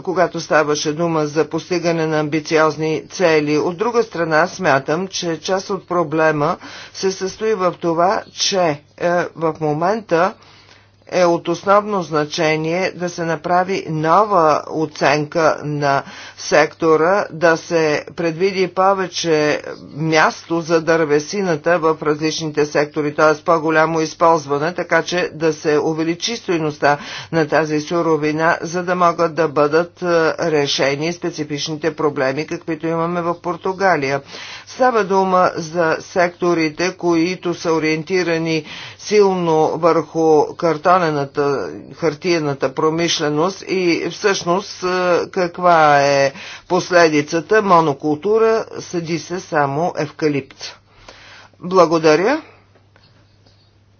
когато ставаше дума за постигане на амбициозни цели. От друга страна смятам, че част от проблема се състои в това, че е, в момента е от основно значение да се направи нова оценка на сектора, да се предвиди повече място за дървесината в различните сектори, т.е. по-голямо използване, така че да се увеличи стоиността на тази суровина, за да могат да бъдат е, решени специфичните проблеми, каквито имаме в Португалия. Става дума за секторите, които са ориентирани силно върху картонената, хартиената промишленост и всъщност каква е последицата? Монокултура съди се само евкалипт. Благодаря.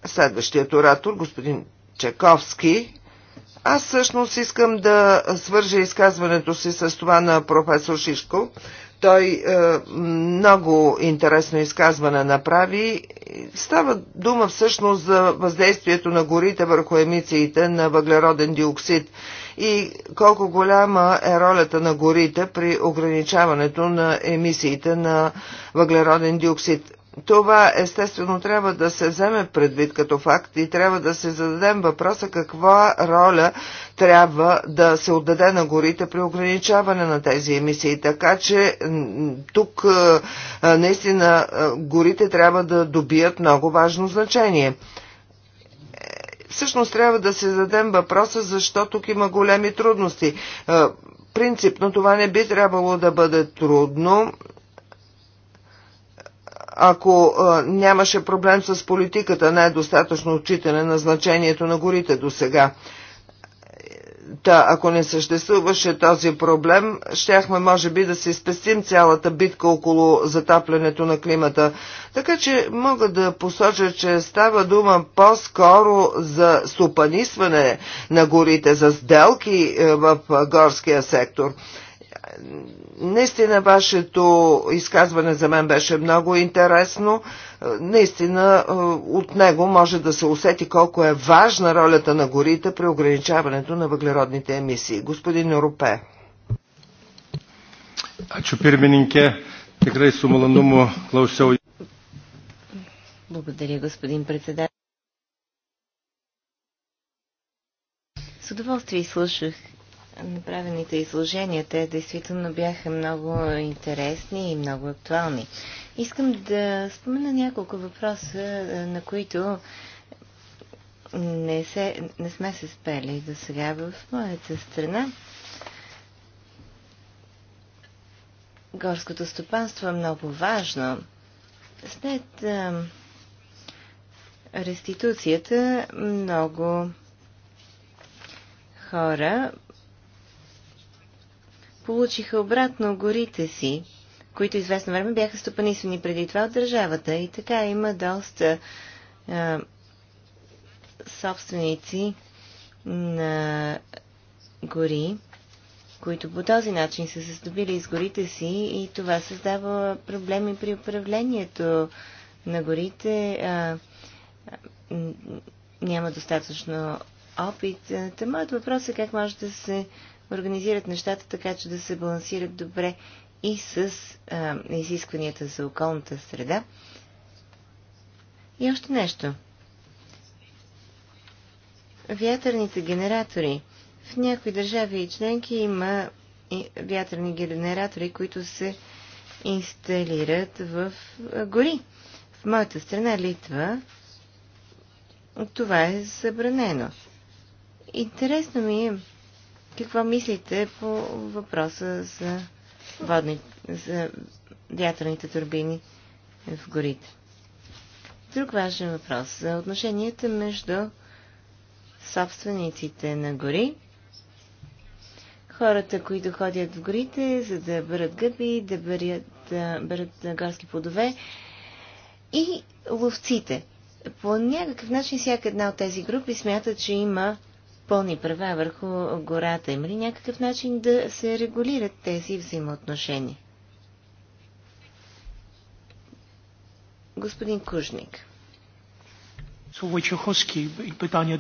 Следващият оратор, господин Чаковски. Аз всъщност искам да свържа изказването си с това на професор Шишко. Той е, много интересно изказване направи. Става дума всъщност за въздействието на горите върху емициите на въглероден диоксид и колко голяма е ролята на горите при ограничаването на емисиите на въглероден диоксид. Това естествено трябва да се вземе предвид като факт и трябва да се зададем въпроса каква роля трябва да се отдаде на горите при ограничаване на тези емисии. Така че тук наистина горите трябва да добият много важно значение. Е, всъщност трябва да се зададем въпроса защо тук има големи трудности. Е, принципно това не би трябвало да бъде трудно ако а, нямаше проблем с политиката, не е достатъчно отчитане на значението на горите до сега. Та, ако не съществуваше този проблем, щяхме може би да си спестим цялата битка около затаплянето на климата. Така че мога да посоча, че става дума по-скоро за стопанисване на горите, за сделки е, в горския сектор. Наистина вашето изказване за мен беше много интересно. Наистина е, от него може да се усети колко е важна ролята на горите при ограничаването на въглеродните емисии. Господин Европе. Благодаря, господин председател. С удоволствие слушах направените изложения. Те действително бяха много интересни и много актуални. Искам да спомена няколко въпроса, е, на които не, се, не сме се спели до сега в моята страна. Горското стопанство е много важно. След а, е, реституцията много хора получиха обратно горите си, които известно време бяха стопанисвани преди това от държавата. И така има доста а, собственици на гори, които по този начин са се здобили из горите си и това създава проблеми при управлението на горите. А, а, няма достатъчно опит. Та моят въпрос е как може да се организират нещата така, че да се балансират добре и с а, изискванията за околната среда. И още нещо. Вятърните генератори. В някои държави и членки има вятърни генератори, които се инсталират в гори. В моята страна, Литва, това е забранено. Интересно ми е какво мислите по въпроса за, водни, за вятърните турбини в горите? Друг важен въпрос за отношенията между собствениците на гори, хората, които ходят в горите, за да бъдат гъби, да бъдат да бърят горски плодове и ловците. По някакъв начин всяка една от тези групи смята, че има пълни права върху гората. Има ли някакъв начин да се регулират тези взаимоотношения? Господин Кужник. Е,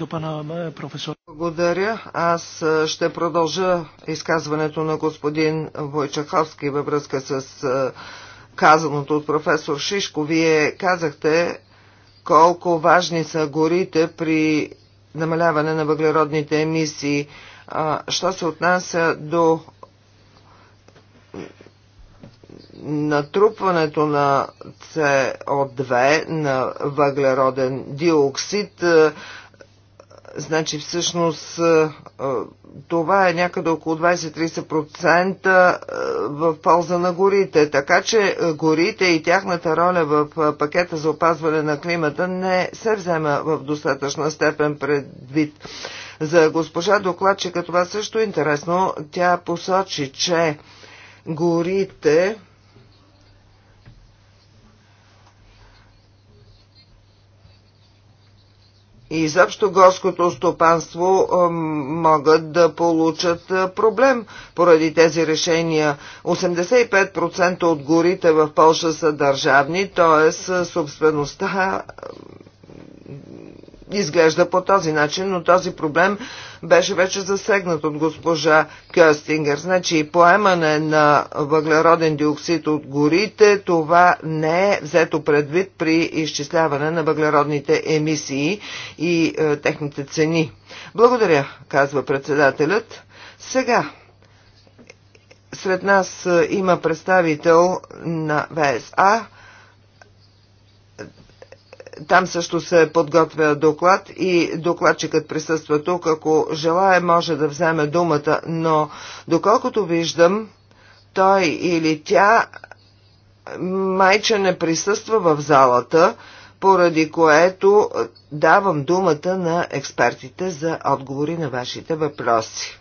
Благодаря. Аз е, ще продължа изказването на господин Войчаховски във връзка с е, казаното от професор Шишко. Вие казахте колко важни са горите при намаляване на въглеродните емисии. Що се отнася до натрупването на CO2, на въглероден диоксид, Значи всъщност е, е, това е някъде около 20-30% е, в полза на горите. Така че горите и тяхната роля в пакета за опазване на климата не се взема в достатъчна степен предвид. За госпожа докладчика това също е интересно. Тя посочи, че горите и изобщо горското стопанство могат да получат проблем поради тези решения. 85% от горите в Польша са държавни, т.е. собствеността изглежда по този начин, но този проблем беше вече засегнат от госпожа Кьостингер. Значи поемане на въглероден диоксид от горите, това не е взето предвид при изчисляване на въглеродните емисии и е, техните цени. Благодаря, казва председателят. Сега сред нас е, има представител на ВСА. Там също се подготвя доклад и докладчикът присъства тук. Ако желая, може да вземе думата, но доколкото виждам, той или тя майче не присъства в залата, поради което давам думата на експертите за отговори на вашите въпроси.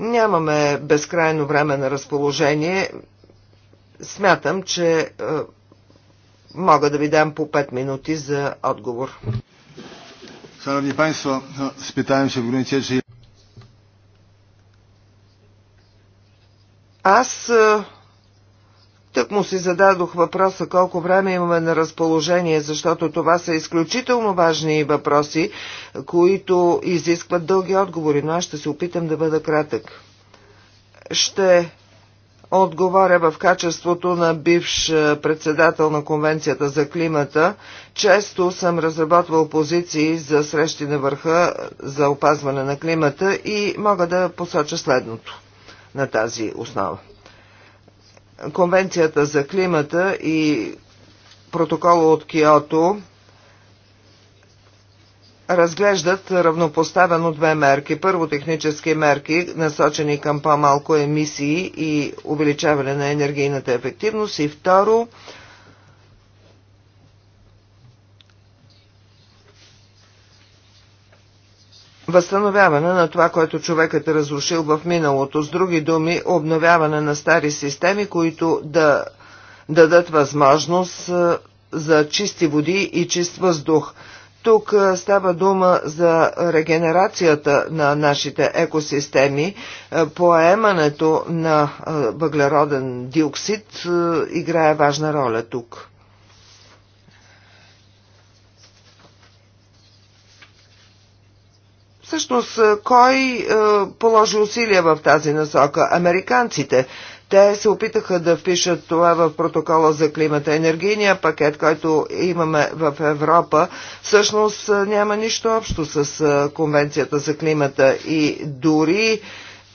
Нямаме безкрайно време на разположение. Смятам, че е, Мога да ви дам по 5 минути за отговор. Szanowni панство, no, се się че. Аз е, тък му си зададох въпроса колко време имаме на разположение, защото това са изключително важни въпроси, които изискват дълги отговори, но аз ще се опитам да бъда кратък. Ще Отговаря в качеството на бивш е, председател на Конвенцията за климата. Често съм разработвал позиции за срещи на върха е, за опазване на климата и мога да посоча следното на тази основа. Конвенцията за климата и протокола от Киото разглеждат равнопоставено две мерки. Първо технически мерки, насочени към по-малко емисии и увеличаване на енергийната ефективност. И второ, възстановяване на това, което човекът е разрушил в миналото. С други думи, обновяване на стари системи, които да дадат възможност за чисти води и чист въздух. Тук става дума за регенерацията на нашите екосистеми, поемането на въглероден диоксид играе важна роля тук. Всъщност, кой е, положи усилия в тази насока? Американците. Те се опитаха да впишат това в протокола за климата. Енергийния пакет, който имаме в Европа, всъщност няма нищо общо с Конвенцията за климата и дори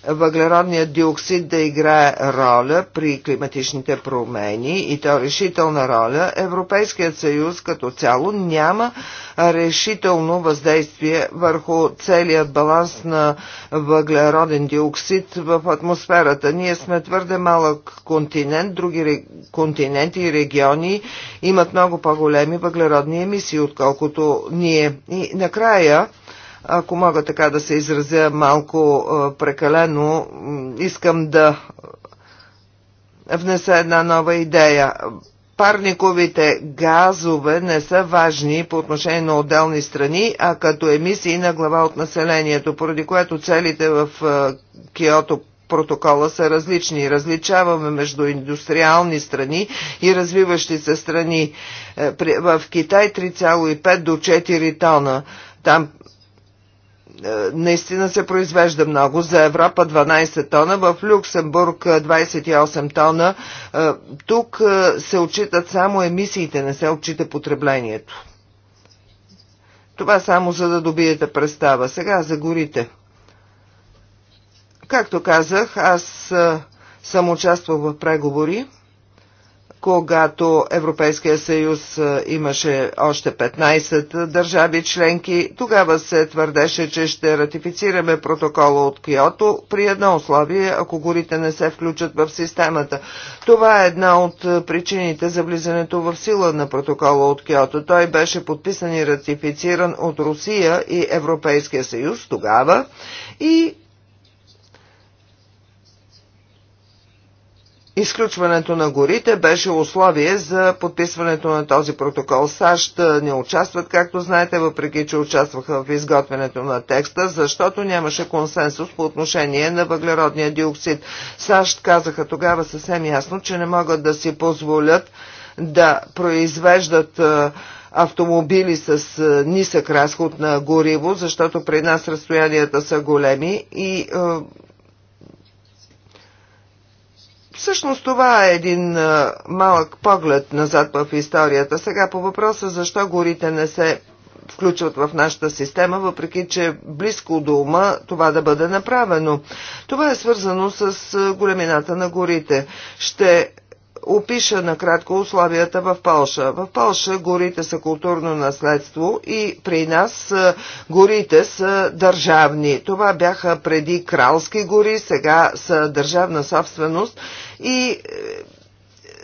въглеродният диоксид да играе роля при климатичните промени и то решителна роля, Европейският съюз като цяло няма решително въздействие върху целият баланс на въглероден диоксид в атмосферата. Ние сме твърде малък континент, други континенти и региони имат много по-големи въглеродни емисии, отколкото ние. И накрая, ако мога така да се изразя малко прекалено, искам да внеса една нова идея. Парниковите газове не са важни по отношение на отделни страни, а като емисии на глава от населението, поради което целите в Киото протокола са различни. Различаваме между индустриални страни и развиващи се страни. Е, в Китай 3,5 до 4 тона. Там е, наистина се произвежда много. За Европа 12 тона, в Люксембург 28 е, тона. Е, тук се отчитат само емисиите, не се отчита потреблението. Това само за да добиете представа. Сега за горите. Както казах, аз съм участвал в преговори когато Европейския съюз имаше още 15 държави членки, тогава се твърдеше, че ще ратифицираме протокола от Киото при едно условие, ако горите не се включат в системата. Това е една от причините за влизането в сила на протокола от Киото. Той беше подписан и ратифициран от Русия и Европейския съюз тогава и Изключването на горите беше условие за подписването на този протокол. САЩ не участват, както знаете, въпреки че участваха в изготвянето на текста, защото нямаше консенсус по отношение на въглеродния диоксид. САЩ казаха тогава съвсем ясно, че не могат да си позволят да произвеждат автомобили с нисък разход на гориво, защото при нас разстоянията са големи и Всъщност това е един а, малък поглед назад в историята. Сега по въпроса защо горите не се включват в нашата система, въпреки че близко до ума това да бъде направено. Това е свързано с големината на горите. Ще опиша накратко условията в Полша. В Полша горите са културно наследство и при нас горите са държавни. Това бяха преди кралски гори, сега са държавна собственост и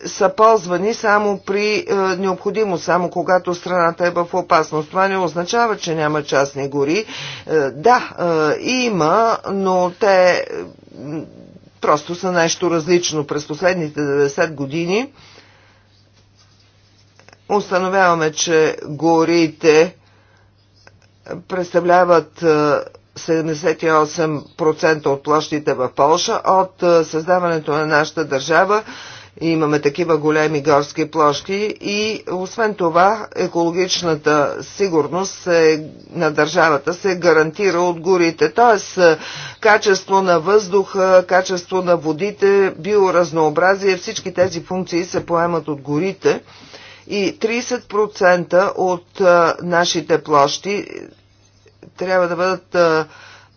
е, са ползвани само при е, необходимост, само когато страната е в опасност. Това не означава, че няма частни гори. Е, да, е, има, но те е, просто са нещо различно. През последните 90 години установяваме, че горите представляват е, 78% от площите в Полша от е, създаването на нашата държава имаме такива големи горски площи и освен това екологичната сигурност на държавата се гарантира от горите, т.е. качество на въздуха, качество на водите, биоразнообразие, всички тези функции се поемат от горите и 30% от а, е, нашите площи трябва да бъдат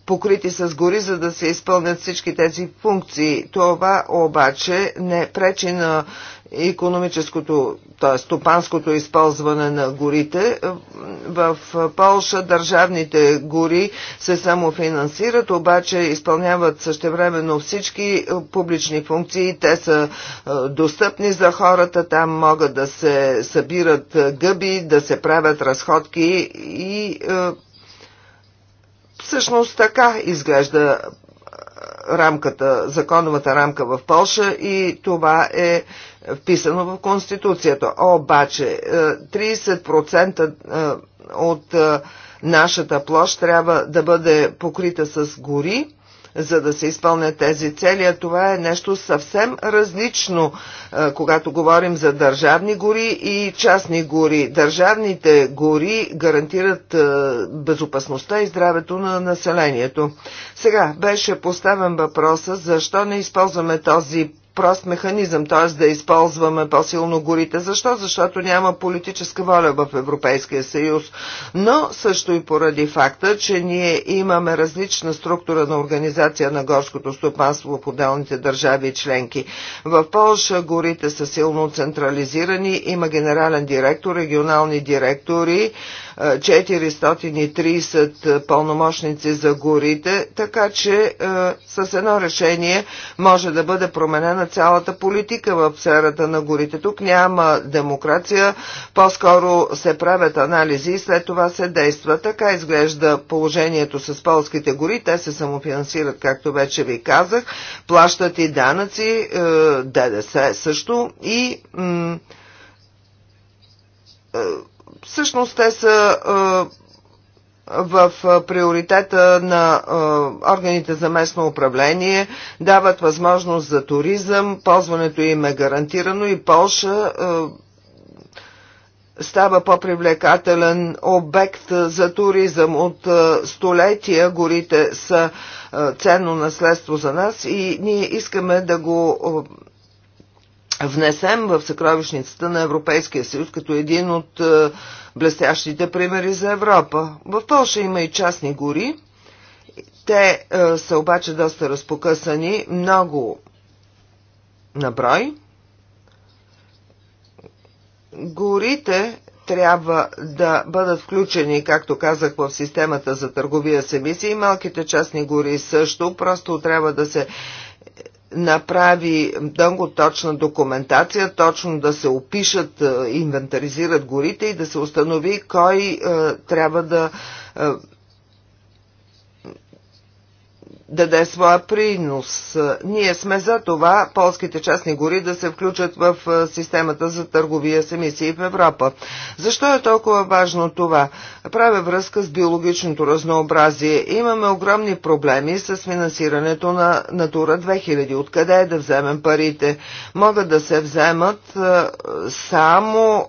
покрити с гори, за да се изпълнят всички тези функции. Това обаче не пречи на економическото, т.е. стопанското използване на горите. В Полша държавните гори се самофинансират, обаче изпълняват същевременно всички публични функции. Те са достъпни за хората, там могат да се събират гъби, да се правят разходки и Всъщност така изглежда рамката, законовата рамка в Польша и това е вписано в Конституцията. Обаче 30% от нашата площ трябва да бъде покрита с гори за да се изпълнят тези цели, а това е нещо съвсем различно, е, когато говорим за държавни гори и частни гори. Държавните гори гарантират е, безопасността и здравето на населението. Сега беше поставен въпроса защо не използваме този прост механизъм, т.е. да използваме по-силно горите. Защо? Защото няма политическа воля в Европейския съюз, но също и поради факта, че ние имаме различна структура на организация на горското стопанство в отделните държави и членки. В Польша горите са силно централизирани, има генерален директор, регионални директори, 430 пълномощници за горите, така че е, с едно решение може да бъде променена цялата политика в сферата на горите. Тук няма демокрация, по-скоро се правят анализи и след това се действа. Така изглежда положението с полските гори. Те се самофинансират, както вече ви казах, плащат и данъци, е, ДДС също и е, Всъщност те са в приоритета на органите за местно управление, дават възможност за туризъм, ползването им е гарантирано и Полша става по-привлекателен обект за туризъм. От столетия горите са ценно наследство за нас и ние искаме да го внесем в съкровищницата на Европейския съюз като един от е, блестящите примери за Европа. В Польша има и частни гори. Те е, са обаче доста разпокъсани, много на брой. Горите трябва да бъдат включени, както казах, в системата за търговия с емисии. Малките частни гори също, просто трябва да се направи много точна документация, точно да се опишат, е, инвентаризират горите и да се установи кой е, трябва да е, даде своя принос. Ние сме за това полските частни гори да се включат в системата за търговия с емисии в Европа. Защо е толкова важно това? Правя връзка с биологичното разнообразие. Имаме огромни проблеми с финансирането на Натура 2000. Откъде е да вземем парите? Могат да се вземат само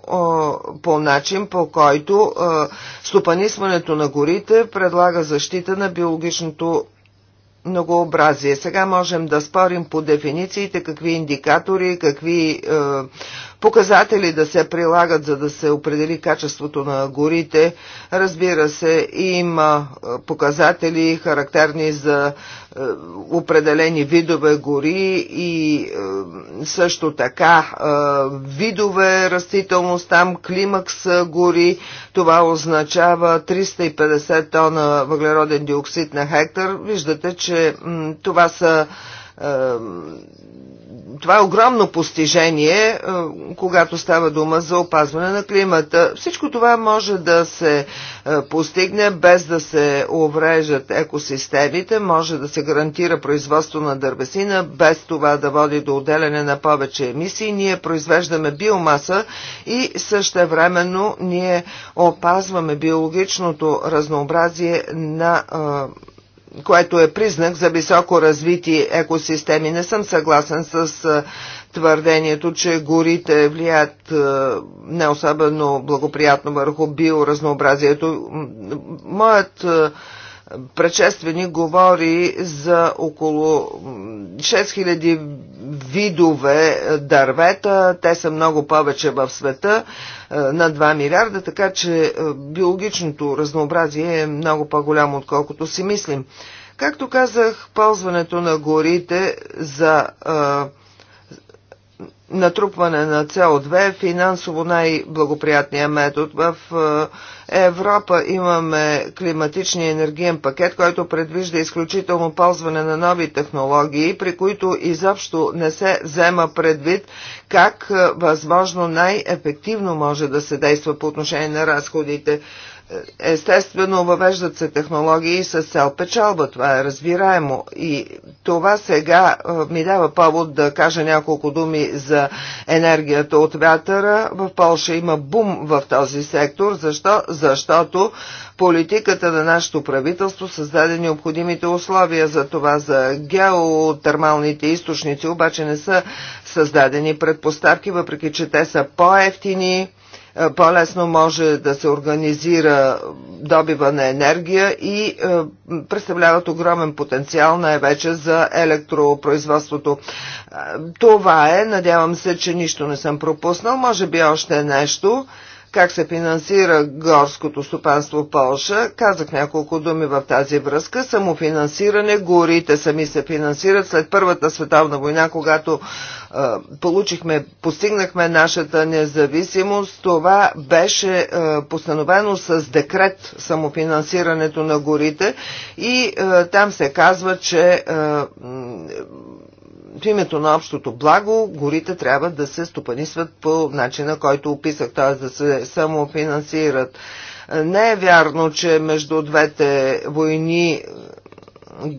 по начин, по който стопанисването на горите предлага защита на биологичното многообразие. Сега можем да спорим по дефинициите, какви индикатори, какви е, показатели да се прилагат, за да се определи качеството на горите. Разбира се, има показатели характерни за определени видове гори и също така видове растителност, там климакс гори. Това означава 350 тона въглероден диоксид на хектар. Виждате, че това са това е огромно постижение, е, когато става дума за опазване на климата. Всичко това може да се е, постигне без да се увреждат екосистемите, може да се гарантира производство на дървесина, без това да води до отделяне на повече емисии. Ние произвеждаме биомаса и същевременно ние опазваме биологичното разнообразие на е, което е признак за високо развити екосистеми. Не съм съгласен с твърдението, че горите влияят не особено благоприятно върху биоразнообразието. Моят предшественик говори за около 6000 видове дървета. Те са много повече в света, е, на 2 милиарда, така че е, биологичното разнообразие е много по-голямо, отколкото си мислим. Както казах, ползването на горите за е, натрупване на CO2 е финансово най-благоприятният метод в Европа имаме климатичния енергиен пакет, който предвижда изключително ползване на нови технологии, при които изобщо не се взема предвид как е, възможно най-ефективно може да се действа по отношение на разходите. Естествено, въвеждат се технологии с цел печалба, това е разбираемо. И това сега ми дава повод да кажа няколко думи за енергията от вятъра. В Польша има бум в този сектор. Защо? Защото политиката на нашето правителство създаде необходимите условия за това. За геотермалните източници обаче не са създадени предпоставки, въпреки че те са по-ефтини по-лесно може да се организира добива на енергия и е, представляват огромен потенциал най-вече за електропроизводството. Е, това е, надявам се, че нищо не съм пропуснал, може би още нещо как се финансира горското стопанство в Польша. Казах няколко думи в тази връзка. Самофинансиране, горите сами се финансират. След Първата световна война, когато е, получихме, постигнахме нашата независимост, това беше е, постановено с декрет самофинансирането на горите и е, там се казва, че е, в името на общото благо горите трябва да се стопанисват по начина, който описах, т.е. да се самофинансират. Не е вярно, че между двете войни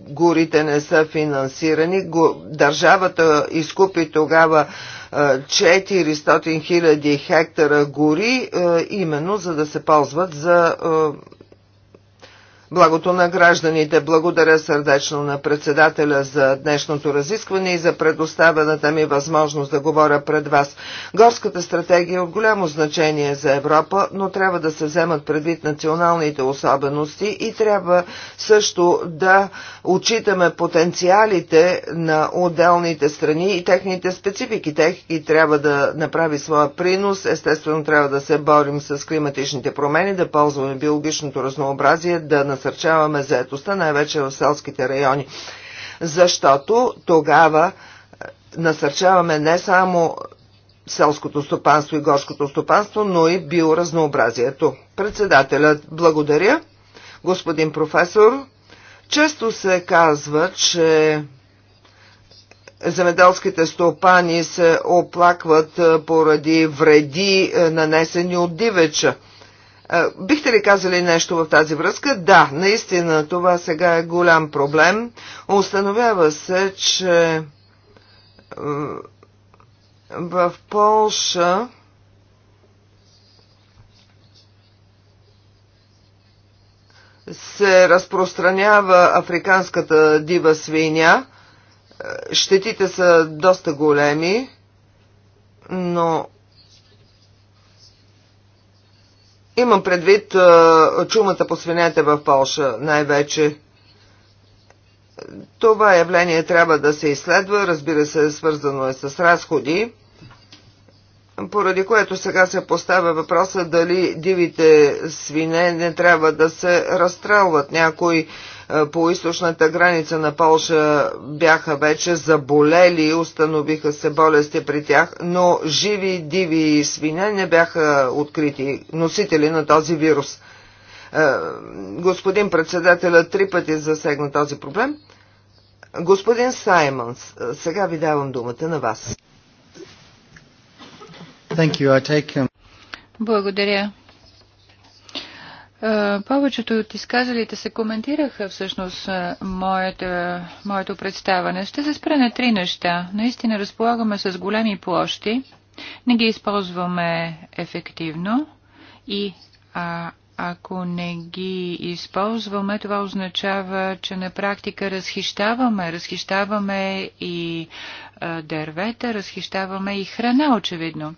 горите не са финансирани. Държавата изкупи тогава 400 000 хектара гори, именно за да се ползват за благото на гражданите. Благодаря сърдечно на председателя за днешното разискване и за предоставената ми възможност да говоря пред вас. Горската стратегия е от голямо значение за Европа, но трябва да се вземат предвид националните особености и трябва също да отчитаме потенциалите на отделните страни и техните специфики. Тех и трябва да направи своя принос. Естествено трябва да се борим с климатичните промени, да ползваме биологичното разнообразие, да насърчаваме заетостта, най-вече в селските райони. Защото тогава е, насърчаваме не само селското стопанство и горското стопанство, но и биоразнообразието. Председателят благодаря, господин професор. Често се казва, че земеделските стопани се оплакват е, поради вреди, е, нанесени от дивеча. Бихте ли казали нещо в тази връзка? Да, наистина това сега е голям проблем. Установява се, че в Полша се разпространява африканската дива свиня. Щетите са доста големи, но Имам предвид чумата по свинете в Польша най-вече. Това явление трябва да се изследва, разбира се, свързано е с разходи, поради което сега се поставя въпроса дали дивите свине не трябва да се разстрелват. Някои е, по източната граница на Полша бяха вече заболели, установиха се болести при тях, но живи, диви и свине не бяха открити носители на този вирус. Е, господин председателя три пъти засегна този проблем. Господин Саймонс, е, сега ви давам думата на вас. Um, Благодаря. Е, повечето от изказалите се коментираха всъщност е, моята, моето представане. Ще се спра на три неща. Наистина разполагаме с големи площи, не ги използваме ефективно и а, ако не ги използваме, това означава, че на практика разхищаваме. Разхищаваме и а, е, дървета, разхищаваме и храна, очевидно. А,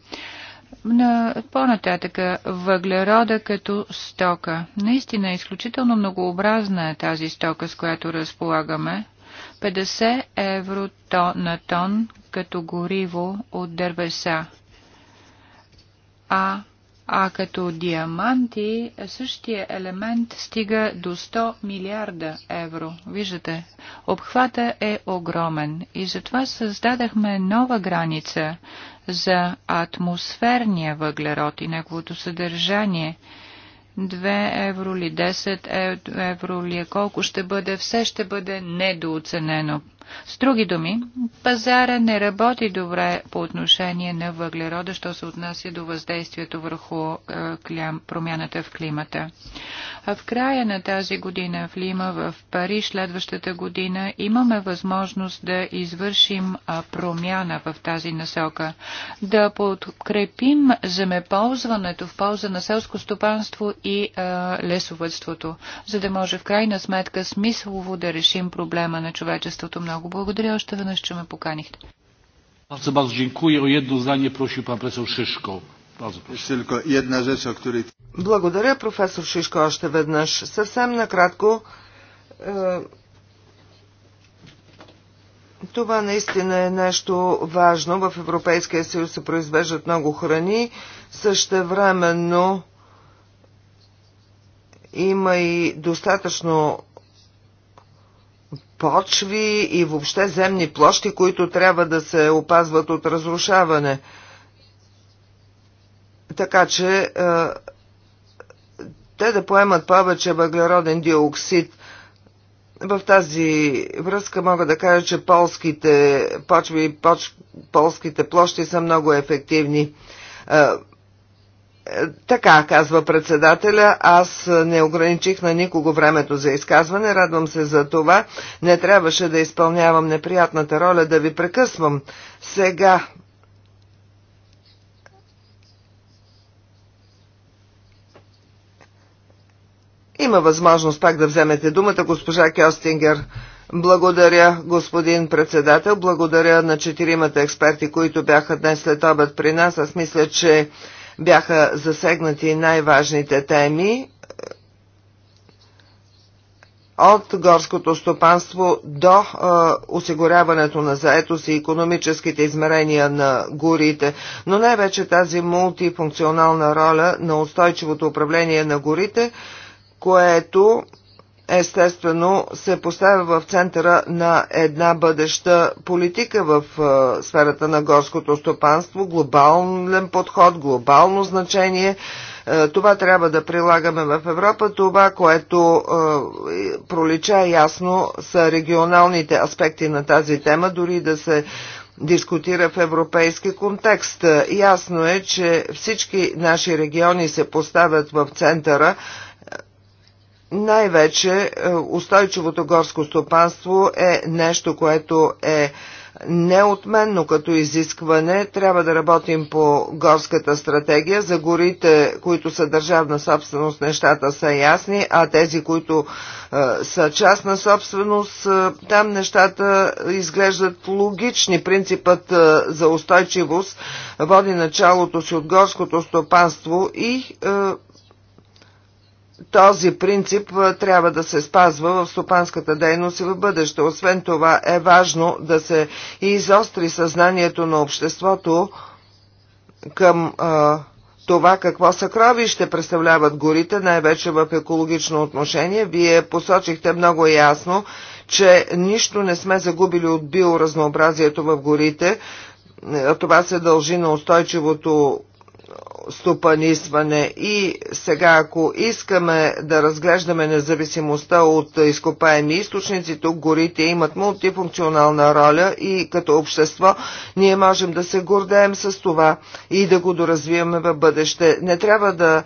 на по нататък въглерода като стока. Наистина е изключително многообразна е тази стока, с която разполагаме. 50 евро на тон като гориво от дървеса. А, а като диаманти същия елемент стига до 100 милиарда евро. Виждате, обхвата е огромен и затова създадахме нова граница за атмосферния въглерод и неговото съдържание. 2 евро ли, 10 евро ли, е, колко ще бъде, все ще бъде недооценено с други думи, пазара не работи добре по отношение на въглерода, що се отнася до въздействието върху е, промяната в климата. А в края на тази година в Лима, в Париж, следващата година, имаме възможност да извършим промяна в тази насока, да подкрепим земеползването в полза на селско стопанство и лесовътството, за да може в крайна сметка смислово да решим проблема на човечеството много много благодаря още веднъж, че ме поканихте. Bardzo, bardzo dziękuję. O jedno zdanie prosił pan profesor Szyszko. Bardzo proszę. Tylko jedna rzecz, o której... Благодаря, професор Шишко, още веднъж. Съвсем накратко, е, това наистина е нещо важно. В Европейския съюз се произвеждат много храни. Същевременно има и достатъчно почви и въобще земни площи, които трябва да се опазват от разрушаване. Така че е, те да поемат повече въглероден диоксид. В тази връзка мога да кажа, че полските почви и поч... полските площи са много ефективни. Е, така, казва председателя, аз не ограничих на никого времето за изказване, радвам се за това. Не трябваше да изпълнявам неприятната роля да ви прекъсвам. Сега Има възможност пак да вземете думата, госпожа Кьостингер. Благодаря, господин председател. Благодаря на четиримата експерти, които бяха днес след обед при нас. Аз мисля, че бяха засегнати най-важните теми от горското стопанство до а, осигуряването на заетост и економическите измерения на горите, но най-вече тази мултифункционална роля на устойчивото управление на горите, което естествено се поставя в центъра на една бъдеща политика в е, сферата на горското стопанство, глобален подход, глобално значение. Е, това трябва да прилагаме в Европа. Това, което е, пролича ясно, са регионалните аспекти на тази тема, дори да се дискутира в европейски контекст. Ясно е, че всички наши региони се поставят в центъра най-вече е, устойчивото горско стопанство е нещо, което е неотменно като изискване. Трябва да работим по горската стратегия. За горите, които са държавна собственост, нещата са ясни, а тези, които е, са частна собственост, е, там нещата изглеждат логични. Принципът е, за устойчивост води началото си от горското стопанство и е, този принцип трябва да се спазва в стопанската дейност и в бъдеще. Освен това е важно да се изостри съзнанието на обществото към а, това какво съкровище представляват горите, най-вече в екологично отношение. Вие посочихте много ясно, че нищо не сме загубили от биоразнообразието в горите. Това се дължи на устойчивото стопанисване и сега ако искаме да разглеждаме независимостта от изкопаеми източници, тук горите имат мултифункционална роля и като общество ние можем да се гордеем с това и да го доразвиваме в бъдеще. Не трябва да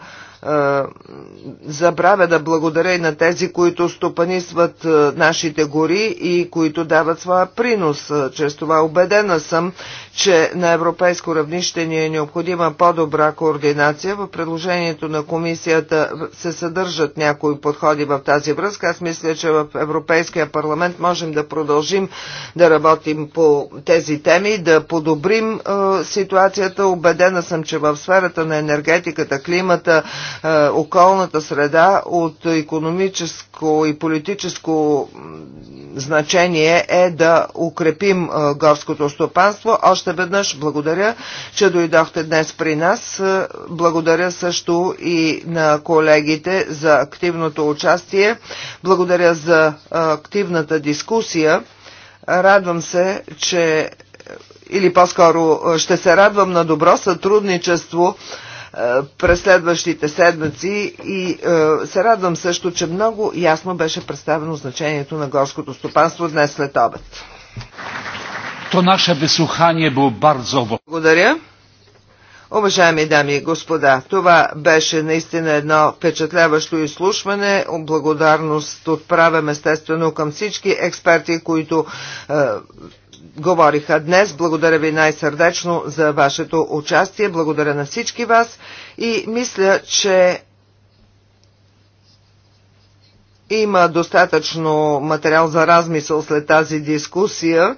забравя да благодаря и на тези, които стопанисват нашите гори и които дават своя принос. Чрез това убедена съм, че на европейско равнище ни е необходима по-добра координация. В предложението на комисията се съдържат някои подходи в тази връзка. Аз мисля, че в Европейския парламент можем да продължим да работим по тези теми, да подобрим е, ситуацията. Обедена съм, че в сферата на енергетиката, климата, е, околната среда от економическо и политическо значение е да укрепим е, горското стопанство. Още още веднъж благодаря, че дойдохте днес при нас. Благодаря също и на колегите за активното участие. Благодаря за активната дискусия. Радвам се, че или по-скоро ще се радвам на добро сътрудничество през следващите седмици и се радвам също, че много ясно беше представено значението на горското стопанство днес след обед. To nasze wysłuchanie było bardzo owocne. Благодаря. Уважаеми дами и господа, това беше наистина едно впечатляващо изслушване. Благодарност отправям естествено към всички експерти, които е, говориха днес. Благодаря ви най-сърдечно за вашето участие. Благодаря на всички вас и мисля, че има достатъчно материал за размисъл след тази дискусия.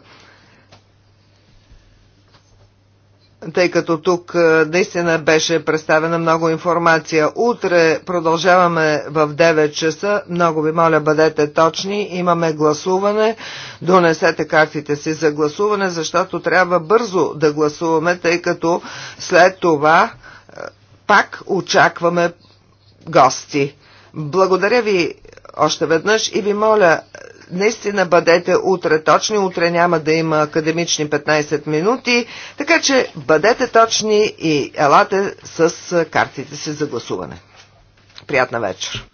тъй като тук е, наистина беше представена много информация. Утре продължаваме в 9 часа. Много ви моля, бъдете точни. Имаме гласуване. Донесете картите си за гласуване, защото трябва бързо да гласуваме, тъй като след това е, пак очакваме гости. Благодаря ви още веднъж и ви моля, наистина бъдете утре точни. Утре няма да има академични 15 минути, така че бъдете точни и елате с картите си за гласуване. Приятна вечер!